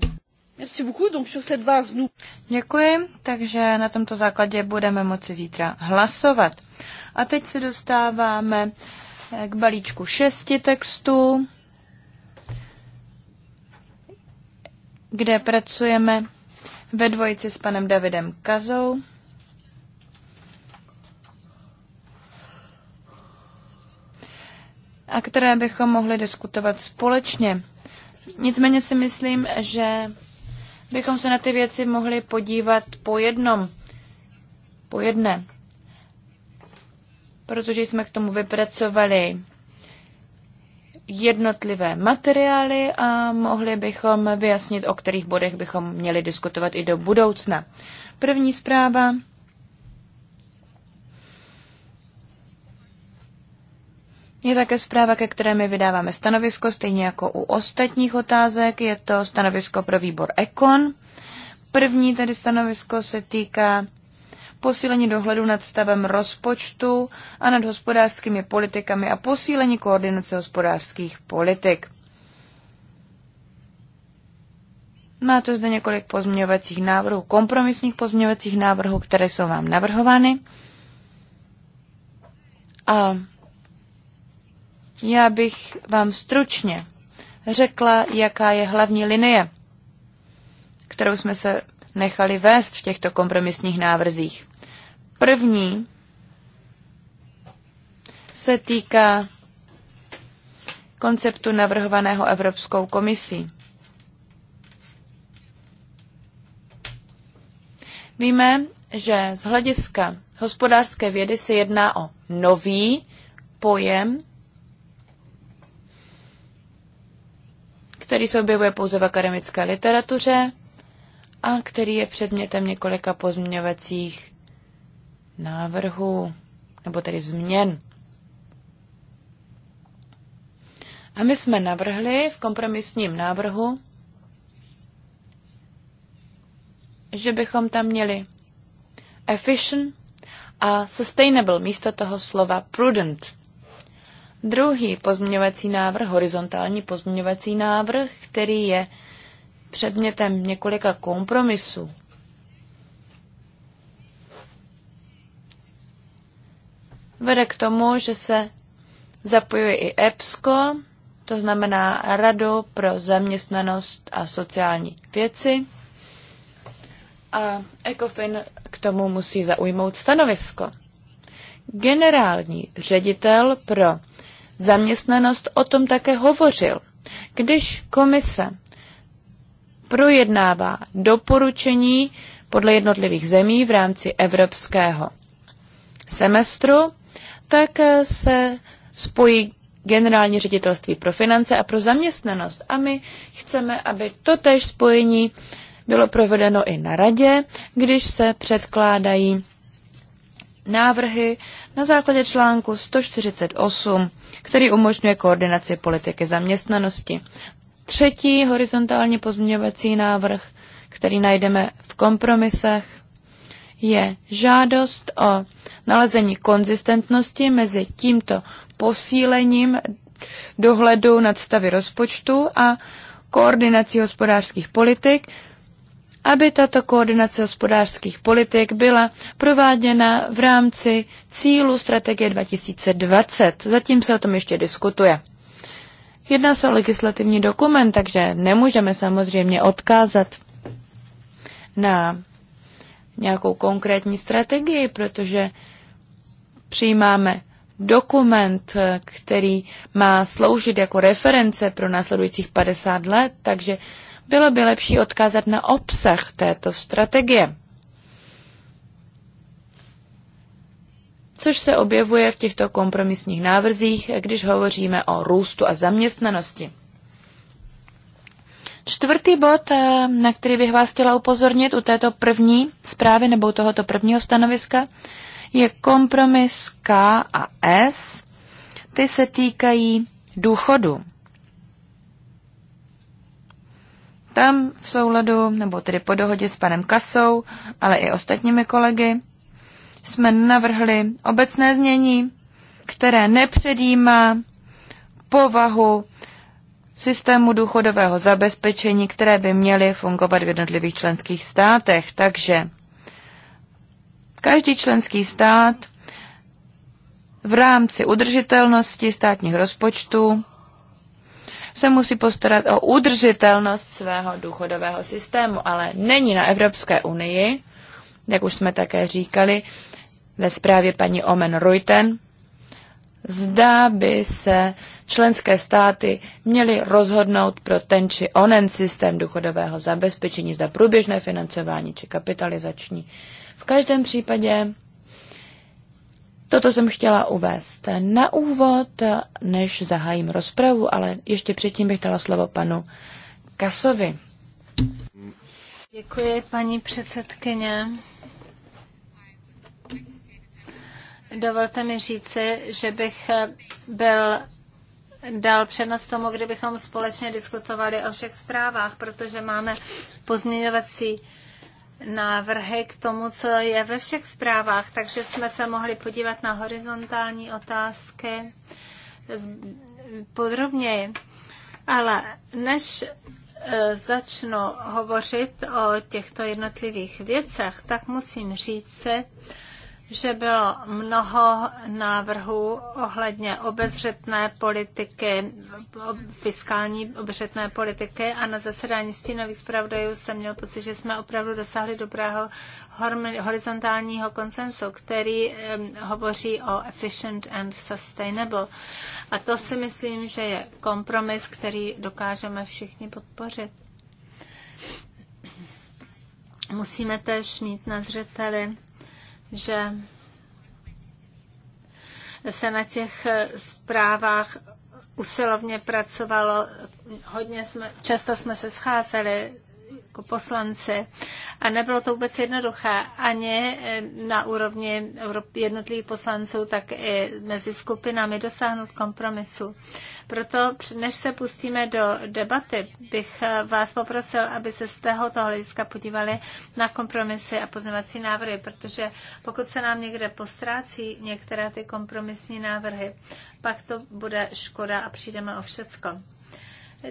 Děkuji, takže na tomto základě budeme moci zítra hlasovat. A teď se dostáváme eh, k balíčku šesti textů, kde pracujeme ve dvojici s panem Davidem Kazou. a které bychom mohli diskutovat společně. Nicméně si myslím, že bychom se na ty věci mohli podívat po jednom, po jedné, protože jsme k tomu vypracovali jednotlivé materiály a mohli bychom vyjasnit, o kterých bodech bychom měli diskutovat i do budoucna. První zpráva Je také zpráva, ke které my vydáváme stanovisko, stejně jako u ostatních otázek. Je to stanovisko pro výbor Ekon. První tedy stanovisko se týká posílení dohledu nad stavem rozpočtu a nad hospodářskými politikami a posílení koordinace hospodářských politik. Máte zde několik pozměňovacích návrhů, kompromisních pozměňovacích návrhů, které jsou vám navrhovány. A já bych vám stručně řekla, jaká je hlavní linie, kterou jsme se nechali vést v těchto kompromisních návrzích. První se týká konceptu navrhovaného Evropskou komisí. Víme, že z hlediska hospodářské vědy se jedná o nový pojem který se objevuje pouze v akademické literatuře a který je předmětem několika pozměňovacích návrhů, nebo tedy změn. A my jsme navrhli v kompromisním návrhu, že bychom tam měli efficient a sustainable místo toho slova prudent. Druhý pozměňovací návrh, horizontální pozměňovací návrh, který je předmětem několika kompromisů. Vede k tomu, že se zapojuje i EPSCO, to znamená Radu pro zaměstnanost a sociální věci. A ECOFIN k tomu musí zaujmout stanovisko. Generální ředitel pro zaměstnanost o tom také hovořil. Když komise projednává doporučení podle jednotlivých zemí v rámci evropského semestru, tak se spojí generální ředitelství pro finance a pro zaměstnanost. A my chceme, aby to spojení bylo provedeno i na radě, když se předkládají návrhy na základě článku 148, který umožňuje koordinaci politiky zaměstnanosti. Třetí horizontální pozměňovací návrh, který najdeme v kompromisech, je žádost o nalezení konzistentnosti mezi tímto posílením dohledu nad stavy rozpočtu a koordinací hospodářských politik, aby tato koordinace hospodářských politik byla prováděna v rámci cílu strategie 2020. Zatím se o tom ještě diskutuje. Jedná se o legislativní dokument, takže nemůžeme samozřejmě odkázat na nějakou konkrétní strategii, protože přijímáme dokument, který má sloužit jako reference pro následujících 50 let, takže bylo by lepší odkázat na obsah této strategie. což se objevuje v těchto kompromisních návrzích, když hovoříme o růstu a zaměstnanosti. Čtvrtý bod, eh, na který bych vás chtěla upozornit u této první zprávy nebo u tohoto prvního stanoviska, je kompromis K a S. Ty se týkají důchodu. tam v souladu, nebo tedy po dohodě s panem Kasou, ale i ostatními kolegy, jsme navrhli obecné znění, které nepředjímá povahu systému důchodového zabezpečení, které by měly fungovat v jednotlivých členských státech. Takže každý členský stát v rámci udržitelnosti státních rozpočtů se musí postarat o udržitelnost svého důchodového systému, ale není na Evropské unii, jak už jsme také říkali ve zprávě paní Omen Reuten, zda by se členské státy měly rozhodnout pro ten či onen systém důchodového zabezpečení, zda průběžné financování či kapitalizační. V každém případě Toto jsem chtěla uvést na úvod, než zahájím rozpravu, ale ještě předtím bych dala slovo panu Kasovi. Děkuji, paní předsedkyně. Dovolte mi říci, že bych byl dal přednost tomu, kdybychom společně diskutovali o všech zprávách, protože máme pozměňovací návrhy k tomu, co je ve všech zprávách, takže jsme se mohli podívat na horizontální otázky podrobněji. Ale než e, začnu hovořit o těchto jednotlivých věcech, tak musím říct, že bylo mnoho návrhů ohledně obezřetné politiky, fiskální obezřetné politiky a na zasedání stínových zpravodajů jsem měl pocit, že jsme opravdu dosáhli dobrého horizontálního konsensu, který hovoří o efficient and sustainable. A to si myslím, že je kompromis, který dokážeme všichni podpořit. Musíme tež mít na zřeteli že se na těch zprávách usilovně pracovalo, hodně jsme, často jsme se scházeli jako poslance. A nebylo to vůbec jednoduché ani eh, na úrovni jednotlivých poslanců, tak i mezi skupinami dosáhnout kompromisu. Proto, než se pustíme do debaty, bych eh, vás poprosil, aby se z tohoto hlediska podívali na kompromisy a pozměvací návrhy, protože pokud se nám někde postrácí některé ty kompromisní návrhy, pak to bude škoda a přijdeme o všecko.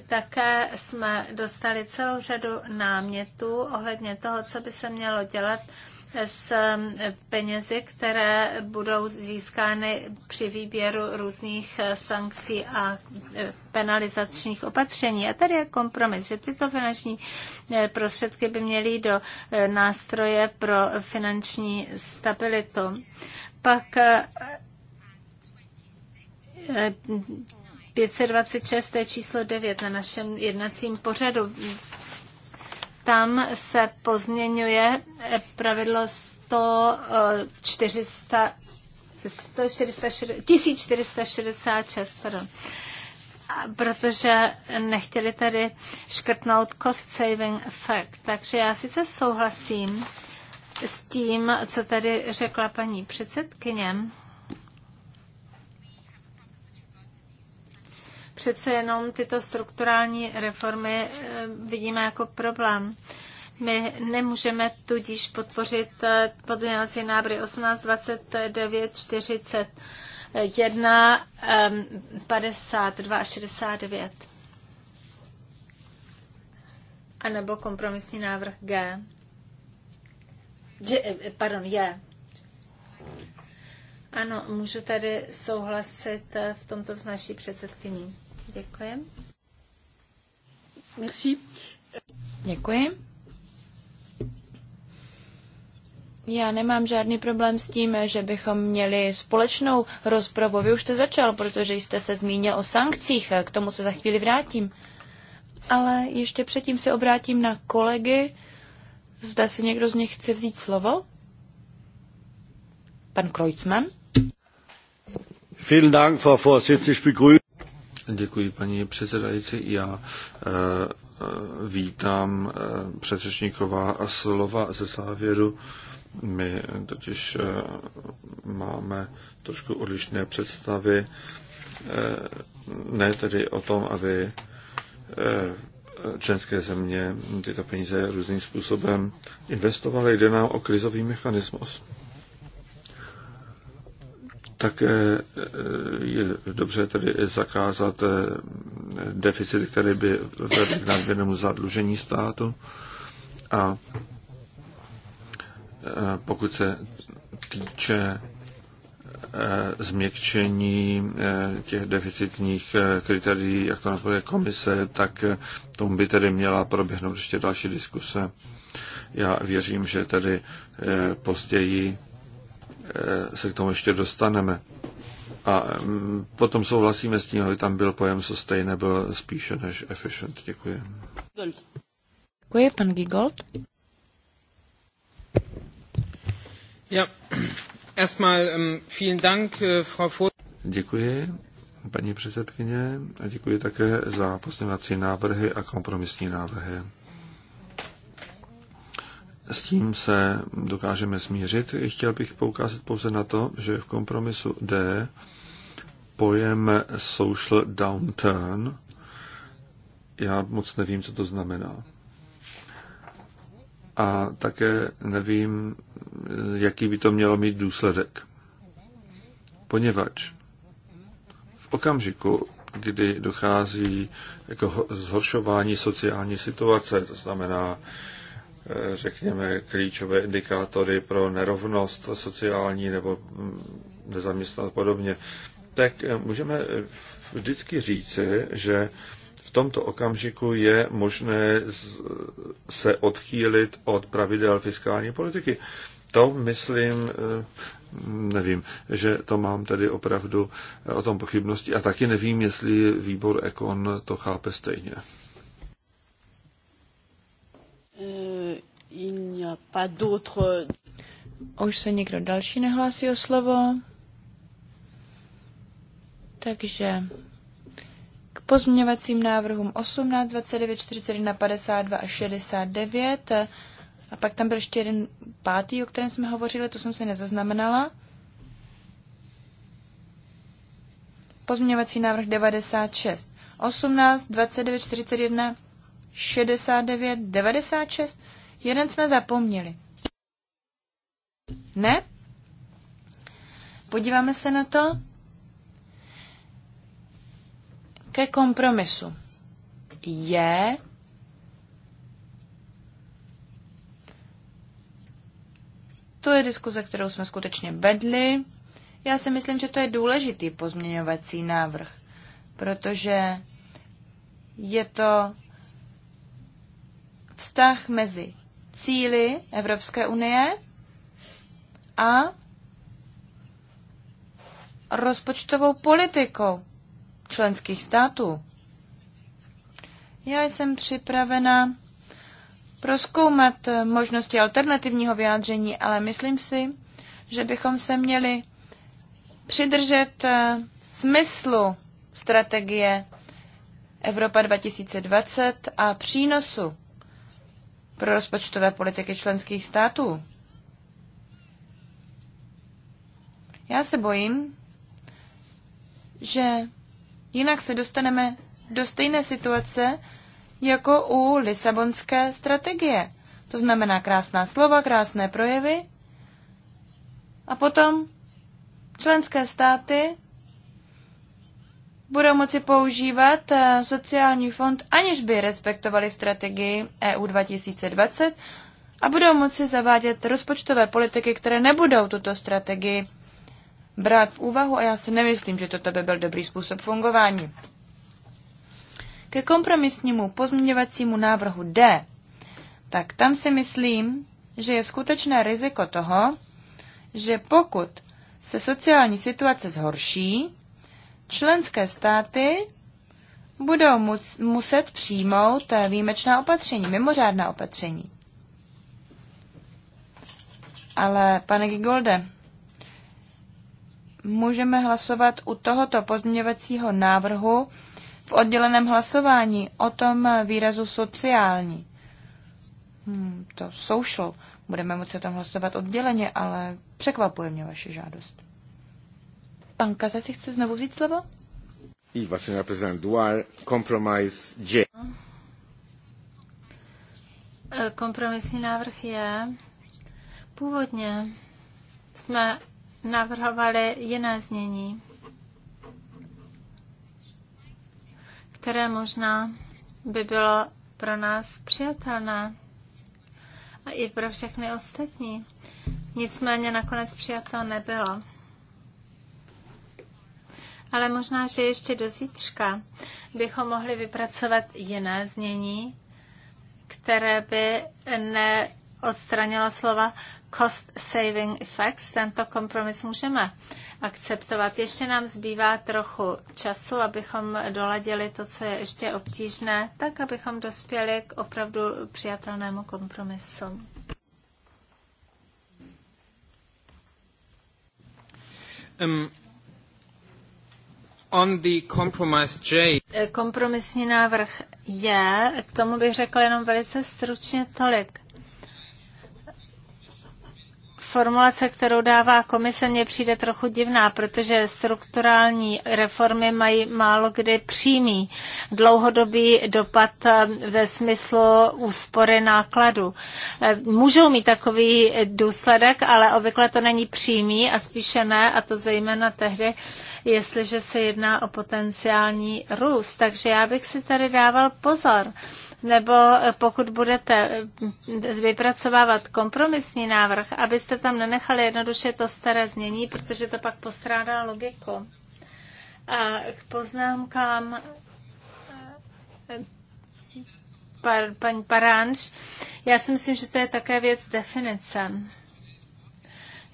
Také jsme dostali celou řadu námětů ohledně toho, co by se mělo dělat s um, penězi, které budou získány při výběru různých eh, sankcí a eh, penalizačních opatření. A tady je kompromis, že tyto finanční eh, prostředky by měly do nástroje pro finanční stabilitu. Pak 526 je číslo 9 na našem jednacím pořadu. Tam se pozměňuje pravidlo 100, 400, 140, 1466, pardon. Protože nechtěli tady škrtnout cost saving effect. Takže já sice souhlasím s tím, co tady řekla paní předsedkyně, přece jenom tyto strukturální reformy eh, vidíme jako problém. My nemůžeme tudíž podpořit eh, podvěnací návrhy 18, 29, 40, 1, 52 69. A nebo kompromisní návrh G. G eh, pardon, je. Ano, můžu tady souhlasit v tomto s naší předsedkyní. Děkuji. Merci. Děkuji. Já nemám žádný problém s tím, že bychom měli společnou rozpravu. Vy už jste začal, protože jste se zmínil o sankcích. K tomu se za chvíli vrátím. Ale ještě předtím se obrátím na kolegy. Zda si někdo z nich chce vzít slovo? Pan Kreuzmann? Vielen Dank, Frau Vorsitzende. Děkuji, paní předsedající. Já eh, eh, vítám eh, předřečníková slova ze závěru. My totiž máme trošku odlišné představy, ne tedy o tom, aby členské země tyto peníze různým způsobem investovaly, jde nám o krizový mechanismus. Také eh, je dobře tedy zakázat eh, deficit, které by vedly k nadměrnému zadlužení státu. A eh, pokud se týče změkčení těch deficitních kritérií, jak to napadne komise, tak tomu by tedy měla proběhnout ještě další diskuse. Já věřím, že tedy později Eh, se k tomu ještě dostaneme. A mm, potom souhlasíme s tím, aby tam byl pojem sustainable spíše než efficient. Děkuji. Děkuji, pan Gigold. Ja, erstmal um, vielen Dank, uh, Frau Vor Děkuji, paní předsedkyně, a děkuji také za pozměňovací návrhy a kompromisní návrhy. S tím se dokážeme smířit. Chtěl bych poukázat pouze na to, že v kompromisu D pojem social downturn, já moc nevím, co to znamená. A také nevím, jaký by to mělo mít důsledek. Poněvadž v okamžiku, kdy dochází jako zhoršování sociální situace, to znamená řekněme, klíčové indikátory pro nerovnost sociální nebo nezaměstnanost podobně, tak eh, můžeme vždycky říci, že v tomto okamžiku je možné se odchýlit od pravidel fiskální politiky. To myslím, eh, nevím, že to mám tedy opravdu eh, o tom pochybnosti a taky nevím, jestli výbor Ekon to chápe stejně. Euh, Už se někdo další nehlásí o slovo? Takže k pozměňovacím návrhům 18, 29, 41, 52 a 69. A pak tam byl ještě jeden pátý, o kterém jsme hovořili, to jsem si nezaznamenala. Pozměňovací návrh 96. 18, 29, 41, 69, 96. Jeden jsme zapomněli. Ne? Podíváme se na to ke kompromisu. Je To je diskuze, kterou jsme skutečně vedli. Já si myslím, že to je důležitý pozměňovací návrh, protože je to vztah mezi cíly Evropské unie a rozpočtovou politikou členských států. Já jsem připravena proskoumat možnosti alternativního vyjádření, ale myslím si, že bychom se měli přidržet eh, smyslu strategie Evropa 2020 a přínosu pro rozpočtové politiky členských států. Já se bojím, že jinak se dostaneme do stejné situace jako u Lisabonské strategie. To znamená krásná slova, krásné projevy a potom členské státy budou moci používat eh, sociální fond, aniž by respektovali strategii EU 2020 a budou moci zavádět rozpočtové politiky, které nebudou tuto strategii brát v úvahu a já si nemyslím, že toto by byl dobrý způsob fungování. Ke kompromisnímu pozměňovacímu návrhu D, tak tam si myslím, že je skutečné riziko toho, že pokud se sociální situace zhorší, členské státy budou muset přijmout eh, výjimečná opatření, mimořádná opatření. Ale, pane Gigolde, můžeme hlasovat u tohoto pozměňovacího návrhu v odděleném hlasování o tom výrazu sociální. Hmm, to social. Budeme moci o tom hlasovat odděleně, ale překvapuje mě vaše žádost. Pan Kaza si chce znovu vzít slovo? Iva, vlastně senhora prezident, duar, kompromis J. Kompromisní návrh je, původně jsme navrhovali jiné znění, které možná by bylo pro nás přijatelné a i pro všechny ostatní. Nicméně nakonec přijatelné nebylo ale možná, že ještě do zítřka bychom mohli vypracovat jiné znění, které by neodstranilo slova cost saving effects. Tento kompromis můžeme akceptovat. Ještě nám zbývá trochu času, abychom doladili to, co je ještě obtížné, tak abychom dospěli k opravdu přijatelnému kompromisu. Um, On the compromise J. Kompromisní návrh je, k tomu bych řekl jenom velice stručně tolik formulace, kterou dává komise, mně přijde trochu divná, protože strukturální reformy mají málo kdy přímý dlouhodobý dopad eh, ve smyslu úspory nákladu. Eh, můžou mít takový důsledek, ale obvykle to není přímý a spíše ne, a to zejména tehdy, jestliže se jedná o potenciální růst. Takže já bych si tady dával pozor nebo eh, pokud budete eh, vypracovávat kompromisní návrh, abyste tam nenechali jednoduše to staré znění, protože to pak postrádá logiku. A k poznámkám eh, par, paní Paranž. Já si myslím, že to je také věc definice.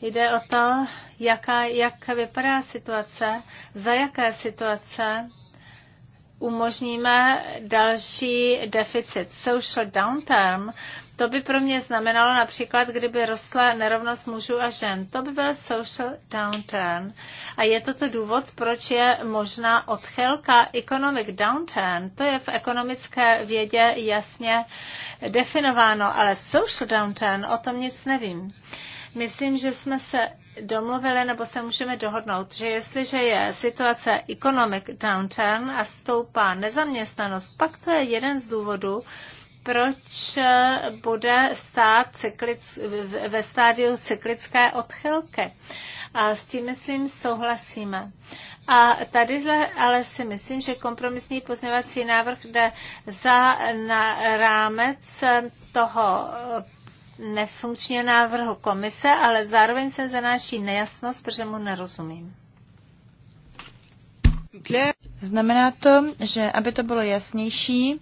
Jde o to, jaká, jak vypadá situace, za jaké situace umožníme další deficit. Social downturn, to by pro mě znamenalo například, kdyby rostla nerovnost mužů a žen. To by byl social downturn. A je to to důvod, proč je možná odchylka economic downturn. To je v ekonomické vědě jasně definováno, ale social downturn, o tom nic nevím. Myslím, že jsme se domluvili nebo se můžeme dohodnout, že jestliže je situace economic downturn a stoupá nezaměstnanost, pak to je jeden z důvodů, proč bude stát cyklic, ve stádiu cyklické odchylky. A s tím, myslím, souhlasíme. A tady ale si myslím, že kompromisní pozměvací návrh jde za na rámec toho nefunkčního návrhu komise, ale zároveň se zanáší nejasnost, protože mu nerozumím. Znamená to, že aby to bylo jasnější,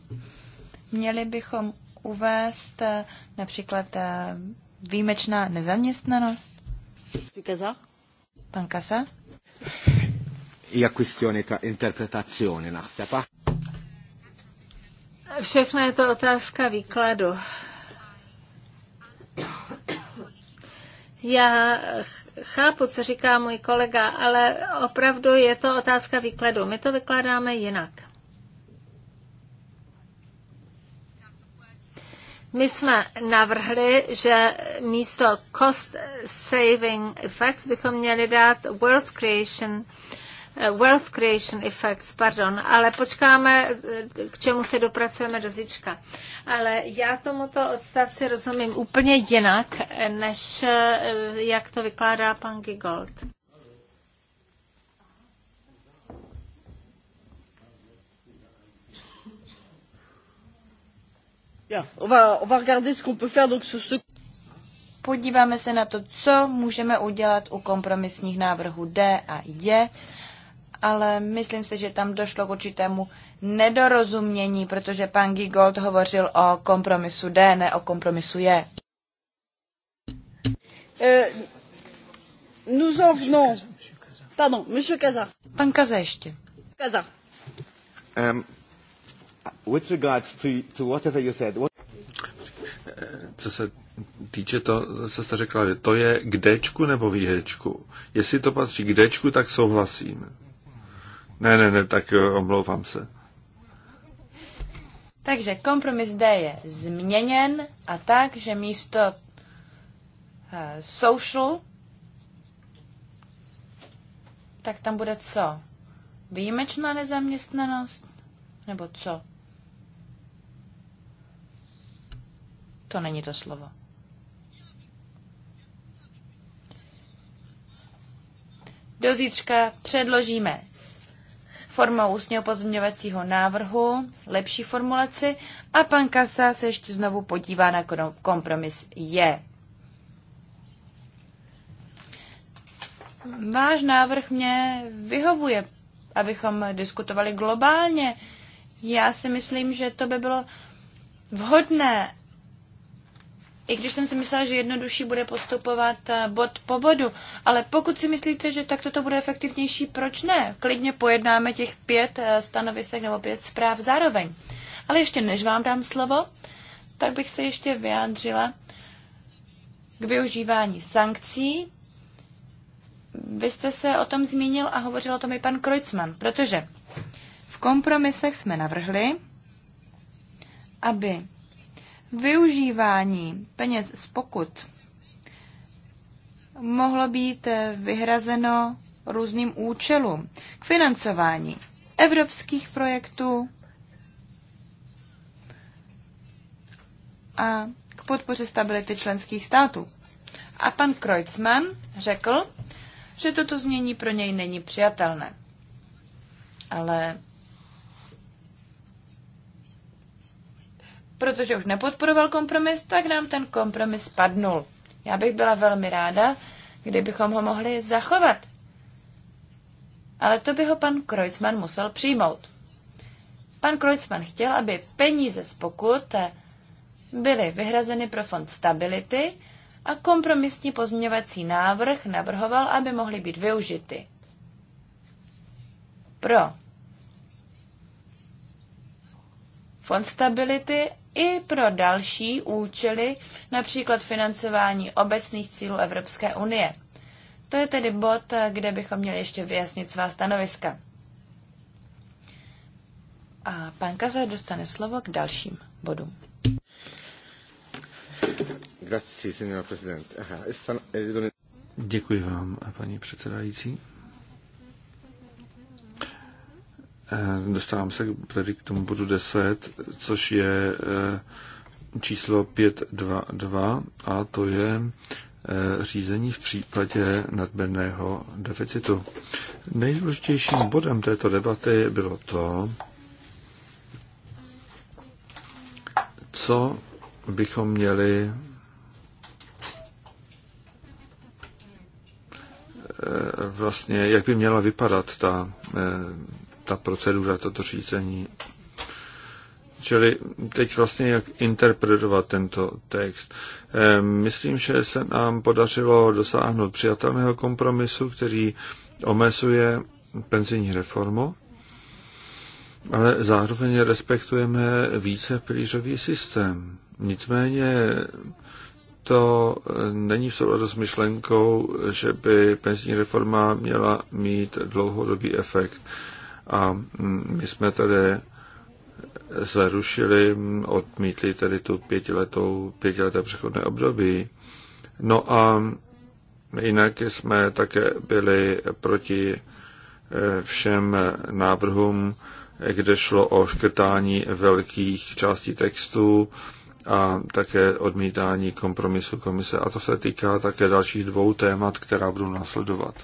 měli bychom uvést eh, například eh, výjimečná nezaměstnanost? Pan Kasa? hija kwistjoni ta' interpretazzjoni Všechno je to otázka výkladu. Já chápu, co říká můj kolega, ale opravdu je to otázka výkladu. My to vykládáme jinak. My jsme navrhli, že místo cost saving effects bychom měli dát wealth creation Eh, wealth creation effects, pardon, ale počkáme, eh, k čemu se dopracujeme do zička. Ale já tomuto odstavci rozumím úplně jinak, eh, než jak to vykládá pan Gigold. Podíváme se na to, co můžeme udělat u kompromisních návrhů D a J ale myslím si, že tam došlo k určitému nedorozumění, protože pan Gigold hovořil o kompromisu D, ne o kompromisu J. Eh, nous en venons. Pardon, monsieur Kaza. Pan Kaza ještě. Kaza. Um, with regards to, to whatever you said, what... Eh, co se týče to, co jste řekla, to je k Dčku nebo výhečku. Jestli to patří k Dčku, tak souhlasím. Ne, ne, ne, tak eh, omlouvám se. Takže kompromis D je změněn a tak, že místo eh, social, tak tam bude co? Výjimečná nezaměstnanost? Nebo co? To není to slovo. Do zítřka předložíme formou ústního pozměňovacího návrhu, lepší formulaci a pan Kasa se ještě znovu podívá na kompromis je. Váš návrh mě vyhovuje, abychom diskutovali globálně. Já si myslím, že to by bylo vhodné, i když jsem si myslela, že jednodušší bude postupovat eh, bod po bodu. Ale pokud si myslíte, že takto to bude efektivnější, proč ne? Klidně pojednáme těch pět eh, stanovisek nebo pět zpráv zároveň. Ale ještě než vám dám slovo, tak bych se ještě vyjádřila k využívání sankcí. Vy jste se o tom zmínil a hovořil o tom i pan Kreutzmann, protože v kompromisech jsme navrhli, aby využívání peněz z pokut mohlo být vyhrazeno různým účelům k financování evropských projektů a k podpoře stability členských států. A pan Kreutzmann řekl, že toto změní pro něj není přijatelné. Ale protože už nepodporoval kompromis, tak nám ten kompromis padnul. Já bych byla velmi ráda, kdybychom ho mohli zachovat. Ale to by ho pan Kreutzmann musel přijmout. Pan Kreutzmann chtěl, aby peníze z pokut byly vyhrazeny pro fond stability a kompromisní pozměňovací návrh navrhoval, aby mohly být využity. Pro fond stability i pro další účely, například financování obecných cílů Evropské unie. To je tedy bod, kde bychom měli ještě vyjasnit svá stanoviska. A pan Kaza dostane slovo k dalším bodům. E e- Děkuji vám, paní předsedající. Eh, dostávám se tedy k tomu bodu 10, což je eh, číslo 522 a to je eh, řízení v případě nadměrného deficitu. Nejdůležitějším bodem této debaty bylo to, co bychom měli vlastně, jak by měla vypadat ta ta procedura, toto řízení. Čili teď vlastně jak interpretovat tento text. Ehm, myslím, že se nám podařilo dosáhnout přijatelného kompromisu, který omezuje penzijní reformu, ale zároveň respektujeme více pilířový systém. Nicméně to eh, není v souladu s myšlenkou, že by penzijní reforma měla mít dlouhodobý efekt. A my jsme tedy zrušili, odmítli tedy tu pětiletou, pětileté přechodné období. No a jinak jsme také byli proti eh, všem návrhům, kde šlo o škrtání velkých částí textů a také odmítání kompromisu komise. A to se týká také dalších dvou témat, která budou následovat.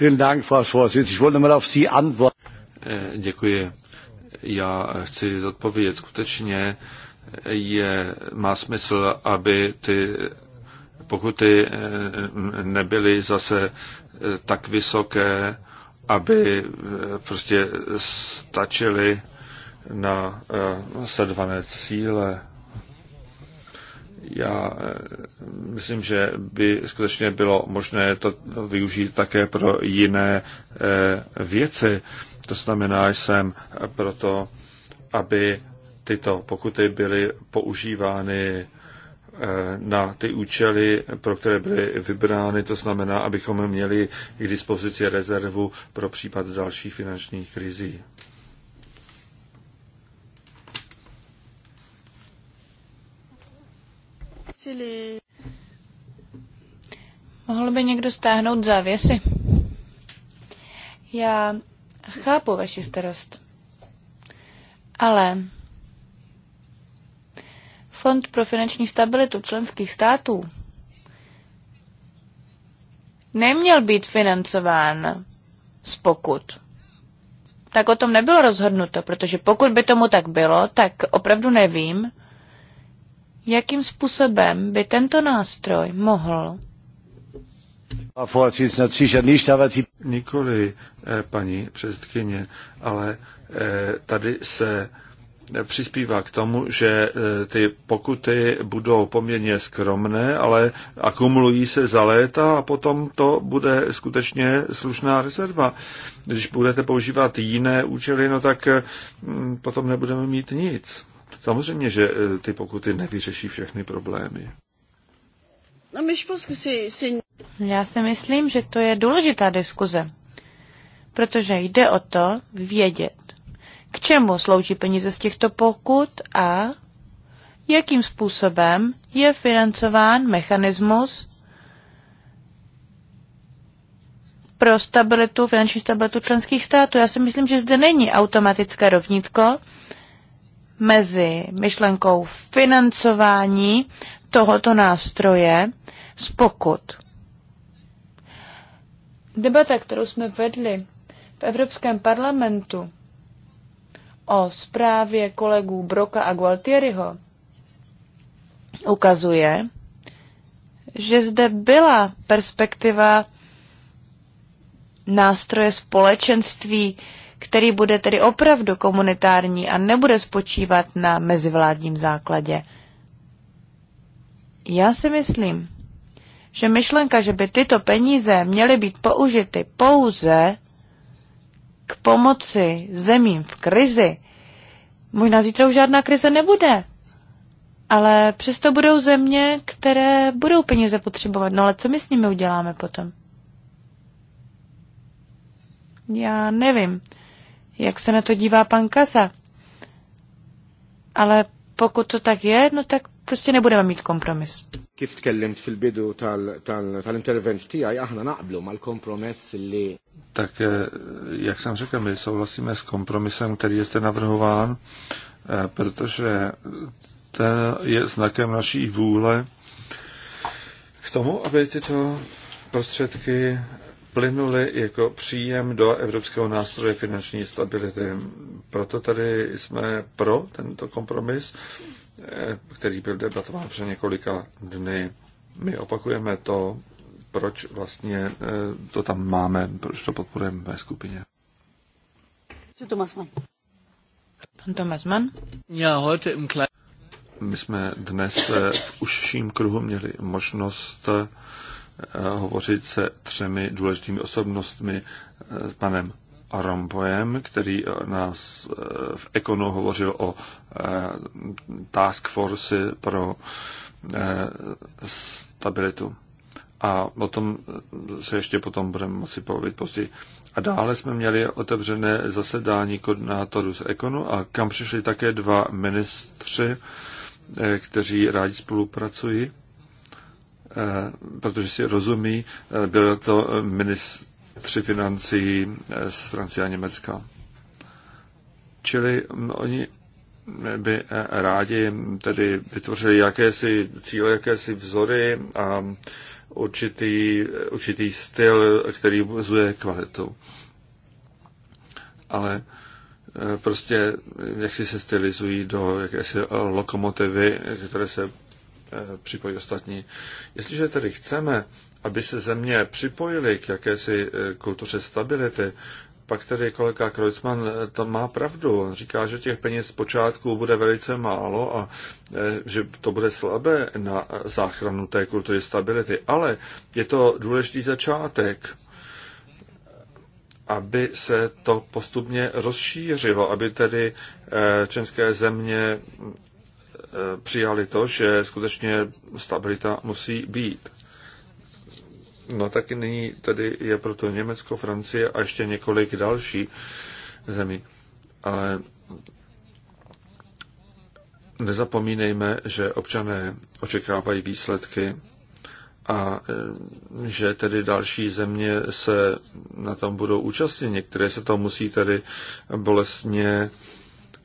Eh, děkuji. Já chci odpovědět. Skutečně eh, je, má smysl, aby ty pokuty eh, nebyly zase tak vysoké, aby prostě stačily na sledované cíle já eh, myslím, že by skutečně bylo možné to využít také pro jiné eh, věci. To znamená, jsem proto, aby tyto pokuty byly používány eh, na ty účely, pro které byly vybrány. To znamená, abychom měli k dispozici rezervu pro případ dalších finančních krizí. Mohl by někdo stáhnout závěsy? Já chápu vaši starost, ale Fond pro finanční stabilitu členských států neměl být financován z pokut. Tak o tom nebylo rozhodnuto, protože pokud by tomu tak bylo, tak opravdu nevím, jakým způsobem by tento nástroj mohl Nikoli, eh, paní předsedkyně, ale eh, tady se eh, přispívá k tomu, že ty pokuty budou poměrně skromné, ale akumulují se za léta a potom to bude skutečně slušná rezerva. Když budete používat jiné účely, no tak mm, potom nebudeme mít nic. Samozřejmě, že eh, ty pokuty nevyřeší všechny problémy. No, prostě Já si myslím, že to je důležitá diskuze, protože jde o to vědět, k čemu slouží peníze z těchto pokut a jakým způsobem je financován mechanismus pro stabilitu, finanční stabilitu členských států. Já si myslím, že zde není automatické rovnítko, mezi myšlenkou financování tohoto nástroje z pokut. Debata, kterou jsme vedli v Evropském parlamentu o zprávě kolegů Broka a Gualtieriho, ukazuje, že zde byla perspektiva nástroje společenství který bude tedy opravdu komunitární a nebude spočívat na mezivládním základě. Já si myslím, že myšlenka, že by tyto peníze měly být použity pouze k pomoci zemím v krizi, možná zítra už žádná krize nebude. Ale přesto budou země, které budou peníze potřebovat. No ale co my s nimi uděláme potom? Já nevím jak se na to dívá pan Kaza. Ale pokud to tak je, no tak prostě nebudeme mít kompromis. Kif tkellimt fil-bidu tal-intervent tal, tijaj, aħna naqblu mal kompromis li... Tak, eh, jak jsem řekl, my souhlasíme s kompromisem, který je zde navrhován, eh, protože to je znakem naší vůle k tomu, aby tyto prostředky vplynuly jako příjem do Evropského nástroje finanční stability. Proto tady jsme pro tento kompromis, eh, který byl debatován před několika dny. My opakujeme to, proč vlastně eh, to tam máme, proč to podporujeme ve skupině. Mann. Pan Thomas Mann. Ja, heute im My jsme dnes eh, v užším kruhu měli možnost hovořit se třemi důležitými osobnostmi, s eh, panem Rompojem, který eh, nás eh, v Ekonu hovořil o task force pro stabilitu. A o tom se ještě potom budeme moci povědět později. A dále jsme měli otevřené zasedání koordinátorů z Ekonu a kam přišli také dva ministři, kteří rádi spolupracují Eh, protože si rozumí, eh, byl to eh, ministři financí z Francie a Německa. Čili mm, oni by rádi mm, tedy vytvořili jakési cíle, jakési vzory a určitý, určitý styl, který vzuje kvalitu. Ale prostě jak si se stylizují do jakési lokomotivy, které se Eh, připojí ostatní. Jestliže tedy chceme, aby se země připojily k jakési eh, kultuře stability, pak tedy kolega Kreuzmann eh, to má pravdu. On říká, že těch peněz zpočátku bude velice málo a že to bude slabé na záchranu té kultury stability. Ale je to důležitý začátek, aby se to postupně rozšířilo, aby tedy české země přijali to, že skutečně stabilita musí být. No taky nyní tedy je proto Německo, Francie a ještě několik další zemí. Ale nezapomínejme, že občané očekávají výsledky a e, že tedy další země se na tom budou účastnit. Některé se to musí tedy bolestně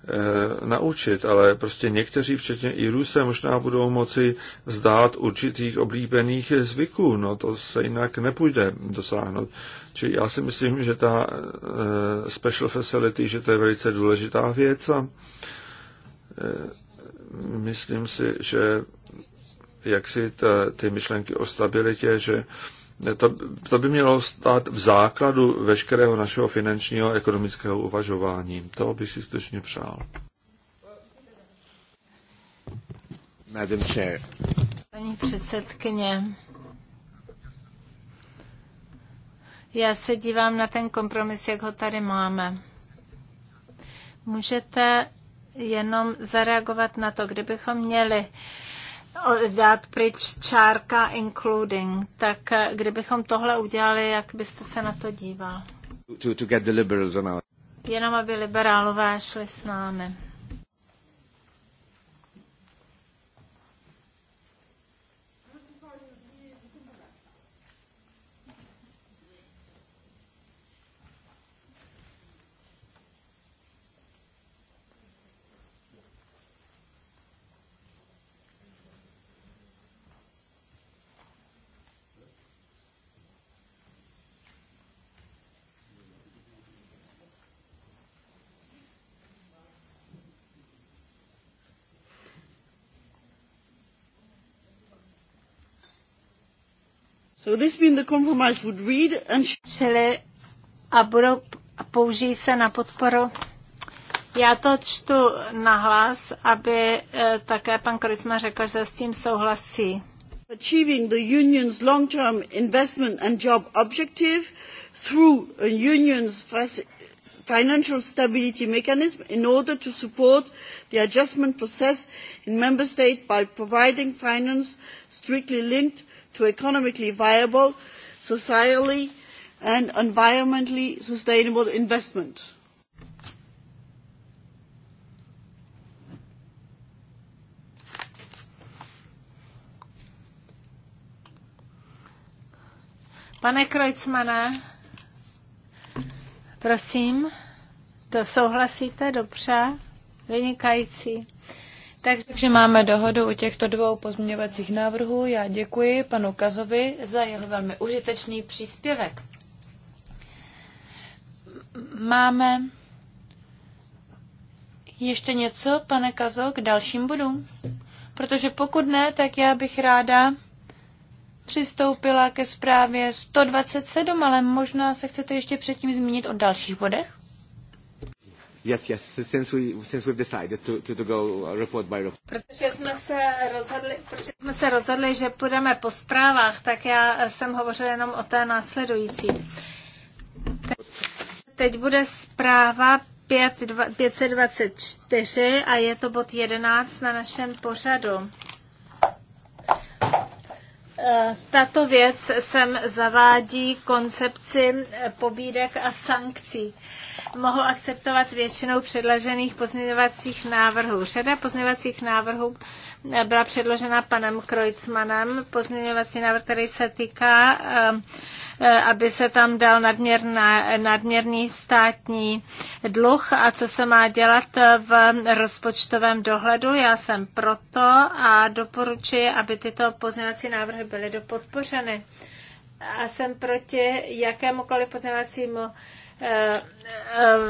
Eh, naučit, ale prostě někteří, včetně Irů, se možná budou moci vzdát určitých oblíbených zvyků. No to se jinak nepůjde dosáhnout. Čili já si myslím, že ta eh, special facility, že to je velice důležitá věc a eh, myslím si, že jak si ta, ty myšlenky o stabilitě, že to, to by mělo stát v základu veškerého našeho finančního a ekonomického uvažování. To bych si skutečně přál. Madam Chair. Paní předsedkyně, já se dívám na ten kompromis, jak ho tady máme. Můžete jenom zareagovat na to, kdybychom měli uh, dát pryč čárka including. Tak eh, kdybychom tohle udělali, jak byste se na to díval? To, to get the liberals on our... Jenom aby liberálové šli s námi. So this being the compromise would read and... Čili a budou a použijí se na podporu. Já to čtu nahlas, aby eh, také pan Kricma řekl, že s tím souhlasí. Achieving the union's long-term investment and job objective through a union's financial stability mechanism in order to support the adjustment process in member state by providing finance strictly linked to economically viable, socially and environmentally sustainable investment. Pane Krojcmane, prosím, to souhlasíte dobře? Vynikající. Takže máme dohodu u těchto dvou pozměňovacích návrhů. Já děkuji panu Kazovi za jeho velmi užitečný příspěvek. Máme ještě něco, pane Kazo, k dalším bodům? Protože pokud ne, tak já bych ráda přistoupila ke zprávě 127, ale možná se chcete ještě předtím zmínit o dalších bodech? Yes, yes, since, we, since we've decided to, to, to go uh, report by report. Protože jsme, se rozhodli, protože jsme se rozhodli, že půjdeme po zprávách, tak já eh, jsem hovořil jenom o té následující. Teď bude zpráva 5, 524 a je to bod 11 na našem pořadu. Eh, tato věc sem zavádí koncepci eh, pobídek a sankcí mohou akceptovat většinou předložených pozměňovacích návrhů. Řada pozměňovacích návrhů eh, byla předložena panem Kreutzmanem. Pozměňovací návrh, který se týká, eh, eh, aby se tam dal nadměrná, nadměrný státní dluh a co se má dělat v rozpočtovém dohledu. Já jsem proto a doporučuji, aby tyto pozměňovací návrhy byly dopodpořeny. A jsem proti jakémukoliv pozměňovacímu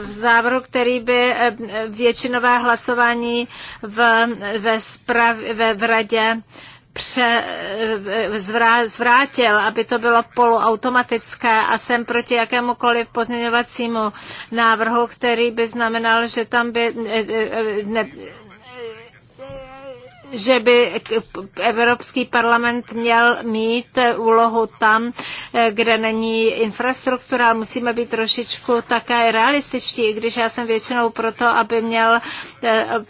v závru, který by eh, většinové hlasování v, ve, sprav, ve v radě pře, eh, zvrá, zvrátil, aby to bylo poluautomatické a jsem proti jakémukoliv pozměňovacímu návrhu, který by znamenal, že tam by eh, ne, že by Evropský parlament měl mít úlohu tam, eh, kde není infrastruktura. Musíme být trošičku také realističtí, i když já jsem většinou proto, aby měl eh,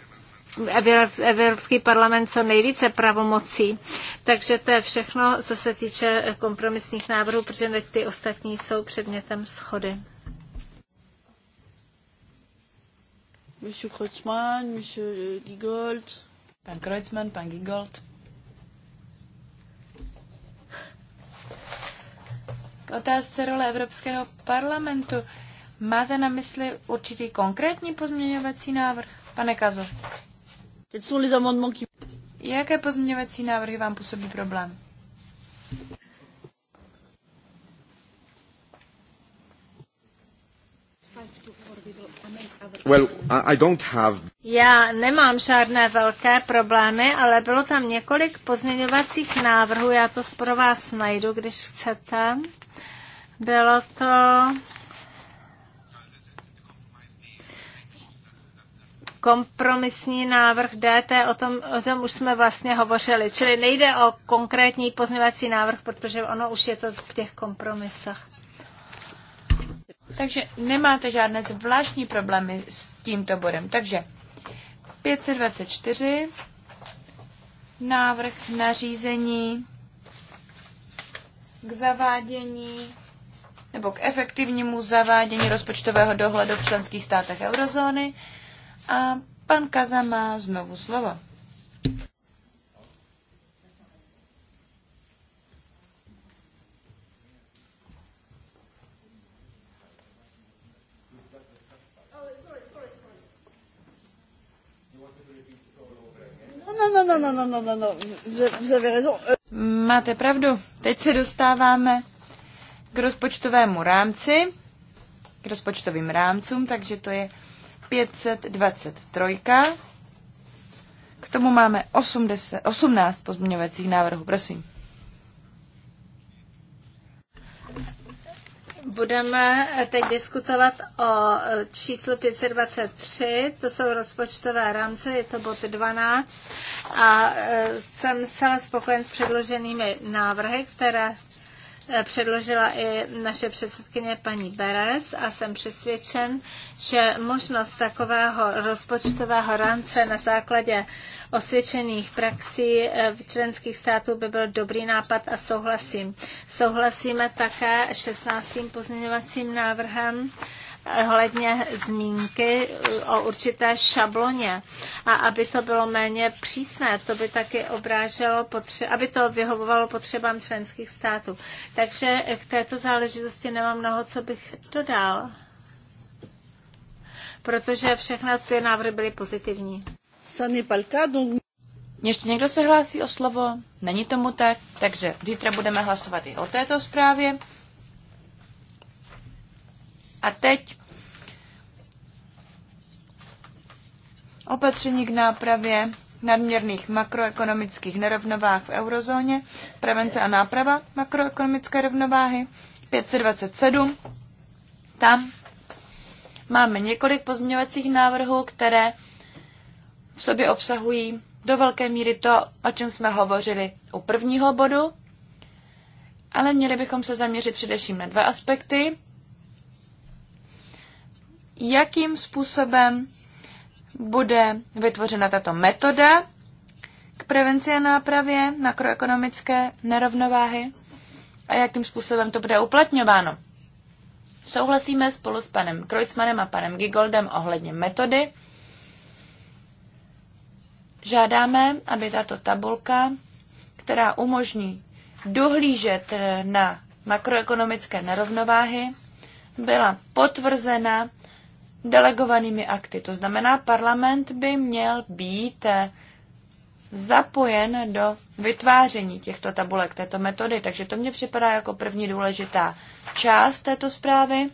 Evropský parlament co nejvíce pravomocí. Takže to je všechno, co se týče kompromisních návrhů, protože ty ostatní jsou předmětem schody. Monsieur Kreutzmann, Monsieur Digold. Eh, Pan Kreuzmann, pan Gigold. K otázce role Evropského parlamentu. Máte na mysli určitý konkrétní pozměňovací návrh, pane Kazo? Jaké pozměňovací návrhy vám působí problém? Well, I don't have... Já nemám žádné velké problémy, ale bylo tam několik pozměňovacích návrhů. Já to pro vás najdu, když chcete. Bylo to... kompromisní návrh DT, o tom, o tom už jsme vlastně hovořili. Čili nejde o konkrétní pozměvací návrh, protože ono už je to v těch kompromisech. Takže nemáte žádné zvláštní problémy s tímto bodem. Takže 524, návrh nařízení k zavádění nebo k efektivnímu zavádění rozpočtového dohledu v členských státech eurozóny. A pan Kaza má znovu slovo. no, no, no, no, no, no, Vous raison. Euh, Máte pravdu. Teď se dostáváme k rozpočtovému rámci, k rozpočtovým rámcům, takže to je 523. K tomu máme 80, 18 pozměňovacích návrhů, prosím. Budeme teď diskutovat o e, číslu 523, to jsou rozpočtové rámce, je to bod 12 a e, jsem zcela spokojen s předloženými návrhy, které předložila i naše předsedkyně paní Beres a jsem přesvědčen, že možnost takového rozpočtového rámce na základě osvědčených praxí eh, v členských států by byl dobrý nápad a souhlasím. Souhlasíme také 16. pozměňovacím návrhem, hledně zmínky o určité šabloně a aby to bylo méně přísné, to by taky obráželo, potře- aby to vyhovovalo potřebám členských států. Takže k této záležitosti nemám mnoho, co bych dodal, protože všechny ty návrhy byly pozitivní. Ještě někdo se hlásí o slovo? Není tomu tak, takže zítra budeme hlasovat i o této zprávě. A teď opatření k nápravě nadměrných makroekonomických nerovnovách v eurozóně, prevence a náprava makroekonomické rovnováhy 527. Tam máme několik pozměňovacích návrhů, které v sobě obsahují do velké míry to, o čem jsme hovořili u prvního bodu, ale měli bychom se zaměřit především na dva aspekty jakým způsobem bude vytvořena tato metoda k prevenci a nápravě makroekonomické nerovnováhy a jakým způsobem to bude uplatňováno. Souhlasíme spolu s panem Kreutzmanem a panem Gigoldem ohledně metody. Žádáme, aby tato tabulka, která umožní dohlížet na makroekonomické nerovnováhy, byla potvrzena delegovanými akty. To znamená, parlament by měl být eh, zapojen do vytváření těchto tabulek, této metody. Takže to mně připadá jako první důležitá část této zprávy.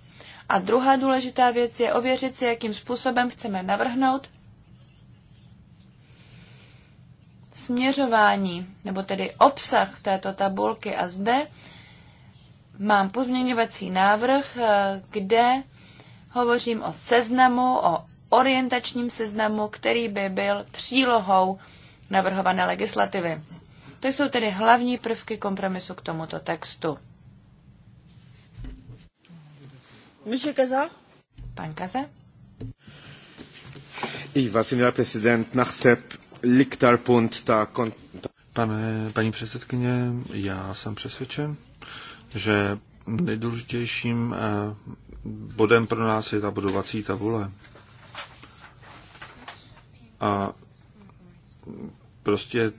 A druhá důležitá věc je ověřit si, jakým způsobem chceme navrhnout směřování, nebo tedy obsah této tabulky. A zde mám pozměňovací návrh, eh, kde Hovořím o seznamu, o orientačním seznamu, který by byl přílohou navrhované legislativy. To jsou tedy hlavní prvky kompromisu k tomuto textu. Monsieur Kaza? Pan Kaza? Iva, signora prezident, naħseb liktar punt ta' Pane, paní předsedkyně, já jsem přesvědčen, že nejdůležitějším eh, bodem pro nás je ta bodovací tabule. A prostě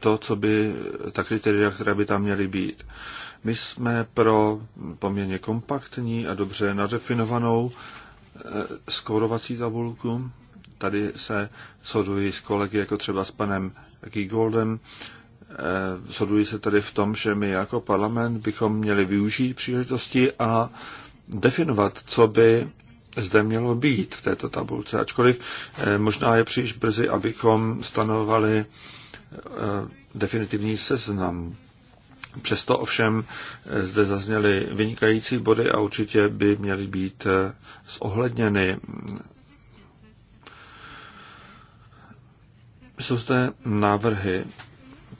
to, co by, ta kritéria, která by tam měly být. My jsme pro poměrně kompaktní a dobře nadefinovanou eh, skórovací tabulku. Tady se shoduji s kolegy, jako třeba s panem Gigoldem. Eh, shoduji se tady v tom, že my jako parlament bychom měli využít příležitosti a definovat, co by zde mělo být v této tabulce. Ačkoliv eh, možná je příliš brzy, abychom stanovali eh, definitivní seznam. Přesto ovšem eh, zde zazněly vynikající body a určitě by měly být zohledněny. Jsou zde návrhy,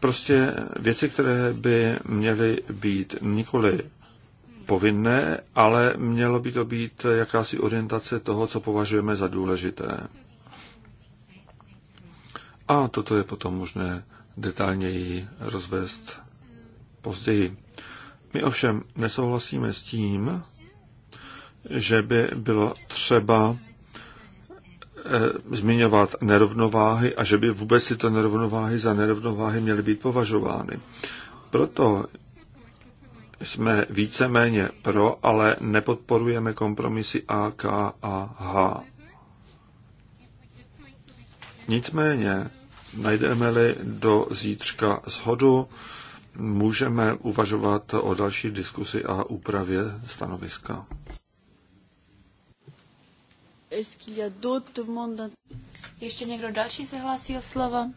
prostě věci, které by měly být nikoli povinné, ale mělo by to být jakási orientace toho, co považujeme za důležité. A toto je potom možné detailněji rozvést později. My ovšem nesouhlasíme s tím, že by bylo třeba eh, zmiňovat nerovnováhy a že by vůbec tyto nerovnováhy za nerovnováhy měly být považovány. Proto jsme víceméně pro, ale nepodporujeme kompromisy A, K a H. Nicméně, najdeme-li do zítřka shodu, můžeme uvažovat o další diskusi a úpravě stanoviska. Ještě někdo další se hlásí o slovo?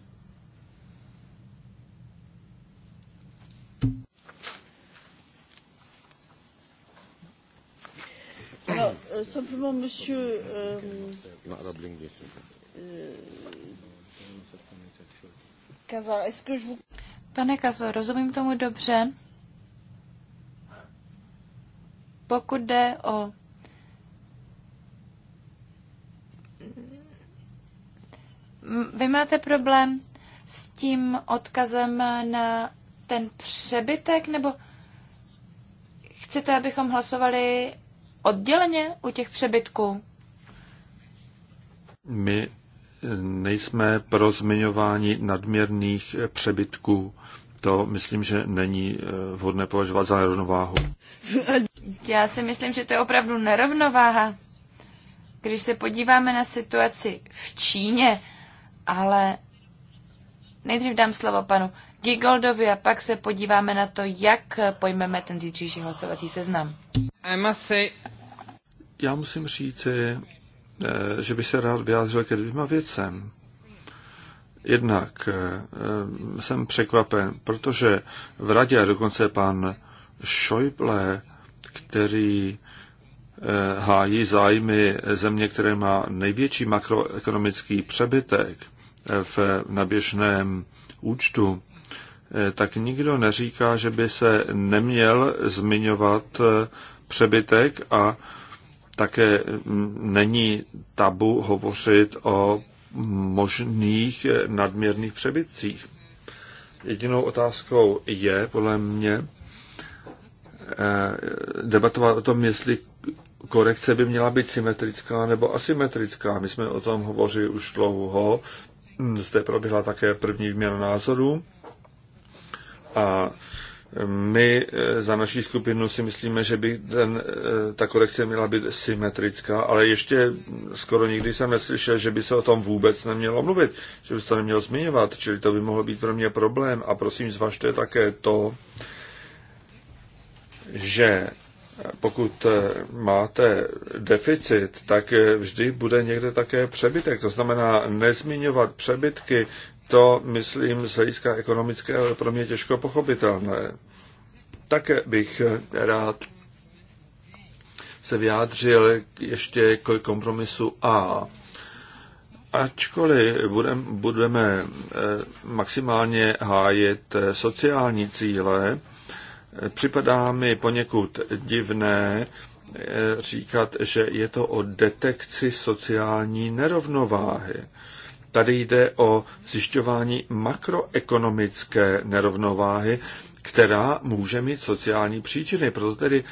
Alors, euh, simplement, monsieur. Euh, euh, Kazar, est-ce que je vous. Pane Kazar, rozumím tomu dobře? Pokud jde o Vy máte problém s tím odkazem na ten přebytek, nebo chcete, abychom hlasovali odděleně u těch přebytků? My nejsme pro zmiňování nadměrných přebytků. To myslím, že není eh, vhodné považovat za nerovnováhu. Já si myslím, že to je opravdu nerovnováha. Když se podíváme na situaci v Číně, ale nejdřív dám slovo panu Gigoldovi a pak se podíváme na to, jak pojmeme ten zítřejší hlasovací seznam. Já musím říct, eh, že bych se rád vyjádřil ke dvěma věcem. Jednak eh, eh, jsem překvapen, protože v radě dokonce pan Schäuble, který hájí zájmy země, které má největší makroekonomický přebytek v naběžném účtu, tak nikdo neříká, že by se neměl zmiňovat eh, přebytek a také není tabu hovořit o možných eh, nadměrných přebytcích. Jedinou otázkou je, podle mě, eh, debatovat o tom, jestli korekce by měla být symetrická nebo asymetrická. My jsme o tom hovořili už dlouho. Zde proběhla také první výměna názorů. A e, my e, za naší skupinu si myslíme, že by ten, e, ta korekce měla být symetrická, ale ještě skoro nikdy jsem neslyšel, že by se o tom vůbec nemělo mluvit, že by se to nemělo zmiňovat, čili to by mohlo být pro mě problém. A prosím, zvažte také to, že pokud máte deficit, tak vždy bude někde také přebytek. To znamená nezmiňovat přebytky, to, myslím, z hlediska ekonomického je pro mě těžko pochopitelné. Také bych rád se vyjádřil ještě k kompromisu A. Ačkoliv budem, budeme eh, maximálně hájit sociální cíle, eh, připadá mi poněkud divné eh, říkat, že je to o detekci sociální nerovnováhy. Tady jde o zjišťování makroekonomické nerovnováhy, která může mít sociální příčiny. Proto tedy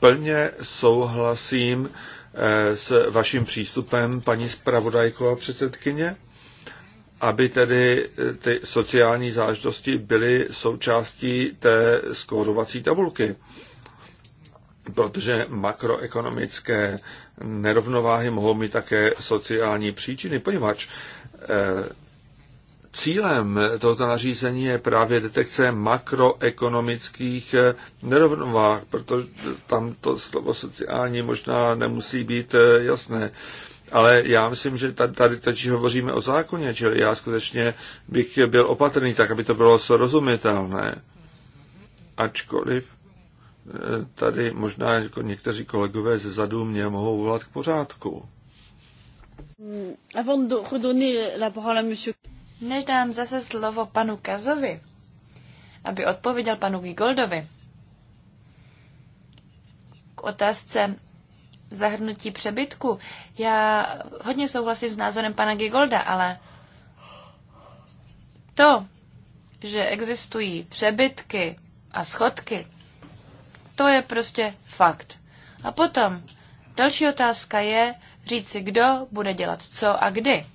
plně souhlasím eh, s vaším přístupem, paní zpravodajko a předsedkyně, aby tedy eh, ty sociální záležitosti byly součástí té skórovací tabulky. Protože makroekonomické nerovnováhy mohou mít také sociální příčiny, poněvadž Eh, cílem tohoto nařízení je právě detekce makroekonomických eh, nerovnovách, protože tam to slovo sociální možná nemusí být eh, jasné. Ale já myslím, že tady tady hovoříme o zákoně, čili já skutečně bych byl opatrný tak, aby to bylo srozumitelné. Ačkoliv tady možná jako někteří kolegové ze zadu mě mohou volat k pořádku. Mm, Než dám zase slovo panu Kazovi, aby odpověděl panu Gigoldovi k otázce zahrnutí přebytku. Já hodně souhlasím s názorem pana Gigolda, ale to, že existují přebytky a schodky, to je prostě fakt. A potom další otázka je, říct si, kdo bude dělat co a kdy.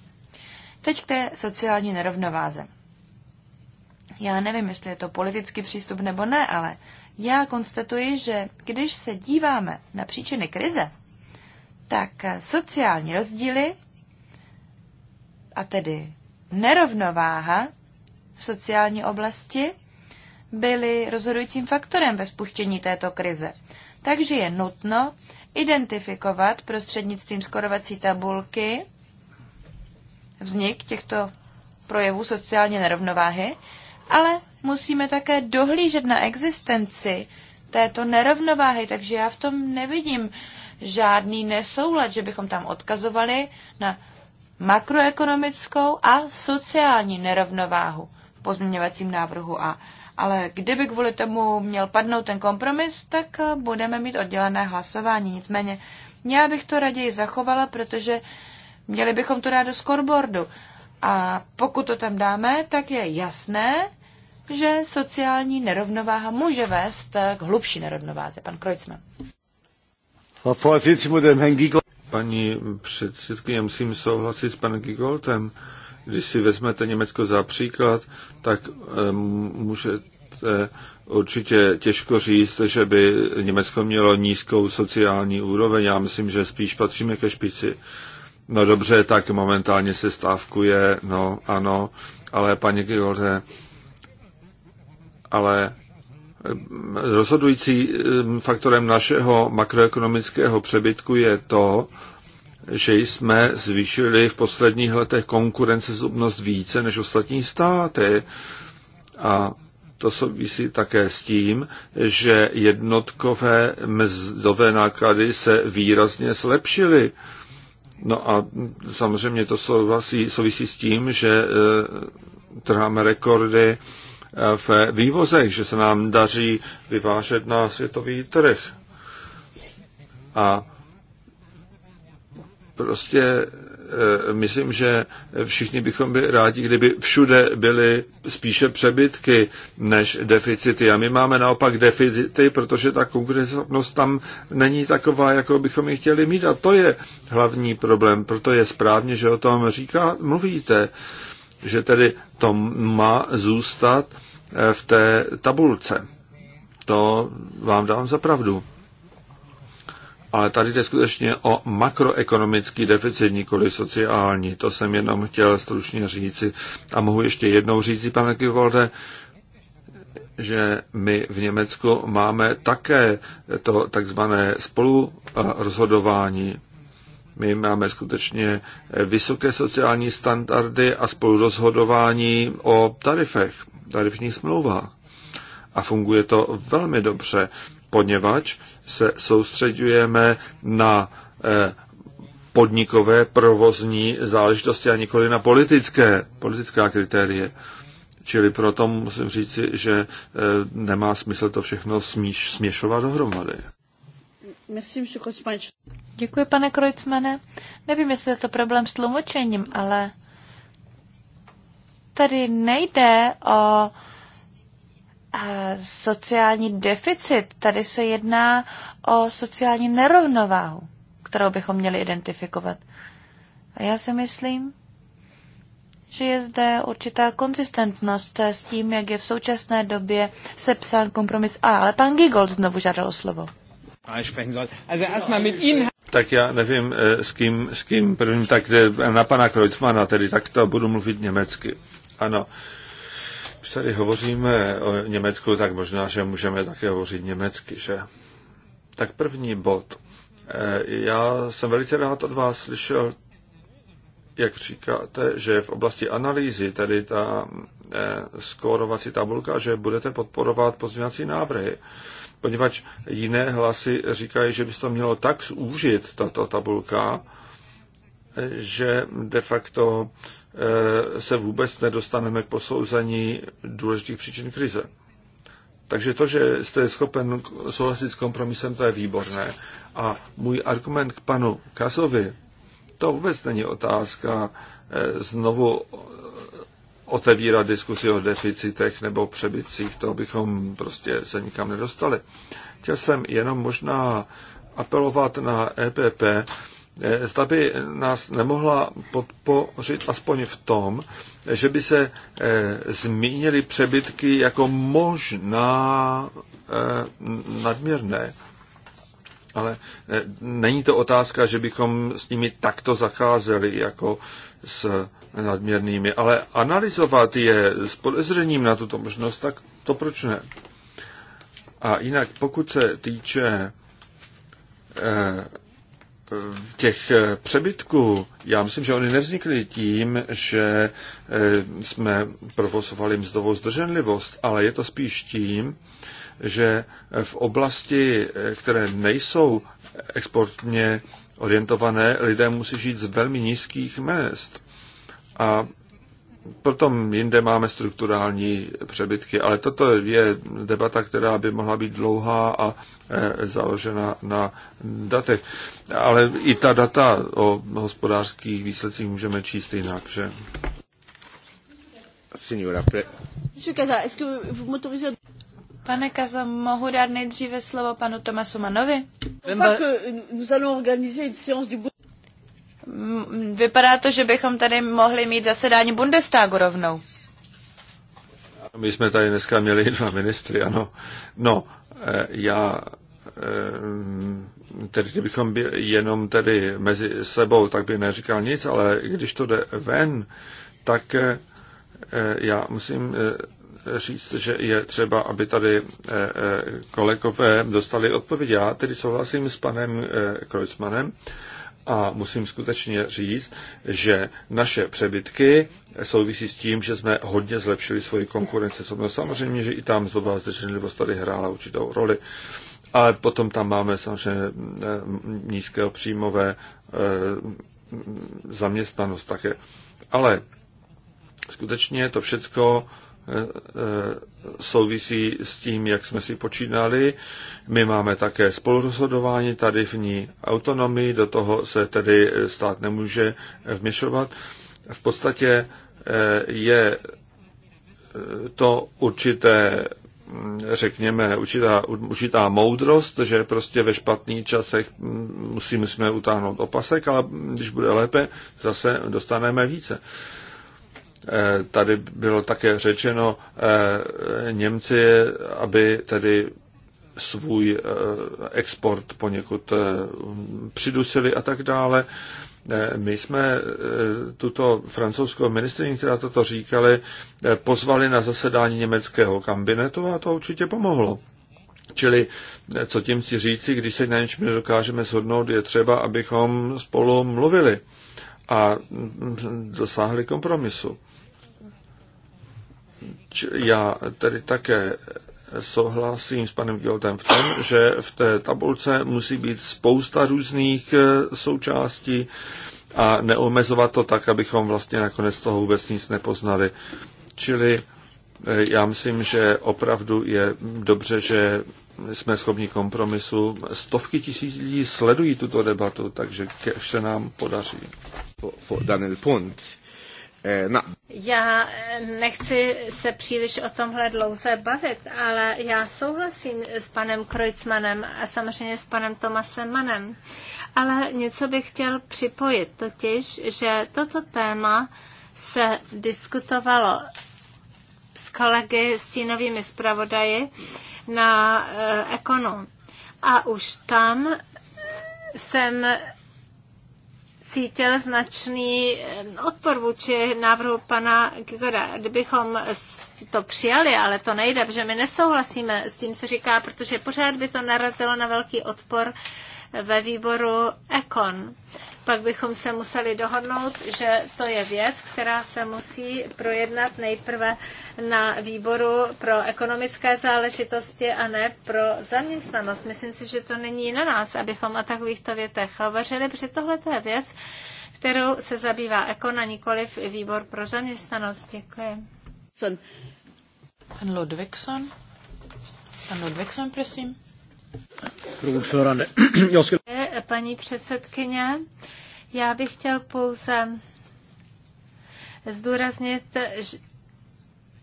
Teď k té sociální nerovnováze. Já nevím, jestli je to politický přístup nebo ne, ale já konstatuji, že když se díváme na příčiny krize, tak sociální rozdíly, a tedy nerovnováha v sociální oblasti, byly rozhodujícím faktorem ve spuštění této krize. Takže je nutno identifikovat prostřednictvím skorovací tabulky vznik těchto projevů sociální nerovnováhy, ale musíme také dohlížet na existenci této nerovnováhy, takže já v tom nevidím žádný nesoulad, že bychom tam odkazovali na makroekonomickou a sociální nerovnováhu v pozměňovacím návrhu A. Ale kdyby kvůli tomu měl padnout ten kompromis, tak budeme mít oddělené hlasování. Nicméně já bych to raději zachovala, protože měli bychom to rádo do scoreboardu. A pokud to tam dáme, tak je jasné, že sociální nerovnováha může vést k hlubší nerovnováze. Pan Krojcman. Paní předsedkyně, musím souhlasit s panem Gigoltem. Když si vezmete Německo za příklad, tak eh, můžete určitě těžko říct, že by Německo mělo nízkou sociální úroveň. Já myslím, že spíš patříme ke špici. No dobře, tak momentálně se stávkuje, no ano, ale paní Gilde, ale eh, rozhodujícím eh, faktorem našeho makroekonomického přebytku je to, že jsme zvýšili v posledních letech konkurenceschopnost více než ostatní státy. A to souvisí také s tím, že jednotkové mzdové náklady se výrazně zlepšily. No a samozřejmě to souvisí, souvisí s tím, že e, trháme rekordy e, v vývozech, že se nám daří vyvážet na světový trh. A prostě eh, myslím, že všichni bychom byli rádi, kdyby všude byly spíše přebytky než deficity. A my máme naopak deficity, protože ta konkurenceschopnost tam není taková, jako bychom ji chtěli mít. A to je hlavní problém. Proto je správně, že o tom říká, mluvíte, že tedy to má zůstat eh, v té tabulce. To vám dám za pravdu. Ale tady jde skutečně o makroekonomický deficit, nikoli sociální. To jsem jenom chtěl stručně říci. A mohu ještě jednou říci, pane Kivolde, že my v Německu máme také to takzvané spolurozhodování. My máme skutečně vysoké sociální standardy a spolurozhodování o tarifech, tarifních smlouvách. A funguje to velmi dobře poněvadž se soustředujeme na eh, podnikové provozní záležitosti a nikoli na politické, politická kritérie. Čili proto musím říci, že eh, nemá smysl to všechno smíš, směšovat dohromady. Děkuji, pane Krojcmane. Nevím, jestli je to problém s tlumočením, ale tady nejde o sociální deficit. Tady se jedná o sociální nerovnováhu, kterou bychom měli identifikovat. A já si myslím, že je zde určitá konzistentnost s tím, jak je v současné době sepsán kompromis A. Ale pan Gigold znovu žádal o slovo. Tak já nevím, eh, s kým, s kým prvním, tak eh, na pana Kreutzmana, tedy tak to budu mluvit německy. Ano. Uh, když tady hovoříme o Německu, tak možná, že můžeme také hovořit německy, že? Tak první bod. E, já jsem velice rád od vás slyšel, jak říkáte, že v oblasti analýzy, tedy ta e, skórovací tabulka, že budete podporovat pozměňovací návrhy poněvadž jiné hlasy říkají, že by se to mělo tak zúžit, tato tabulka, že de facto eh, se vůbec nedostaneme k posouzení důležitých příčin krize. Takže to, že jste schopen souhlasit s kompromisem, to je výborné. A můj argument k panu Kasovi, to vůbec není otázka eh, znovu eh, otevírat diskusi o deficitech nebo přebytcích, to bychom prostě se nikam nedostali. Chtěl jsem jenom možná apelovat na EPP, Eh, zda by nás nemohla podpořit aspoň v tom, že by se eh, zmínily přebytky jako možná eh, nadměrné. Ale není to otázka, že bychom s nimi takto zacházeli jako s nadměrnými, ale analyzovat je s podezřením na tuto možnost, tak to proč ne? A jinak, pokud se týče těch eh, přebytků, já myslím, že oni nevznikly tím, že eh, jsme provozovali mzdovou zdrženlivost, ale je to spíš tím, že v oblasti, eh, které nejsou exportně orientované, lidé musí žít z velmi nízkých mest. A potom jinde máme strukturální přebytky, ale toto je debata, která by mohla být dlouhá a e, založena na datech. Ale i ta data o hospodářských výsledcích můžeme číst jinak, že? Pane Kazo, mohu dát nejdříve slovo panu Tomasu Manovi? Vypadá to, že bychom tady mohli mít zasedání Bundestagu rovnou. My jsme tady dneska měli dva ministry, ano. No, eh, já eh, tedy kdybychom byli jenom tedy mezi sebou, tak by neříkal nic, ale když to jde ven, tak eh, já musím říct, že je třeba, aby tady kolegové dostali odpověď. Já tedy souhlasím s panem Kreuzmanem, a musím skutečně říct, že naše přebytky souvisí s tím, že jsme hodně zlepšili svoji konkurenci. Samozřejmě, že i tam zlobá zdrženlivost tady hrála určitou roli. Ale potom tam máme samozřejmě eh, nízké příjmové eh, zaměstnanost také. Ale skutečně to všechno. Eh, eh, souvisí s tím, jak jsme si počínali. My máme také spolurozhodování, ní autonomii, do toho se tedy stát nemůže vměšovat. V podstatě eh, je to určité hm, řekněme, určitá, určitá moudrost, že prostě ve špatných časech hm, musíme utáhnout opasek, ale když bude lépe, zase dostaneme více. Eh, tady bylo také řečeno eh, Němci, aby tedy svůj eh, export poněkud přidusili a tak dále. My jsme tuto francouzskou ministrině, která toto říkali, pozvali na zasedání německého kabinetu a to určitě pomohlo. Čili, co tím chci říci, když se na něčem nedokážeme shodnout, je třeba, abychom spolu mluvili a mm, mm, dosáhli kompromisu já tedy také souhlasím s panem Gildem v tom, že v té tabulce musí být spousta různých e, součástí a neomezovat to tak, abychom vlastně nakonec toho vůbec nic nepoznali. Čili e, já myslím, že opravdu je dobře, že jsme schopni kompromisu. Stovky tisíc lidí sledují tuto debatu, takže se nám podaří. For, for Daniel Punt. Eh, na... Já eh, nechci se příliš o tomhle dlouze bavit, ale já souhlasím s panem Kreutzmanem a samozřejmě s panem Tomasem Manem. Ale něco bych chtěl připojit, totiž, že toto téma se diskutovalo s kolegy stínovými zpravodaji na e, Ekonu. A už tam jsem cítil značný eh, odpor vůči návrhu pana Gigora. Kdybychom to přijali, ale to nejde, protože my nesouhlasíme s tím, co říká, protože pořád by to narazilo na velký odpor ve výboru Econ pak bychom se museli dohodnout, že to je věc, která se musí projednat nejprve na výboru pro ekonomické záležitosti a ne pro zaměstnanost. Myslím si, že to není na nás, abychom o takovýchto větech hovořili, protože tohle je věc, kterou se zabývá ekona, nikoliv výbor pro zaměstnanost. Děkuji. Pan Ludvíkson. Pan Ludvíkson, prosím. Eh, paní předsedkyně, já bych chtěl pouze zdůraznit,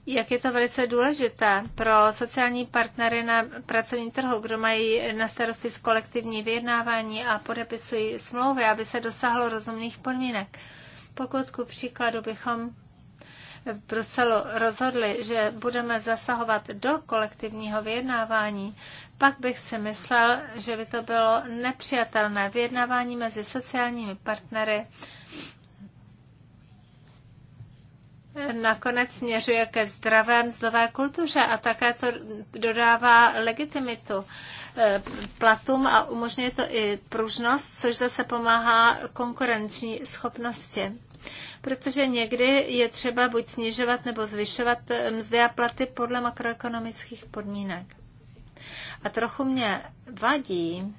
jak je to velice důležité pro sociální partnery na pracovním trhu, kdo mají na starosti z kolektivní vyjednávání a podepisují smlouvy, aby se dosáhlo rozumných podmínek. Pokud ku příkladu bychom v Bruselu rozhodli, že budeme zasahovat do kolektivního vyjednávání, pak bych si myslel, že by to bylo nepřijatelné vyjednávání mezi sociálními partnery nakonec směřuje ke zdravé mzdové kultuře a také to dodává legitimitu eh, platům a umožňuje to i pružnost, což zase pomáhá konkurenční schopnosti protože někdy je třeba buď snižovat nebo zvyšovat eh, mzdy a platy podle makroekonomických podmínek. A trochu mě vadí,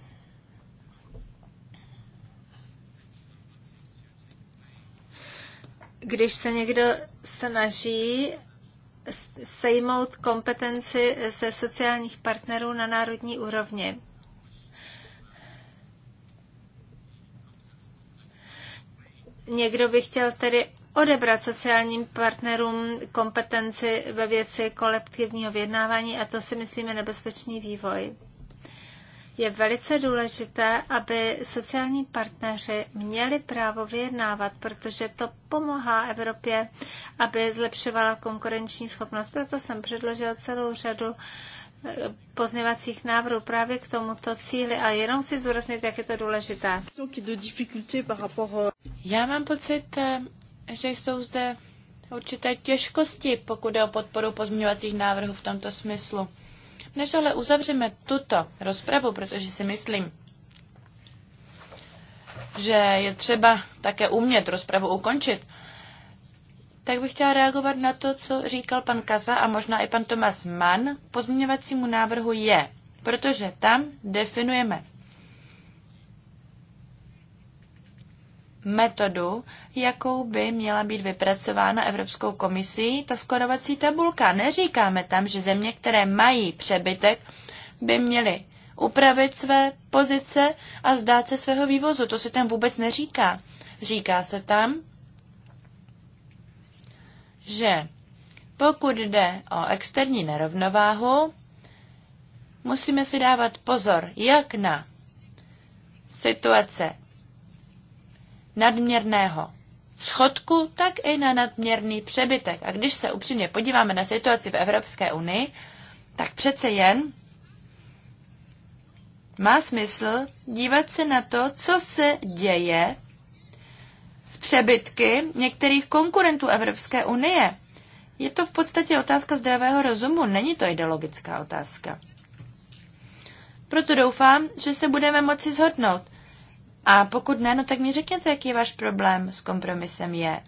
když se někdo snaží sejmout kompetenci ze sociálních partnerů na národní úrovni. někdo by chtěl tedy odebrat sociálním partnerům kompetenci ve věci kolektivního vyjednávání a to si myslíme nebezpečný vývoj. Je velice důležité, aby sociální partneři měli právo vyjednávat, protože to pomáhá Evropě, aby zlepšovala konkurenční schopnost. Proto jsem předložil celou řadu pozměvacích návrhů právě k tomuto cíli a jenom si zúraznit, jak je to důležité. Já mám pocit, eh, že jsou zde určité těžkosti, pokud je o podporu pozměňovacích návrhů v tomto smyslu. Než ale uzavřeme tuto rozpravu, protože si myslím, že je třeba také umět rozpravu ukončit, tak bych chtěla reagovat na to, co říkal pan Kaza a možná i pan Tomas Mann k pozměňovacímu návrhu je, protože tam definujeme metodu, jakou by měla být vypracována Evropskou komisí ta skorovací tabulka. Neříkáme tam, že země, které mají přebytek, by měly upravit své pozice a zdát se svého vývozu. To se tam vůbec neříká. Říká se tam, že pokud jde o externí nerovnováhu, musíme si dávat pozor jak na situace nadměrného schodku, tak i na nadměrný přebytek. A když se upřímně podíváme na situaci v Evropské unii, tak přece jen má smysl dívat se na to, co se děje přebytky některých konkurentů Evropské unie. Je to v podstatě otázka zdravého rozumu, není to ideologická otázka. Proto doufám, že se budeme moci zhodnout. A pokud ne, no tak mi řekněte, jaký váš problém s kompromisem je.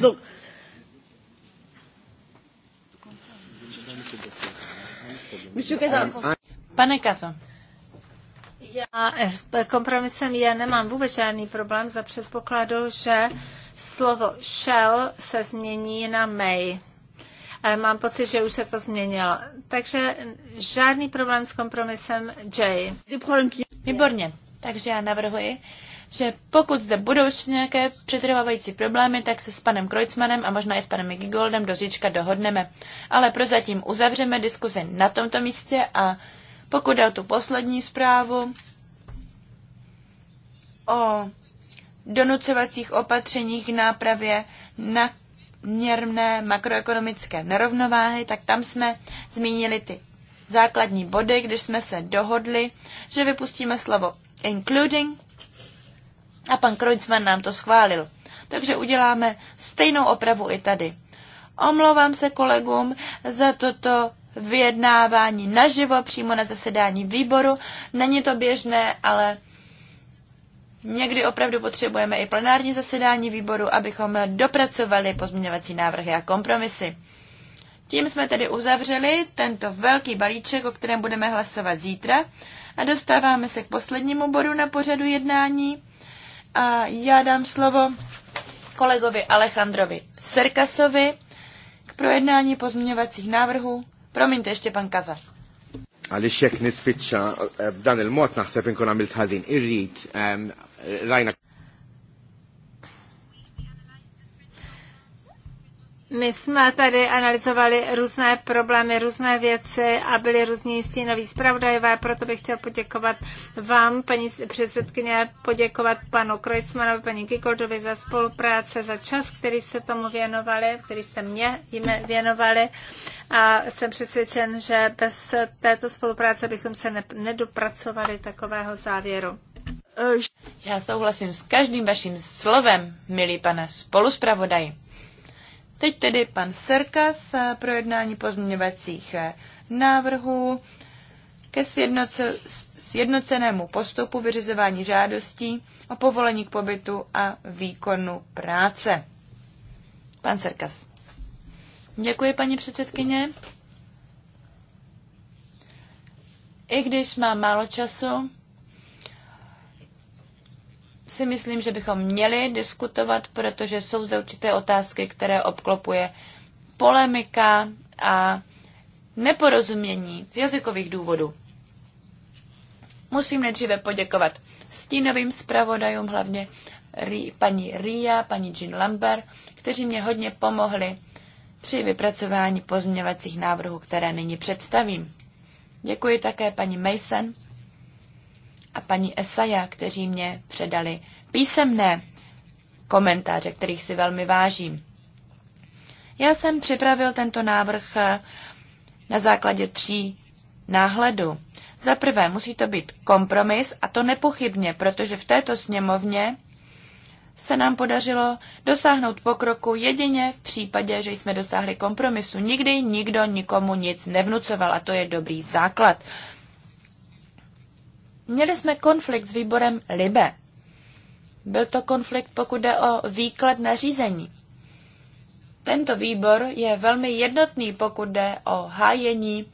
Donc, um, Pane Kazo, já s kompromisem je nemám vůbec žádný problém za předpokladu, že slovo shell se změní na may. Mám pocit, že už se to změnilo. Takže žádný problém s kompromisem J. Výborně. Takže já navrhuji, že pokud zde budou ještě nějaké přetrvávající problémy, tak se s panem Kreutzmanem a možná i s panem Gigoldem do říčka dohodneme. Ale prozatím uzavřeme diskuzi na tomto místě a pokud dal tu poslední zprávu o donucovacích opatřeních k nápravě na měrné makroekonomické nerovnováhy, tak tam jsme zmínili ty základní body, když jsme se dohodli, že vypustíme slovo including a pan Kreuzmann nám to schválil. Takže uděláme stejnou opravu i tady. Omlouvám se kolegům za toto vyjednávání naživo, přímo na zasedání výboru. Není to běžné, ale někdy opravdu potřebujeme i plenární zasedání výboru, abychom dopracovali pozměňovací návrhy a kompromisy. Tím jsme tedy uzavřeli tento velký balíček, o kterém budeme hlasovat zítra a dostáváme se k poslednímu bodu na pořadu jednání. A já dám slovo kolegovi Alejandrovi Serkasovi k projednání pozměňovacích návrhů. Promiňte ještě pan Kaza. Ale jekk nispiċċa eh, b'dan il-mod naħseb inkun għamilt ħażin irrid rajna. My jsme tady analyzovali různé problémy, různé věci a byli různí stínoví zpravodajové, proto bych chtěl poděkovat vám, paní předsedkyně, poděkovat panu Krojcmanovi, paní Kikoldovi za spolupráce, za čas, který jste tomu věnovali, který jste mě věnovali a jsem přesvědčen, že bez této spolupráce bychom se ne- nedopracovali takového závěru. Já souhlasím s každým vaším slovem, milý pane spoluspravodaji. Teď tedy pan Serkas eh, projednání pozměňovacích eh, návrhů ke sjednocenému postupu vyřizování žádostí o povolení k pobytu a výkonu práce. Pan Serkas. Děkuji, paní předsedkyně. I když mám málo času, si myslím, že bychom měli diskutovat, protože jsou zde určité otázky, které obklopuje polemika a neporozumění z jazykových důvodů. Musím nejdříve poděkovat stínovým zpravodajům, hlavně paní Ria, paní Jean Lambert, kteří mě hodně pomohli při vypracování pozměňovacích návrhů, které nyní představím. Děkuji také paní Mason a paní Esaja, kteří mě předali písemné komentáře, kterých si velmi vážím. Já jsem připravil tento návrh eh, na základě tří náhledů. Za prvé musí to být kompromis a to nepochybně, protože v této sněmovně se nám podařilo dosáhnout pokroku jedině v případě, že jsme dosáhli kompromisu. Nikdy nikdo nikomu nic nevnucoval a to je dobrý základ. Měli jsme konflikt s výborem Libe. Byl to konflikt, pokud jde o výklad nařízení. Tento výbor je velmi jednotný, pokud jde o hájení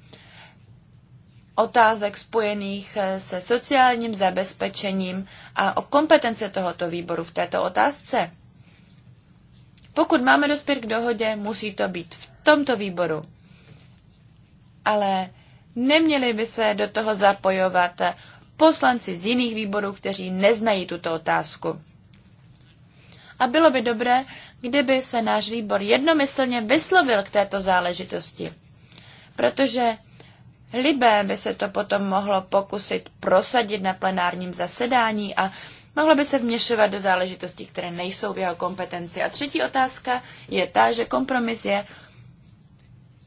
otázek spojených se sociálním zabezpečením a o kompetence tohoto výboru v této otázce. Pokud máme dospět k dohodě, musí to být v tomto výboru. Ale neměli by se do toho zapojovat poslanci z jiných výborů, kteří neznají tuto otázku. A bylo by dobré, kdyby se náš výbor jednomyslně vyslovil k této záležitosti. Protože libé by se to potom mohlo pokusit prosadit na plenárním zasedání a mohlo by se vměšovat do záležitostí, které nejsou v jeho kompetenci. A třetí otázka je ta, že kompromis je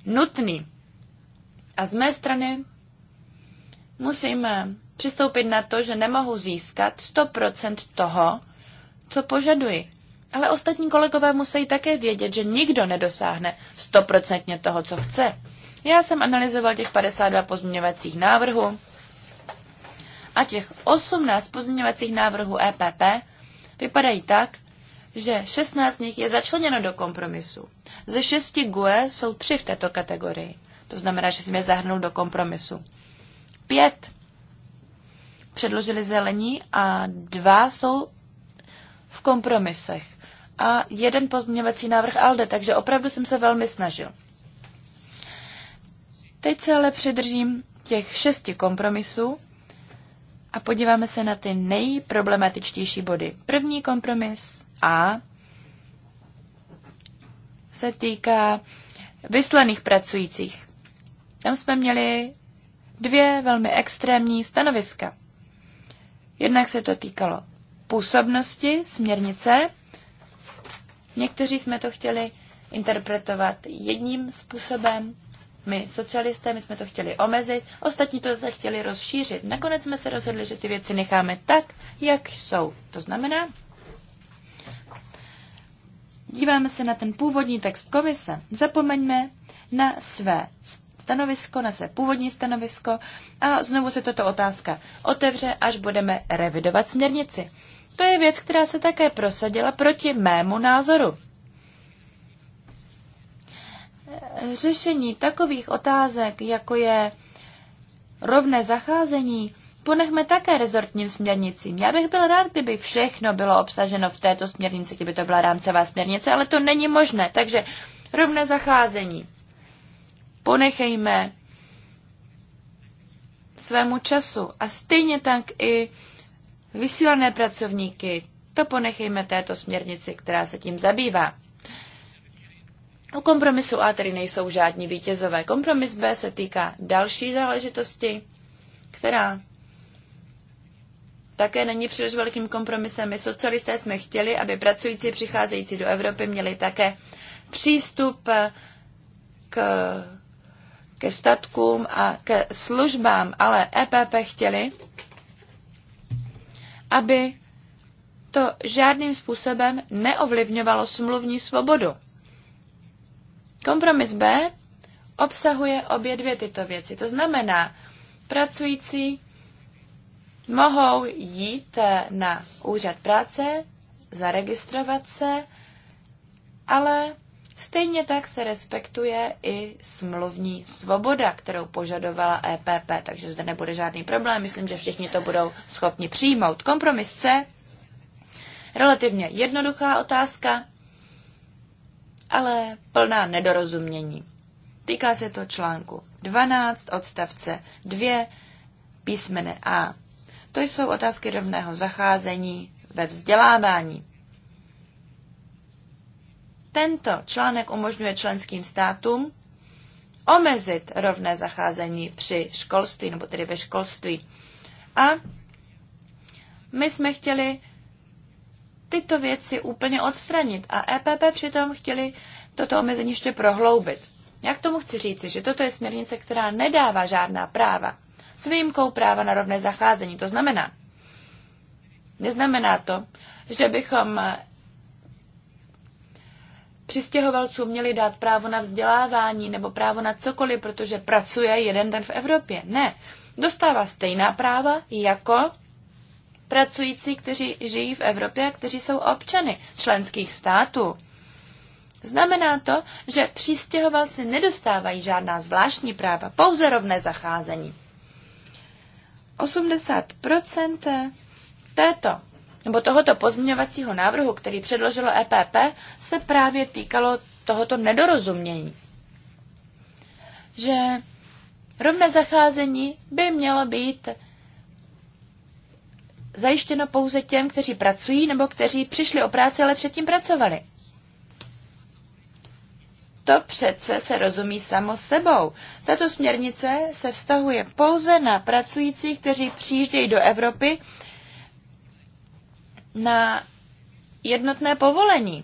nutný. A z mé strany musím přistoupit na to, že nemohu získat 100% toho, co požaduji. Ale ostatní kolegové musí také vědět, že nikdo nedosáhne 100% toho, co chce. Já jsem analyzoval těch 52 pozměňovacích návrhů a těch 18 pozměňovacích návrhů EPP vypadají tak, že 16 z nich je začleněno do kompromisu. Ze 6 GUE jsou 3 v této kategorii. To znamená, že jsme zahrnul do kompromisu. 5 předložili zelení a dva jsou v kompromisech. A jeden pozměňovací návrh ALDE, takže opravdu jsem se velmi snažil. Teď se ale přidržím těch šesti kompromisů a podíváme se na ty nejproblematičtější body. První kompromis A se týká vyslaných pracujících. Tam jsme měli dvě velmi extrémní stanoviska. Jednak se to týkalo působnosti směrnice. Někteří jsme to chtěli interpretovat jedním způsobem, my socialisté, my jsme to chtěli omezit, ostatní to zase chtěli rozšířit. Nakonec jsme se rozhodli, že ty věci necháme tak, jak jsou. To znamená, díváme se na ten původní text komise, zapomeňme na své stanovisko, na své původní stanovisko a znovu se toto otázka otevře, až budeme revidovat směrnici. To je věc, která se také prosadila proti mému názoru. Řešení takových otázek, jako je rovné zacházení, ponechme také rezortním směrnicím. Já bych byl rád, kdyby všechno bylo obsaženo v této směrnici, kdyby to byla rámcová směrnice, ale to není možné. Takže rovné zacházení ponechejme svému času. A stejně tak i vysílané pracovníky, to ponechejme této směrnici, která se tím zabývá. U kompromisu A tedy nejsou žádní vítězové. Kompromis B se týká další záležitosti, která také není příliš velkým kompromisem. My socialisté jsme chtěli, aby pracující přicházející do Evropy měli také přístup k ke statkům a ke službám, ale EPP chtěli, aby to žádným způsobem neovlivňovalo smluvní svobodu. Kompromis B obsahuje obě dvě tyto věci. To znamená, pracující mohou jít eh, na úřad práce, zaregistrovat se, ale Stejně tak se respektuje i smluvní svoboda, kterou požadovala EPP, takže zde nebude žádný problém. Myslím, že všichni to budou schopni přijmout. Kompromis C. Relativně jednoduchá otázka, ale plná nedorozumění. Týká se to článku 12 odstavce 2 písmene A. To jsou otázky rovného zacházení ve vzdělávání. Tento článek umožňuje členským státům omezit rovné zacházení při školství, nebo tedy ve školství. A my jsme chtěli tyto věci úplně odstranit a EPP přitom chtěli toto omezení ještě prohloubit. Já k tomu chci říci, že toto je směrnice, která nedává žádná práva, s výjimkou práva na rovné zacházení. To znamená, neznamená to, že bychom přistěhovalců měli dát právo na vzdělávání nebo právo na cokoliv, protože pracuje jeden den v Evropě. Ne. Dostává stejná práva jako pracující, kteří žijí v Evropě a kteří jsou občany členských států. Znamená to, že přistěhovalci nedostávají žádná zvláštní práva, pouze rovné zacházení. 80 této nebo tohoto pozměňovacího návrhu, který předložilo EPP, se právě týkalo tohoto nedorozumění. Že rovné zacházení by mělo být zajištěno pouze těm, kteří pracují nebo kteří přišli o práci, ale předtím pracovali. To přece se rozumí samo sebou. Tato směrnice se vztahuje pouze na pracující, kteří přijíždějí do Evropy na jednotné povolení.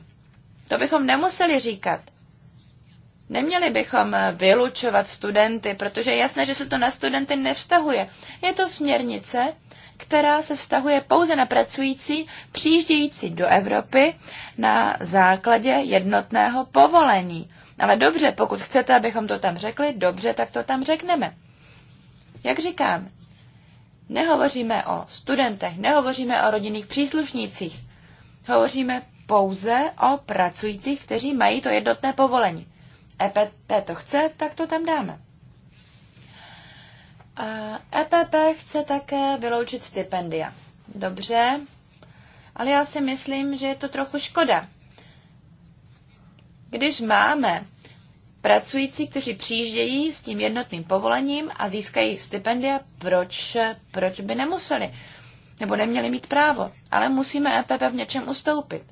To bychom nemuseli říkat. Neměli bychom vylučovat studenty, protože je jasné, že se to na studenty nevztahuje. Je to směrnice, která se vztahuje pouze na pracující přijíždějící do Evropy na základě jednotného povolení. Ale dobře, pokud chcete, abychom to tam řekli, dobře, tak to tam řekneme. Jak říkám, Nehovoříme o studentech, nehovoříme o rodinných příslušnících. Hovoříme pouze o pracujících, kteří mají to jednotné povolení. EPP to chce, tak to tam dáme. A EPP chce také vyloučit stipendia. Dobře, ale já si myslím, že je to trochu škoda. Když máme pracující, kteří přijíždějí s tím jednotným povolením a získají stipendia, proč, proč by nemuseli nebo neměli mít právo. Ale musíme EPP v něčem ustoupit.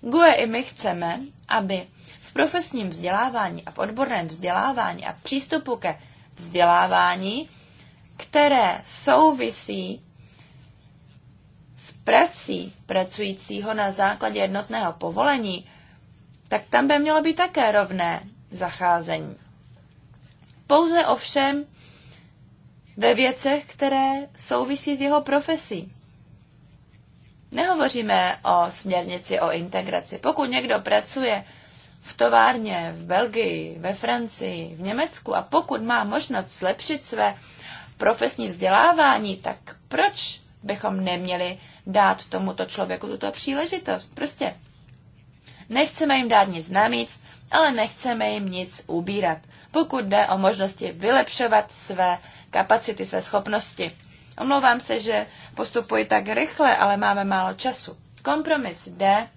GUE i my chceme, aby v profesním vzdělávání a v odborném vzdělávání a přístupu ke vzdělávání, které souvisí s prací pracujícího na základě jednotného povolení, tak tam by mělo být také rovné zacházení. Pouze ovšem ve věcech, které souvisí s jeho profesí. Nehovoříme o směrnici o integraci. Pokud někdo pracuje v továrně v Belgii, ve Francii, v Německu a pokud má možnost zlepšit své profesní vzdělávání, tak proč bychom neměli dát tomuto člověku tuto příležitost? Prostě Nechceme jim dát nic navíc, ale nechceme jim nic ubírat, pokud jde o možnosti vylepšovat své kapacity, své schopnosti. Omlouvám se, že postupuji tak rychle, ale máme málo času. Kompromis D,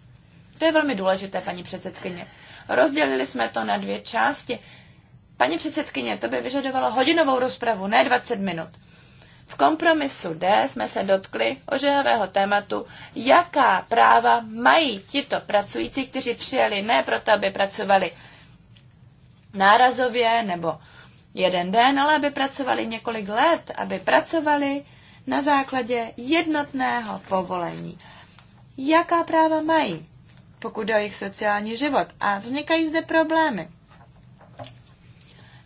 to je velmi důležité, paní předsedkyně. Rozdělili jsme to na dvě části. Paní předsedkyně, to by vyžadovalo hodinovou rozpravu, ne 20 minut. V kompromisu D jsme se dotkli ožehavého tématu, jaká práva mají tito pracující, kteří přijeli ne proto, aby pracovali nárazově nebo jeden den, ale aby pracovali několik let, aby pracovali na základě jednotného povolení. Jaká práva mají, pokud jde o jejich sociální život? A vznikají zde problémy.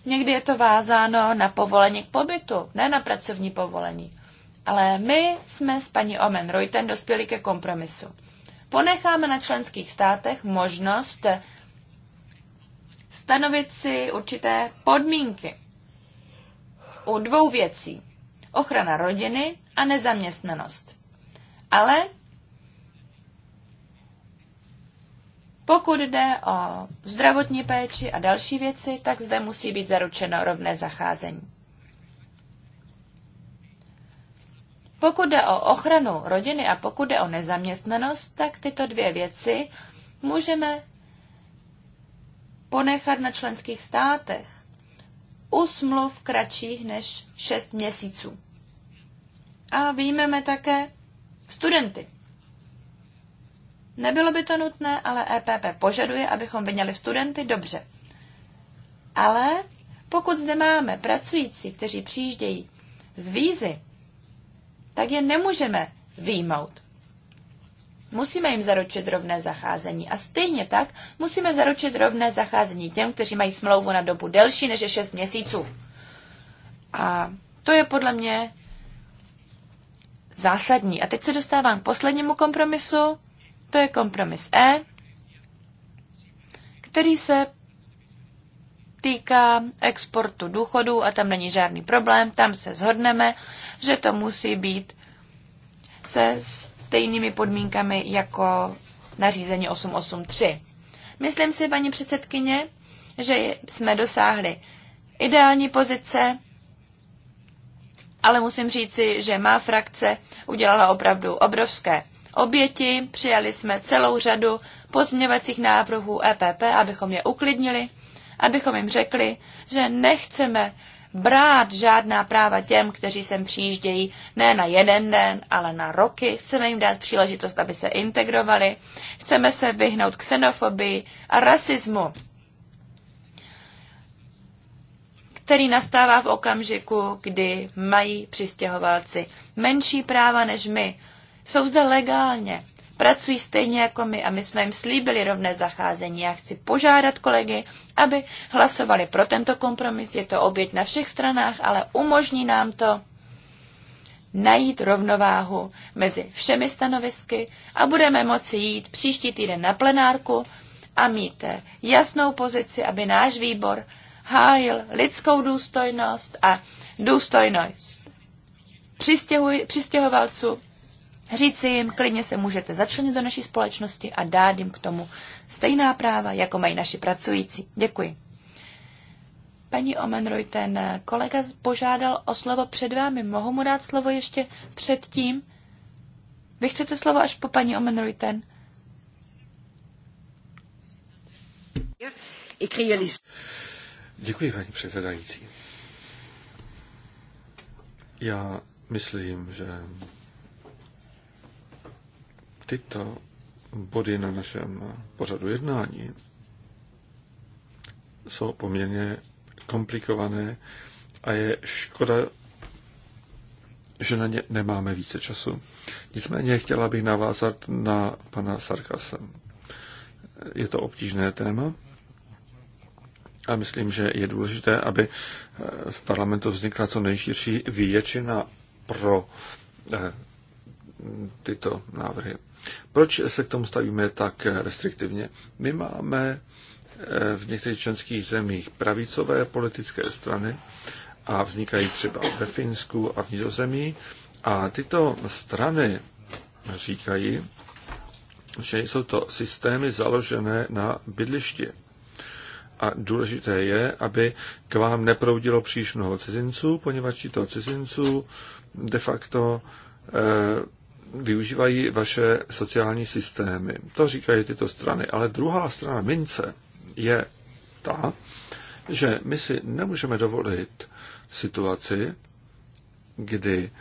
Někdy je to vázáno na povolení k pobytu, ne na pracovní povolení. Ale my jsme s paní Omen Reuten dospěli ke kompromisu. Ponecháme na členských státech možnost stanovit si určité podmínky u dvou věcí. Ochrana rodiny a nezaměstnanost. Ale Pokud jde o zdravotní péči a další věci, tak zde musí být zaručeno rovné zacházení. Pokud jde o ochranu rodiny a pokud jde o nezaměstnanost, tak tyto dvě věci můžeme ponechat na členských státech u smluv kratších než 6 měsíců. A výjmeme také studenty. Nebylo by to nutné, ale EPP požaduje, abychom vyňali studenty dobře. Ale pokud zde máme pracující, kteří přijíždějí z vízy, tak je nemůžeme výjmout. Musíme jim zaručit rovné zacházení. A stejně tak musíme zaručit rovné zacházení těm, kteří mají smlouvu na dobu delší než je 6 měsíců. A to je podle mě zásadní. A teď se dostávám k poslednímu kompromisu, to je kompromis E, který se týká exportu důchodů a tam není žádný problém, tam se zhodneme, že to musí být se stejnými podmínkami jako nařízení 883. Myslím si, paní předsedkyně, že jsme dosáhli ideální pozice, ale musím říci, že má frakce udělala opravdu obrovské oběti, přijali jsme celou řadu pozměňovacích návrhů EPP, abychom je uklidnili, abychom jim řekli, že nechceme brát žádná práva těm, kteří sem přijíždějí ne na jeden den, ale na roky. Chceme jim dát příležitost, aby se integrovali. Chceme se vyhnout xenofobii a rasismu, který nastává v okamžiku, kdy mají přistěhovalci menší práva než my jsou zde legálně. Pracují stejně jako my a my jsme jim slíbili rovné zacházení. Já chci požádat kolegy, aby hlasovali pro tento kompromis. Je to oběť na všech stranách, ale umožní nám to najít rovnováhu mezi všemi stanovisky a budeme moci jít příští týden na plenárku a mít jasnou pozici, aby náš výbor hájil lidskou důstojnost a důstojnost přistěhovalců říci jim, klidně se můžete začlenit do naší společnosti a dát jim k tomu stejná práva, jako mají naši pracující. Děkuji. Paní Omenroj, ten kolega požádal o slovo před vámi. Mohu mu dát slovo ještě předtím? Vy chcete slovo až po paní Omenroj, ten? Děkuji, paní předsedající. Já myslím, že tyto body na našem pořadu jednání jsou poměrně komplikované a je škoda, že na ně nemáme více času. Nicméně chtěla bych navázat na pana Sarkase. Je to obtížné téma a myslím, že je důležité, aby v parlamentu vznikla co nejširší většina pro eh, tyto návrhy. Proč se k tomu stavíme tak restriktivně? My máme eh, v některých členských zemích pravicové politické strany a vznikají třeba ve Finsku a v Nizozemí. A tyto strany říkají, že jsou to systémy založené na bydlišti. A důležité je, aby k vám neproudilo příliš mnoho cizinců, poněvadž to cizinců de facto eh, využívají vaše sociální systémy. To říkají tyto strany. Ale druhá strana mince je ta, že my si nemůžeme dovolit situaci, kdy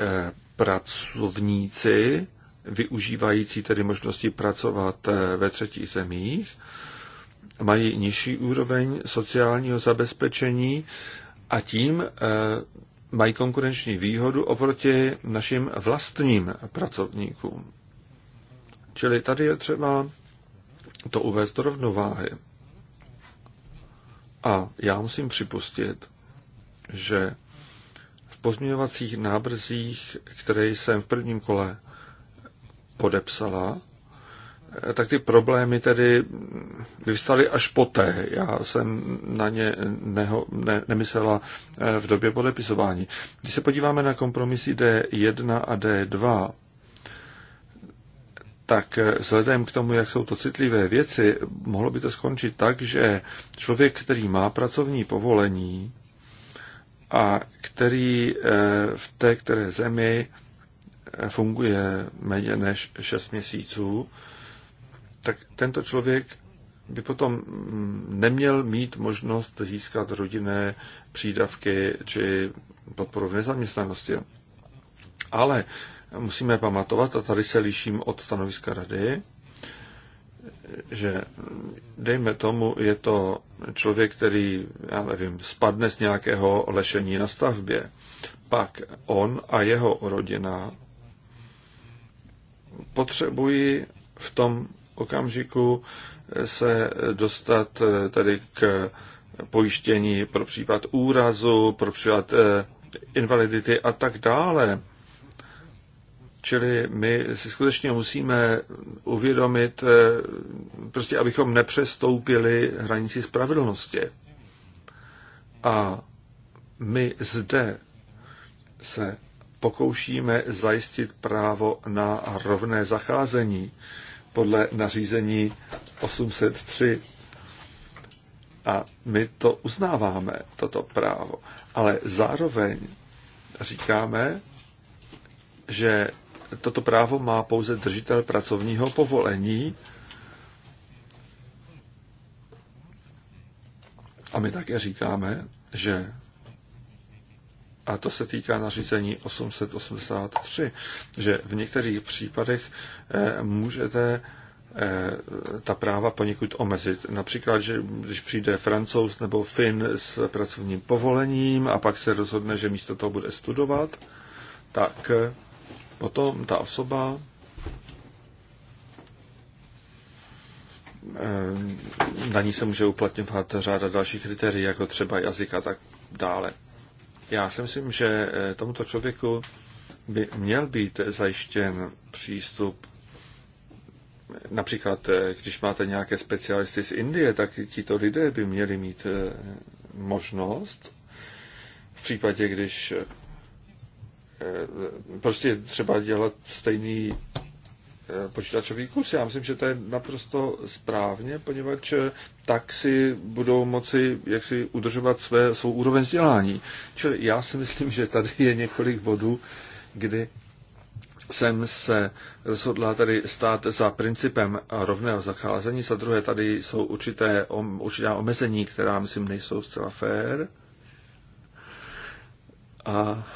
eh, pracovníci, využívající tedy možnosti pracovat eh, ve třetích zemích, mají nižší úroveň sociálního zabezpečení a tím eh, mají konkurenční výhodu oproti našim vlastním pracovníkům. Čili tady je třeba to uvést do rovnováhy. A já musím připustit, že v pozměňovacích nábrzích, které jsem v prvním kole podepsala, tak ty problémy tedy vyvstaly až poté. Já jsem na ně neho, ne, nemyslela eh, v době podepisování. Když se podíváme na kompromisy D1 a D2, tak eh, vzhledem k tomu, jak jsou to citlivé věci, mohlo by to skončit tak, že člověk, který má pracovní povolení a který eh, v té které zemi funguje méně než 6 měsíců, tak tento člověk by potom mm, neměl mít možnost získat rodinné přídavky či podporu v nezaměstnanosti. Ale musíme pamatovat, a tady se liším od stanoviska rady, že dejme tomu, je to člověk, který, já nevím, spadne z nějakého lešení na stavbě. Pak on a jeho rodina potřebují v tom okamžiku se dostat eh, tedy k pojištění pro případ úrazu, pro případ eh, invalidity a tak dále. Čili my si skutečně musíme uvědomit, eh, prostě abychom nepřestoupili hranici spravedlnosti. A my zde se pokoušíme zajistit právo na rovné zacházení podle nařízení 803. A my to uznáváme, toto právo. Ale zároveň říkáme, že toto právo má pouze držitel pracovního povolení. A my také říkáme, že a to se týká nařízení 883, že v některých případech eh, můžete eh, ta práva poněkud omezit. Například, že když přijde francouz nebo fin s pracovním povolením a pak se rozhodne, že místo toho bude studovat, tak eh, potom ta osoba na ní se může uplatňovat řada dalších kritérií, jako třeba jazyk a tak dále. Já si myslím, že eh, tomuto člověku by měl být zajištěn přístup například, eh, když máte nějaké specialisty z Indie, tak tito lidé by měli mít eh, možnost v případě, když prostě třeba dělat stejný Eh, počítačový kurz. Já myslím, že to je naprosto správně, poněvadž tak si budou moci jak si udržovat své, svou úroveň vzdělání. Čili já si myslím, že tady je několik bodů, kdy jsem se rozhodla tady stát za principem rovného zacházení. Za druhé, tady jsou určité, určitá omezení, která, myslím, nejsou zcela fér. A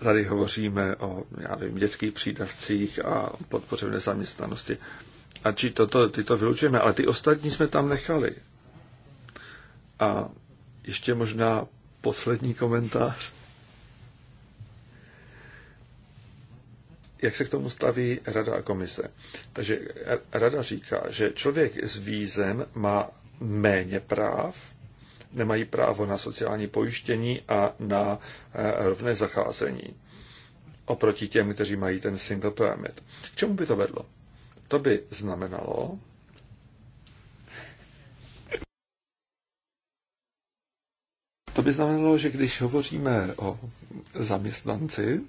tady hovoříme o já nevím, dětských přídavcích a podpoře v nezaměstnanosti. A či toto, ty to vylučujeme, ale ty ostatní jsme tam nechali. A ještě možná poslední komentář. Jak se k tomu staví Rada a komise? Takže Rada říká, že člověk s vízem má méně práv, nemají právo na sociální pojištění a na eh, rovné zacházení oproti těm, kteří mají ten single permit. K čemu by to vedlo? To by znamenalo, To by znamenalo, že když hovoříme o zaměstnanci,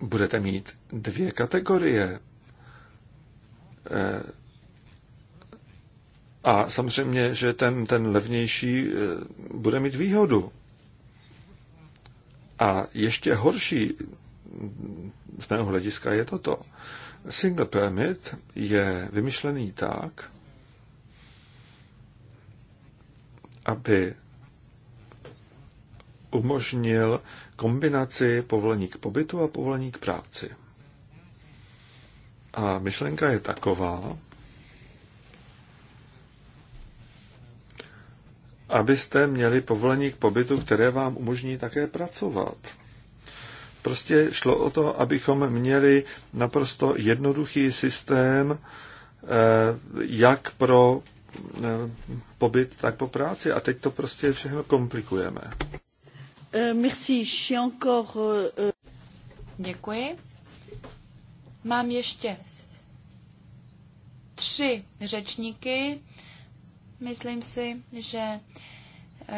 budete mít dvě kategorie eh, a samozřejmě, že ten, ten levnější eh, bude mít výhodu. A ještě horší z mého hlediska je toto. Single permit je vymyšlený tak, aby umožnil kombinaci povolení k pobytu a povolení k práci. A myšlenka je taková, abyste měli povolení k pobytu, které vám umožní také pracovat. Prostě šlo o to, abychom měli naprosto jednoduchý systém, eh, jak pro eh, pobyt, tak po práci. A teď to prostě všechno komplikujeme. Eh, merci, Děkuji. Mám ještě tři řečníky. Myslím si, že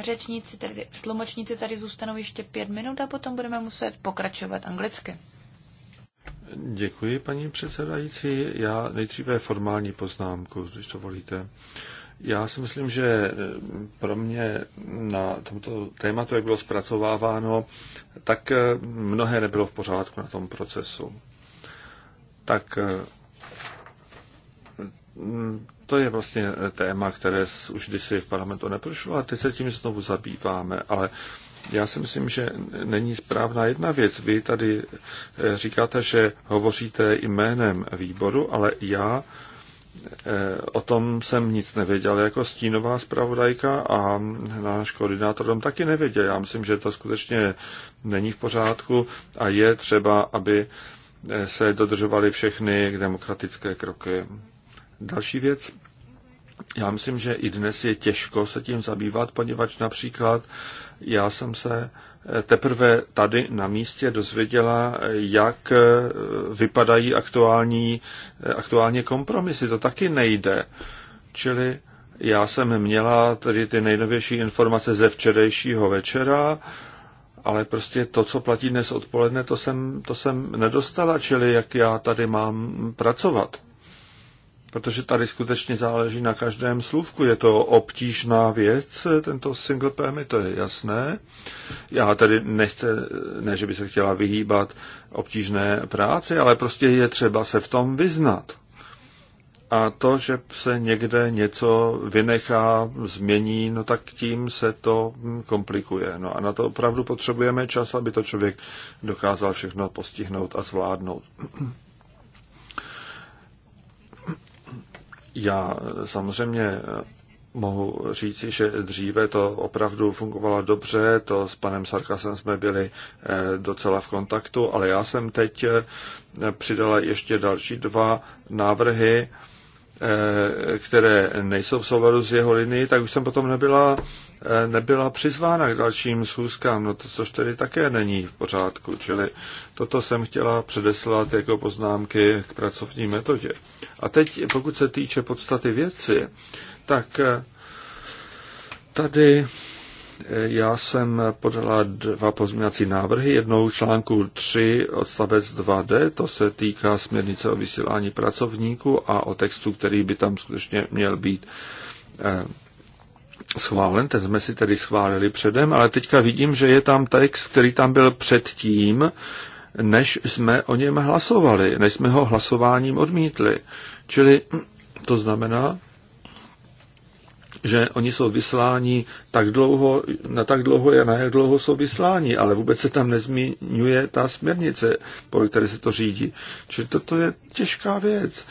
řečníci, tedy tlumočníci tady zůstanou ještě pět minut a potom budeme muset pokračovat anglicky. Děkuji, paní předsedající. Já nejdříve formální poznámku, když to volíte. Já si myslím, že pro mě na tomto tématu, jak bylo zpracováváno, tak mnohé nebylo v pořádku na tom procesu. Tak to je vlastně eh, téma, které už kdysi v parlamentu neprošlo a teď se tím znovu zabýváme, ale já si myslím, že není správná jedna věc. Vy tady eh, říkáte, že hovoříte jménem výboru, ale já eh, o tom jsem nic nevěděl jako stínová zpravodajka a náš koordinátor tom taky nevěděl. Já myslím, že to skutečně není v pořádku a je třeba, aby se dodržovaly všechny demokratické kroky. Další věc, já myslím, že i dnes je těžko se tím zabývat, poněvadž například já jsem se eh, teprve tady na místě dozvěděla, eh, jak eh, vypadají aktuální, aktuálně kompromisy. To taky nejde. Čili já jsem měla tedy ty nejnovější informace ze včerejšího večera, ale prostě to, co platí dnes odpoledne, to jsem, to jsem nedostala, čili jak já tady mám pracovat protože tady skutečně záleží na každém slůvku. Je to obtížná věc, tento single permit, to je jasné. Já tady nechce, ne, že by se chtěla vyhýbat obtížné práci, ale prostě je třeba se v tom vyznat. A to, že se někde něco vynechá, změní, no tak tím se to komplikuje. No a na to opravdu potřebujeme čas, aby to člověk dokázal všechno postihnout a zvládnout. Já samozřejmě mohu říci, že dříve to opravdu fungovalo dobře, to s panem Sarkasem jsme byli eh, docela v kontaktu, ale já jsem teď eh, přidala ještě další dva návrhy, eh, které nejsou v souladu s jeho linií, tak už jsem potom nebyla nebyla přizvána k dalším schůzkám, no to což tedy také není v pořádku, čili toto jsem chtěla předeslat jako poznámky k pracovní metodě. A teď, pokud se týče podstaty věci, tak eh, tady eh, já jsem podala dva pozměňovací návrhy. Jednou článku 3 odstavec 2d, to se týká směrnice o vysílání pracovníků a o textu, který by tam skutečně měl být eh, schválen, ten jsme si tedy schválili předem, ale teďka vidím, že je tam text, který tam byl předtím, než jsme o něm hlasovali, než jsme ho hlasováním odmítli. Čili to znamená, že oni jsou vysláni tak dlouho, na tak dlouho je na jak dlouho jsou vysláni, ale vůbec se tam nezmiňuje ta směrnice, podle které se to řídí. Čili toto je těžká věc.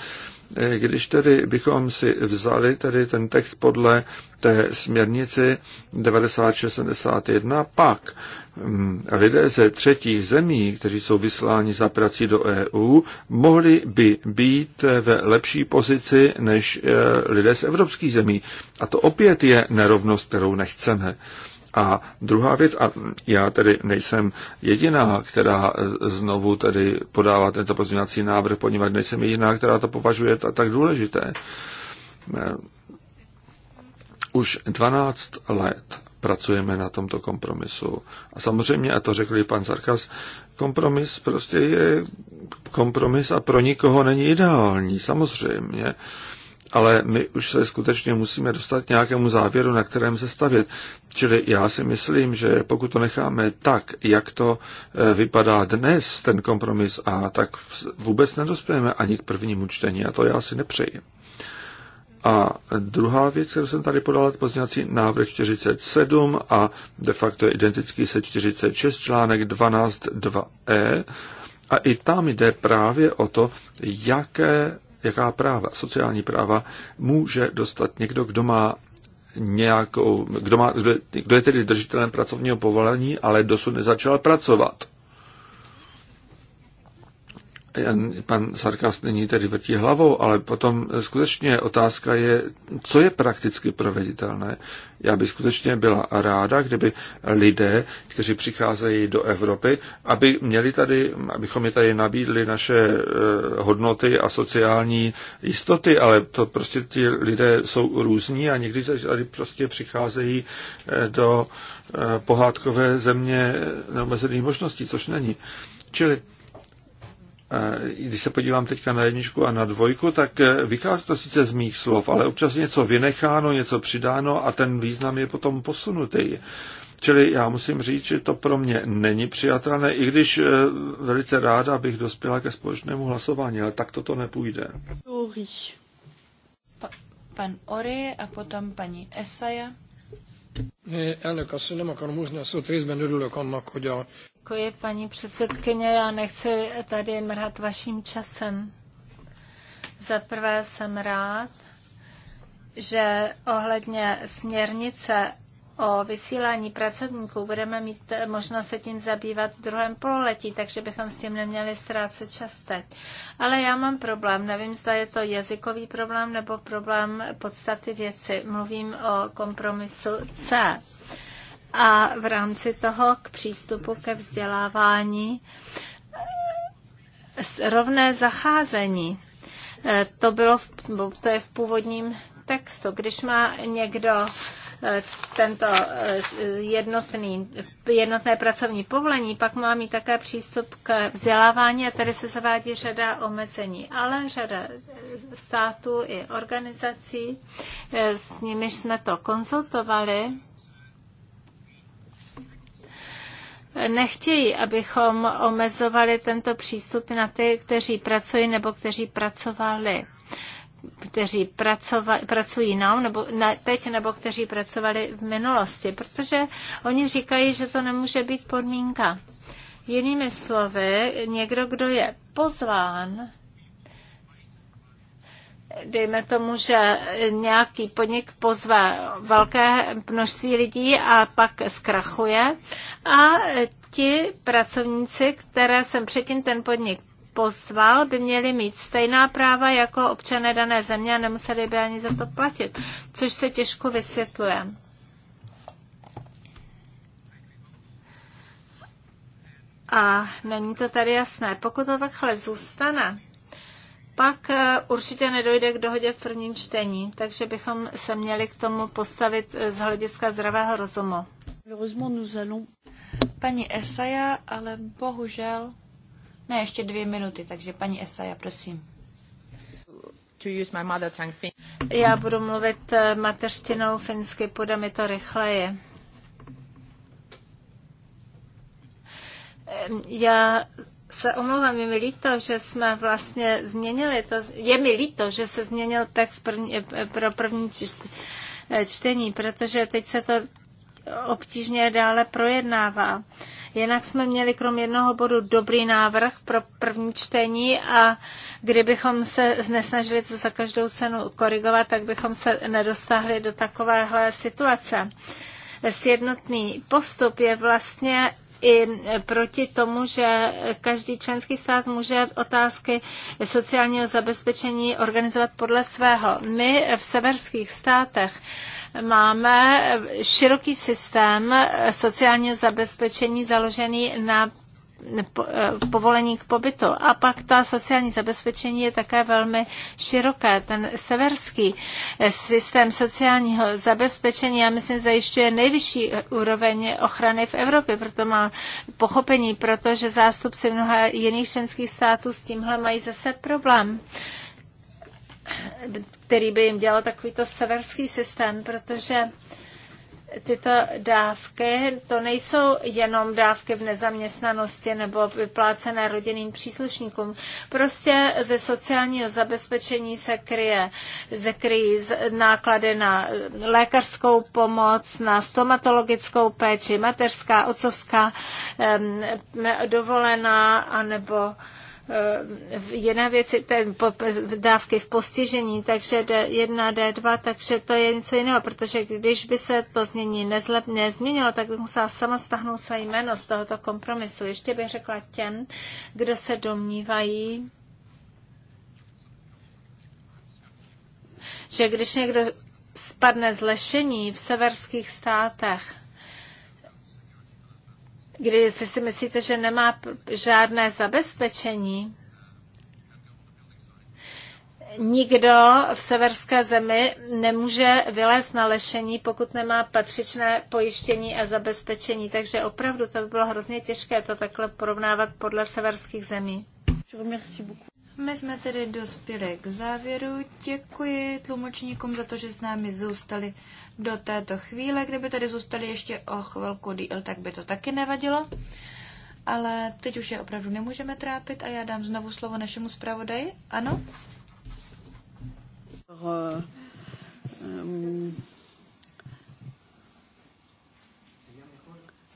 Eh, když tedy bychom si vzali tedy ten text podle té směrnici 9671 pak mm, lidé ze třetích zemí, kteří jsou vysláni za prací do EU, mohli by být ve lepší pozici než e, lidé z evropských zemí. A to opět je nerovnost, kterou nechceme. A druhá věc, a já tedy nejsem jediná, která znovu tedy podává tento pozměňovací návrh, poněvadž nejsem jediná, která to považuje tak důležité. Už 12 let pracujeme na tomto kompromisu. A samozřejmě, a to řekl i pan Sarkas, kompromis prostě je kompromis a pro nikoho není ideální, samozřejmě. Ale my už se skutečně musíme dostat nějakému závěru, na kterém se stavět. Čili já si myslím, že pokud to necháme tak, jak to eh, vypadá dnes, ten kompromis, a tak vůbec nedospějeme ani k prvnímu čtení. A to já si nepřeji. A druhá věc, kterou jsem tady podal, pozněvací návrh 47 a de facto je identický se 46 článek 12.2e. A i tam jde právě o to, jaké, jaká práva, sociální práva může dostat někdo, kdo má nějakou, kdo, má, kdo, kdo je tedy držitelem pracovního povolení, ale dosud nezačal pracovat pan Sarkast nyní tedy vrtí hlavou, ale potom skutečně otázka je, co je prakticky proveditelné. Já bych skutečně byla ráda, kdyby lidé, kteří přicházejí do Evropy, aby měli tady, abychom je tady nabídli naše eh, hodnoty a sociální jistoty, ale to prostě ti lidé jsou různí a někdy tady prostě přicházejí eh, do eh, pohádkové země neomezených možností, což není. Čili když se podívám teďka na jedničku a na dvojku, tak eh, vychází to sice z mých slov, ale občas něco vynecháno, něco přidáno a ten význam je potom posunutý. Čili já musím říct, že to pro mě není přijatelné, i když eh, velice ráda bych dospěla ke společnému hlasování, ale tak toto nepůjde. Pa, pan Ory a potom paní Esaja. Elnök asszony, nem akarom húzni a szót, részben örülök annak, hogy a... Děkuji, paní předsedkyně, já nechci tady mrhat vaším časem. Za prvé jsem rád, že ohledně směrnice o vysílání pracovníků budeme mít možnost se tím zabývat v druhém pololetí, takže bychom s tím neměli ztrácet čas teď. Ale já mám problém, nevím, zda je to jazykový problém nebo problém podstaty věci. Mluvím o kompromisu C. A v rámci toho k přístupu ke vzdělávání rovné zacházení. E, to bylo, v, to je v původním textu. Když má někdo Eh, tento eh, jednotný, jednotné pracovní povolení, pak má mít také přístup k vzdělávání a tady se zavádí řada omezení, ale řada států i organizací, eh, s nimiž jsme to konzultovali, nechtějí, abychom omezovali tento přístup na ty, kteří pracují nebo kteří pracovali kteří pracova, pracují nám, nebo na, teď, nebo kteří pracovali v minulosti, protože oni říkají, že to nemůže být podmínka. Jinými slovy, někdo, kdo je pozván, dejme tomu, že nějaký podnik pozve velké množství lidí a pak zkrachuje a ti pracovníci, které jsem předtím ten podnik pozval, by měli mít stejná práva jako občané dané země a nemuseli by ani za to platit, což se těžko vysvětluje. A není to tady jasné. Pokud to takhle zůstane, pak eh, určitě nedojde k dohodě v prvním čtení, takže bychom se měli k tomu postavit eh, z hlediska zdravého rozumu. Paní Esaja, ale bohužel ne, ještě dvě minuty, takže paní Esaja, prosím. Já budu mluvit eh, mateřštinou finsky, půjde mi to rychleji. Já se omlouvám, je mi líto, že jsme vlastně změnili to, je mi líto, že se změnil text první, eh, pro první eh, čtení, protože teď se to obtížně dále projednává. Jinak jsme měli krom jednoho bodu dobrý návrh pro první čtení a kdybychom se nesnažili to za každou cenu korigovat, tak bychom se nedostáhli do takovéhle situace. Sjednotný postup je vlastně i proti tomu, že každý členský stát může otázky sociálního zabezpečení organizovat podle svého. My v severských státech máme široký systém sociálního zabezpečení založený na eh, povolení k pobytu. A pak ta sociální zabezpečení je také velmi široké. Ten severský eh, systém sociálního zabezpečení, já myslím, zajišťuje nejvyšší eh, úroveň ochrany v Evropě, proto má pochopení, protože zástupci mnoha jiných členských států s tímhle mají zase problém. Uh, který by jim dělal takovýto severský systém, protože tyto dávky, to nejsou jenom dávky v nezaměstnanosti nebo vyplácené rodinným příslušníkům. Prostě ze sociálního zabezpečení se kryje, se kryjí náklady na lékařskou pomoc, na stomatologickou péči, mateřská, otcovská dovolená anebo nebo Eh, jiné věci, ten dávky v postižení, takže D1, D2, takže to je něco jiného, protože když by se to změní nezlep, nezměnilo, tak by musela sama stáhnout své jméno z tohoto kompromisu. Ještě bych řekla těm, kdo se domnívají, že když někdo spadne z lešení v severských státech, kdy si myslíte, že nemá žádné zabezpečení. Nikdo v severské zemi nemůže vylézt na lešení, pokud nemá patřičné pojištění a zabezpečení. Takže opravdu to by bylo hrozně těžké to takhle porovnávat podle severských zemí. My jsme tedy dospěli k závěru. Děkuji tlumočníkům za to, že s námi zůstali do této chvíle. Kdyby tady zůstali ještě o chvilku díl, tak by to taky nevadilo. Ale teď už je opravdu nemůžeme trápit a já dám znovu slovo našemu zpravodaji. Ano?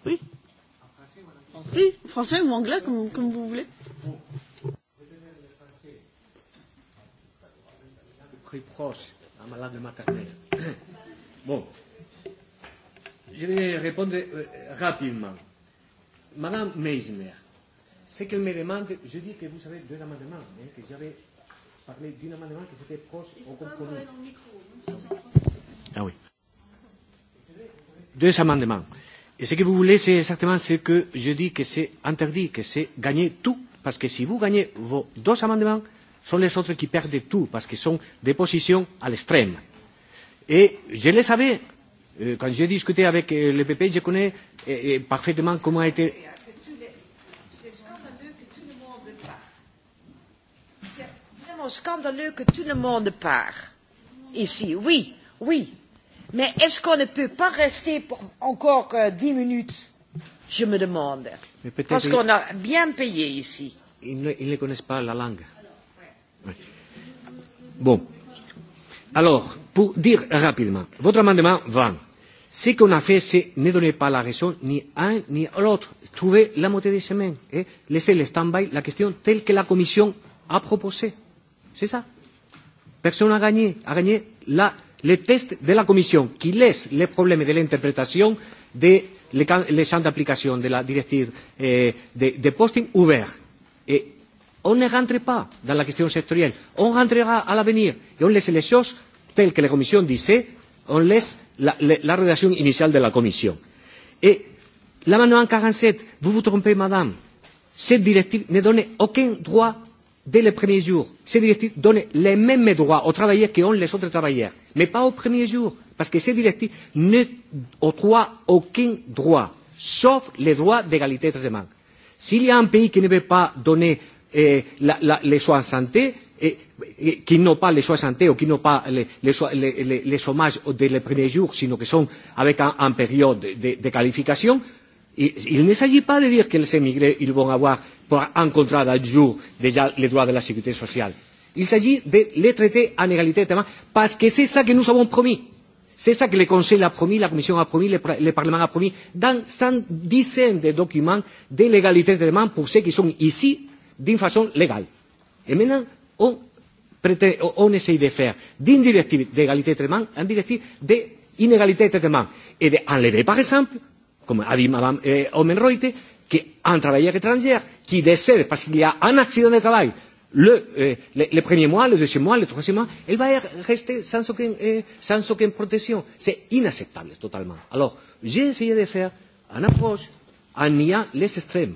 Oui. Oui, français ou anglais, comme, comme vous voulez. Très proche, un malade maternel. Bon. Je vais répondre euh, rapidement. Madame Meisner, ce qu'elle me demande, je dis que vous avez deux amendements, hein, que j'avais parlé d'un amendement qui c'était proche au compromis. Ah oui. Deux amendements. Et ce que vous voulez, c'est exactement ce que je dis que c'est interdit, que c'est gagner tout. Parce que si vous gagnez vos deux amendements, sont les autres qui perdent tout, parce qu'ils sont des positions à l'extrême. Et je le savais. Euh, quand j'ai discuté avec euh, le PP, je connais parfaitement comment a été scandaleux que tout le monde part ici. Oui, oui. Mais est-ce qu'on ne peut pas rester pour encore dix euh, minutes Je me demande. Mais Parce qu'on a bien payé ici. Ils ne, ils ne connaissent pas la langue. Alors, ouais. Ouais. Bon. Alors, pour dire rapidement, votre amendement 20, ce qu'on a fait, c'est ne donner pas la raison ni à un ni à l'autre. Trouver la moitié des semaines. et laisser le stand-by, la question telle que la Commission a proposée. C'est ça. Personne n'a gagné. A gagné la, le test de la Commission qui laisse les problèmes de l'interprétation des les, les champs d'application de la directive eh, de, de posting ouverts. Et on ne rentre pas dans la question sectorielle. On rentrera à l'avenir et on laisse les choses tel que la Comisión dice, on laisse la, la, la redacción inicial de la Commission. Et eh, l'amendement 47, vous vous trompez, madame, cette directive ne donne aucun droit dès les premiers jours. Cette directive donne les mêmes droits aux travailleurs que ont les autres travailleurs, mais pas au premier jour, parce que cette directive ne octroie aucun droit, sauf les droits d'égalité de traitement. S'il y a un pays qui ne veut pas donner eh, la, la, les soins en santé, qui n'ont pas les 60 ou qui n'ont pas les, les, les, les chômages dès les premiers jours, sinon qui sont avec un, un période de, de qualification, Et, il ne s'agit pas de dire que les émigrés ils vont avoir pour un contrat d'un jour déjà les droits de la sécurité sociale. Il s'agit de les traiter en égalité de termes parce que c'est ça que nous avons promis. C'est ça que le Conseil a promis, la Commission a promis, le, le Parlement a promis, dans 110 de documents de l'égalité de demande pour ceux qui sont ici d'une façon légale. Et maintenant, on, prête, on essaye de faire d'une directive d'égalité de traitement une directive d'inégalité de traitement et d'enlever, par exemple, comme a dit Mme eh, Omenreuter, qu'un travailleur étranger qui décède parce qu'il y a un accident de travail le, euh, le, le premier mois, le deuxième mois, le troisième mois, elle va rester sans aucune, euh, sans aucune protection. C'est inacceptable totalement. Alors, j'ai essayé de faire une approche en niant les extrêmes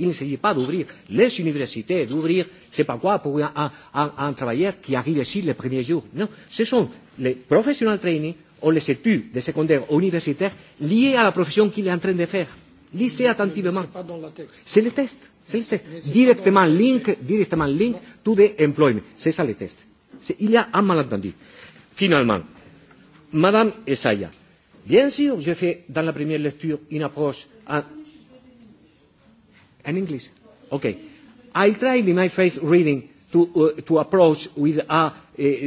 Il ne s'agit pas d'ouvrir les universités, d'ouvrir, c'est pas quoi, pour un, un, un, un travailleur qui arrive ici le premier jour. Non, ce sont les professional training ou les études de secondaire ou universitaire liées à la profession qu'il est en train de faire. Lisez attentivement. C'est le test. C'est le test. Directement link, directement link to the employment. C'est ça le test. Il y a un malentendu. Finalement, Madame Esaya, bien sûr, je fais dans la première lecture une approche, un, and English. Okay. I tried in my first reading to, uh, to approach with a uh,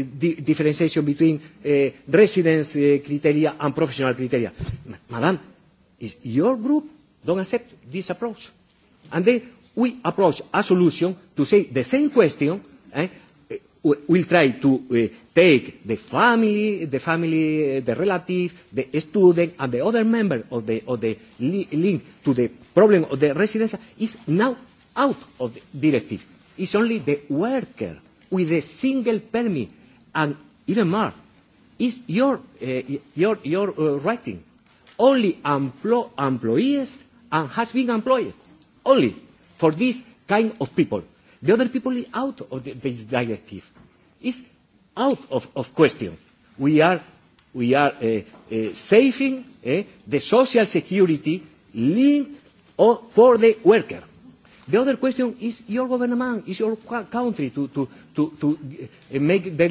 di differentiation between uh, residence uh, criteria and professional criteria. Madam, is your group don't accept this approach. And then we approach a solution to say the same question eh, will try to uh, take the family, the family, uh, the relative, the student, and the other member of the, of the li link to the problem of the residence is now out of the directive. It's only the worker with a single permit, and even more, is your, uh, your, your uh, writing. Only emplo employees and has been employed, only for this kind of people. The other people are out of the, this directive is out of, of question. We are, we are uh, uh, saving uh, the social security linked or for the worker. The other question is your government, is your country to, to, to, to uh, make the,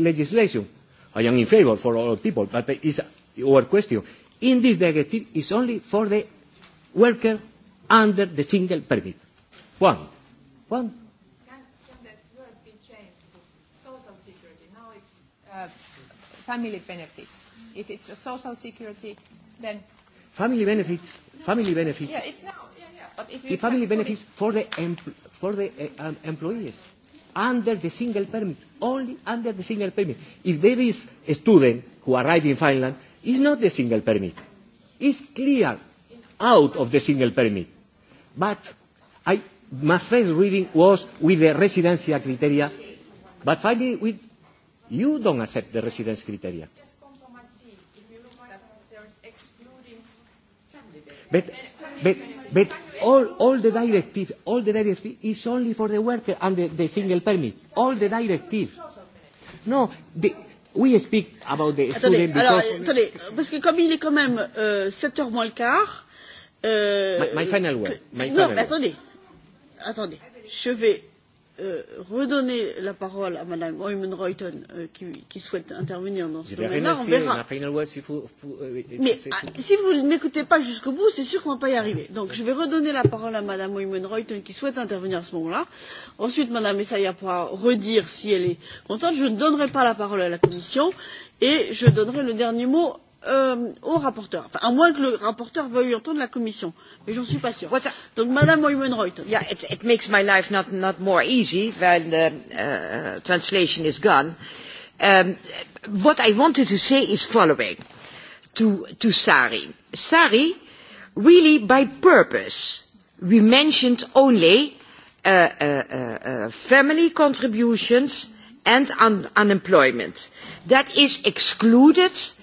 legislation. I am in favor for all people, but it's our question. In this directive it's only for the worker under the single permit. One. One family benefits. If it's a social security, then family benefits. Family benefits. Yeah, it's now. Yeah, yeah. But if the family benefits for the empl- for the uh, um, employees under the single permit, only under the single permit. If there is a student who arrived in Finland, it's not the single permit. It's clear out of the single permit. But I, my first reading was with the residency criteria, but finally with. You don't accept the residence criteria. but, but, but all, all the directive, all the directive is only for the worker and the, the single permit. All the directive. No, the, we speak about the attendez, student alors, Attendez, parce que comme il est quand même euh, 7h moins le quart... Euh, my, my final word. My final non, word. mais attendez. Attendez. Je vais Euh, redonner la parole à Madame oymen Reuton euh, qui, qui souhaite intervenir dans ce domaine-là. On verra. Si vous, vous, euh, Mais ah, si vous ne m'écoutez pas jusqu'au bout, c'est sûr qu'on ne va pas y arriver. Donc je vais redonner la parole à Madame oymen Reuton qui souhaite intervenir à ce moment-là. Ensuite, Madame Essaya pourra redire si elle est contente. Je ne donnerai pas la parole à la Commission et je donnerai le dernier mot euh, au rapporteur, enfin, à moins que le rapporteur veuille entendre la commission, mais j'en suis pas sûre. What's Donc, Madame Oymenreuth. Yeah, it, it makes my life not, not more easy when the uh, translation is gone. Um, what I wanted to say is following to, to Sari. Sari, really by purpose, we mentioned only uh, uh, uh, uh family contributions and un unemployment. That is excluded uh,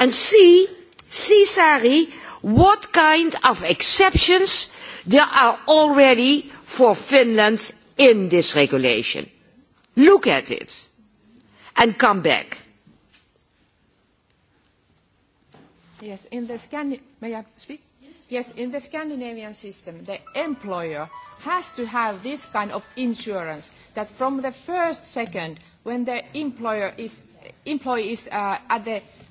and see, see Sari, what kind of exceptions there are already for Finland in this regulation. Look at it and come back. Yes, in the Scandi- may I speak? Yes. yes, in the Scandinavian system, the employer has to have this kind of insurance that from the first second when the employer is, employee is uh, at the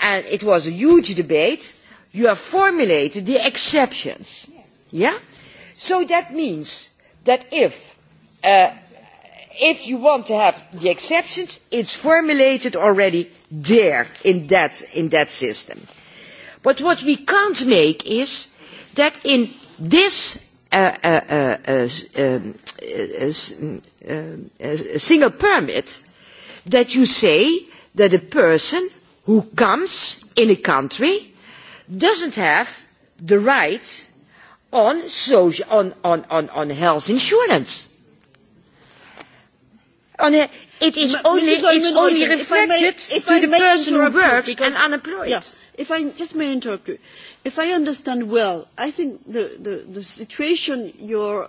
and it was a huge debate you have formulated the exceptions yeah so that means that if uh, if you want to have the exceptions it's formulated already there in that in that system but what we can't make is that in this single permit that you say that a person who comes in a country doesn't have the right on, social, on, on, on, on health insurance. On a, it is M only, it's only reflected if to I the person who works and unemployed. Yeah, if I just may interrupt you. If I understand well, I think the, the, the situation you're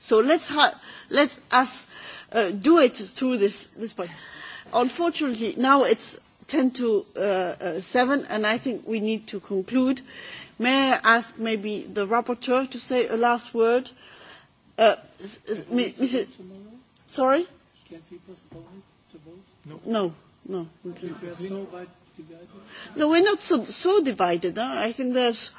So let's ha- let us uh, do it through this, this point. Unfortunately, now it's 10 to uh, uh, 7, and I think we need to conclude. May I ask maybe the rapporteur to say a last word? Uh, is, is, Mr. Sorry? Can we to vote? No. No. No, okay. we are so no we're not so, so divided. Huh? I think there's... Uh,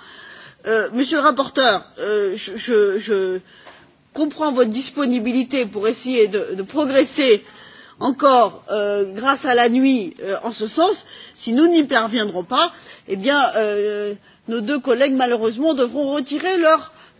Euh, monsieur le rapporteur, euh, je, je, je comprends votre disponibilité pour essayer de, de progresser encore euh, grâce à la nuit euh, en ce sens. Si nous n'y parviendrons pas, eh bien, euh, nos deux collègues, malheureusement, devront retirer leur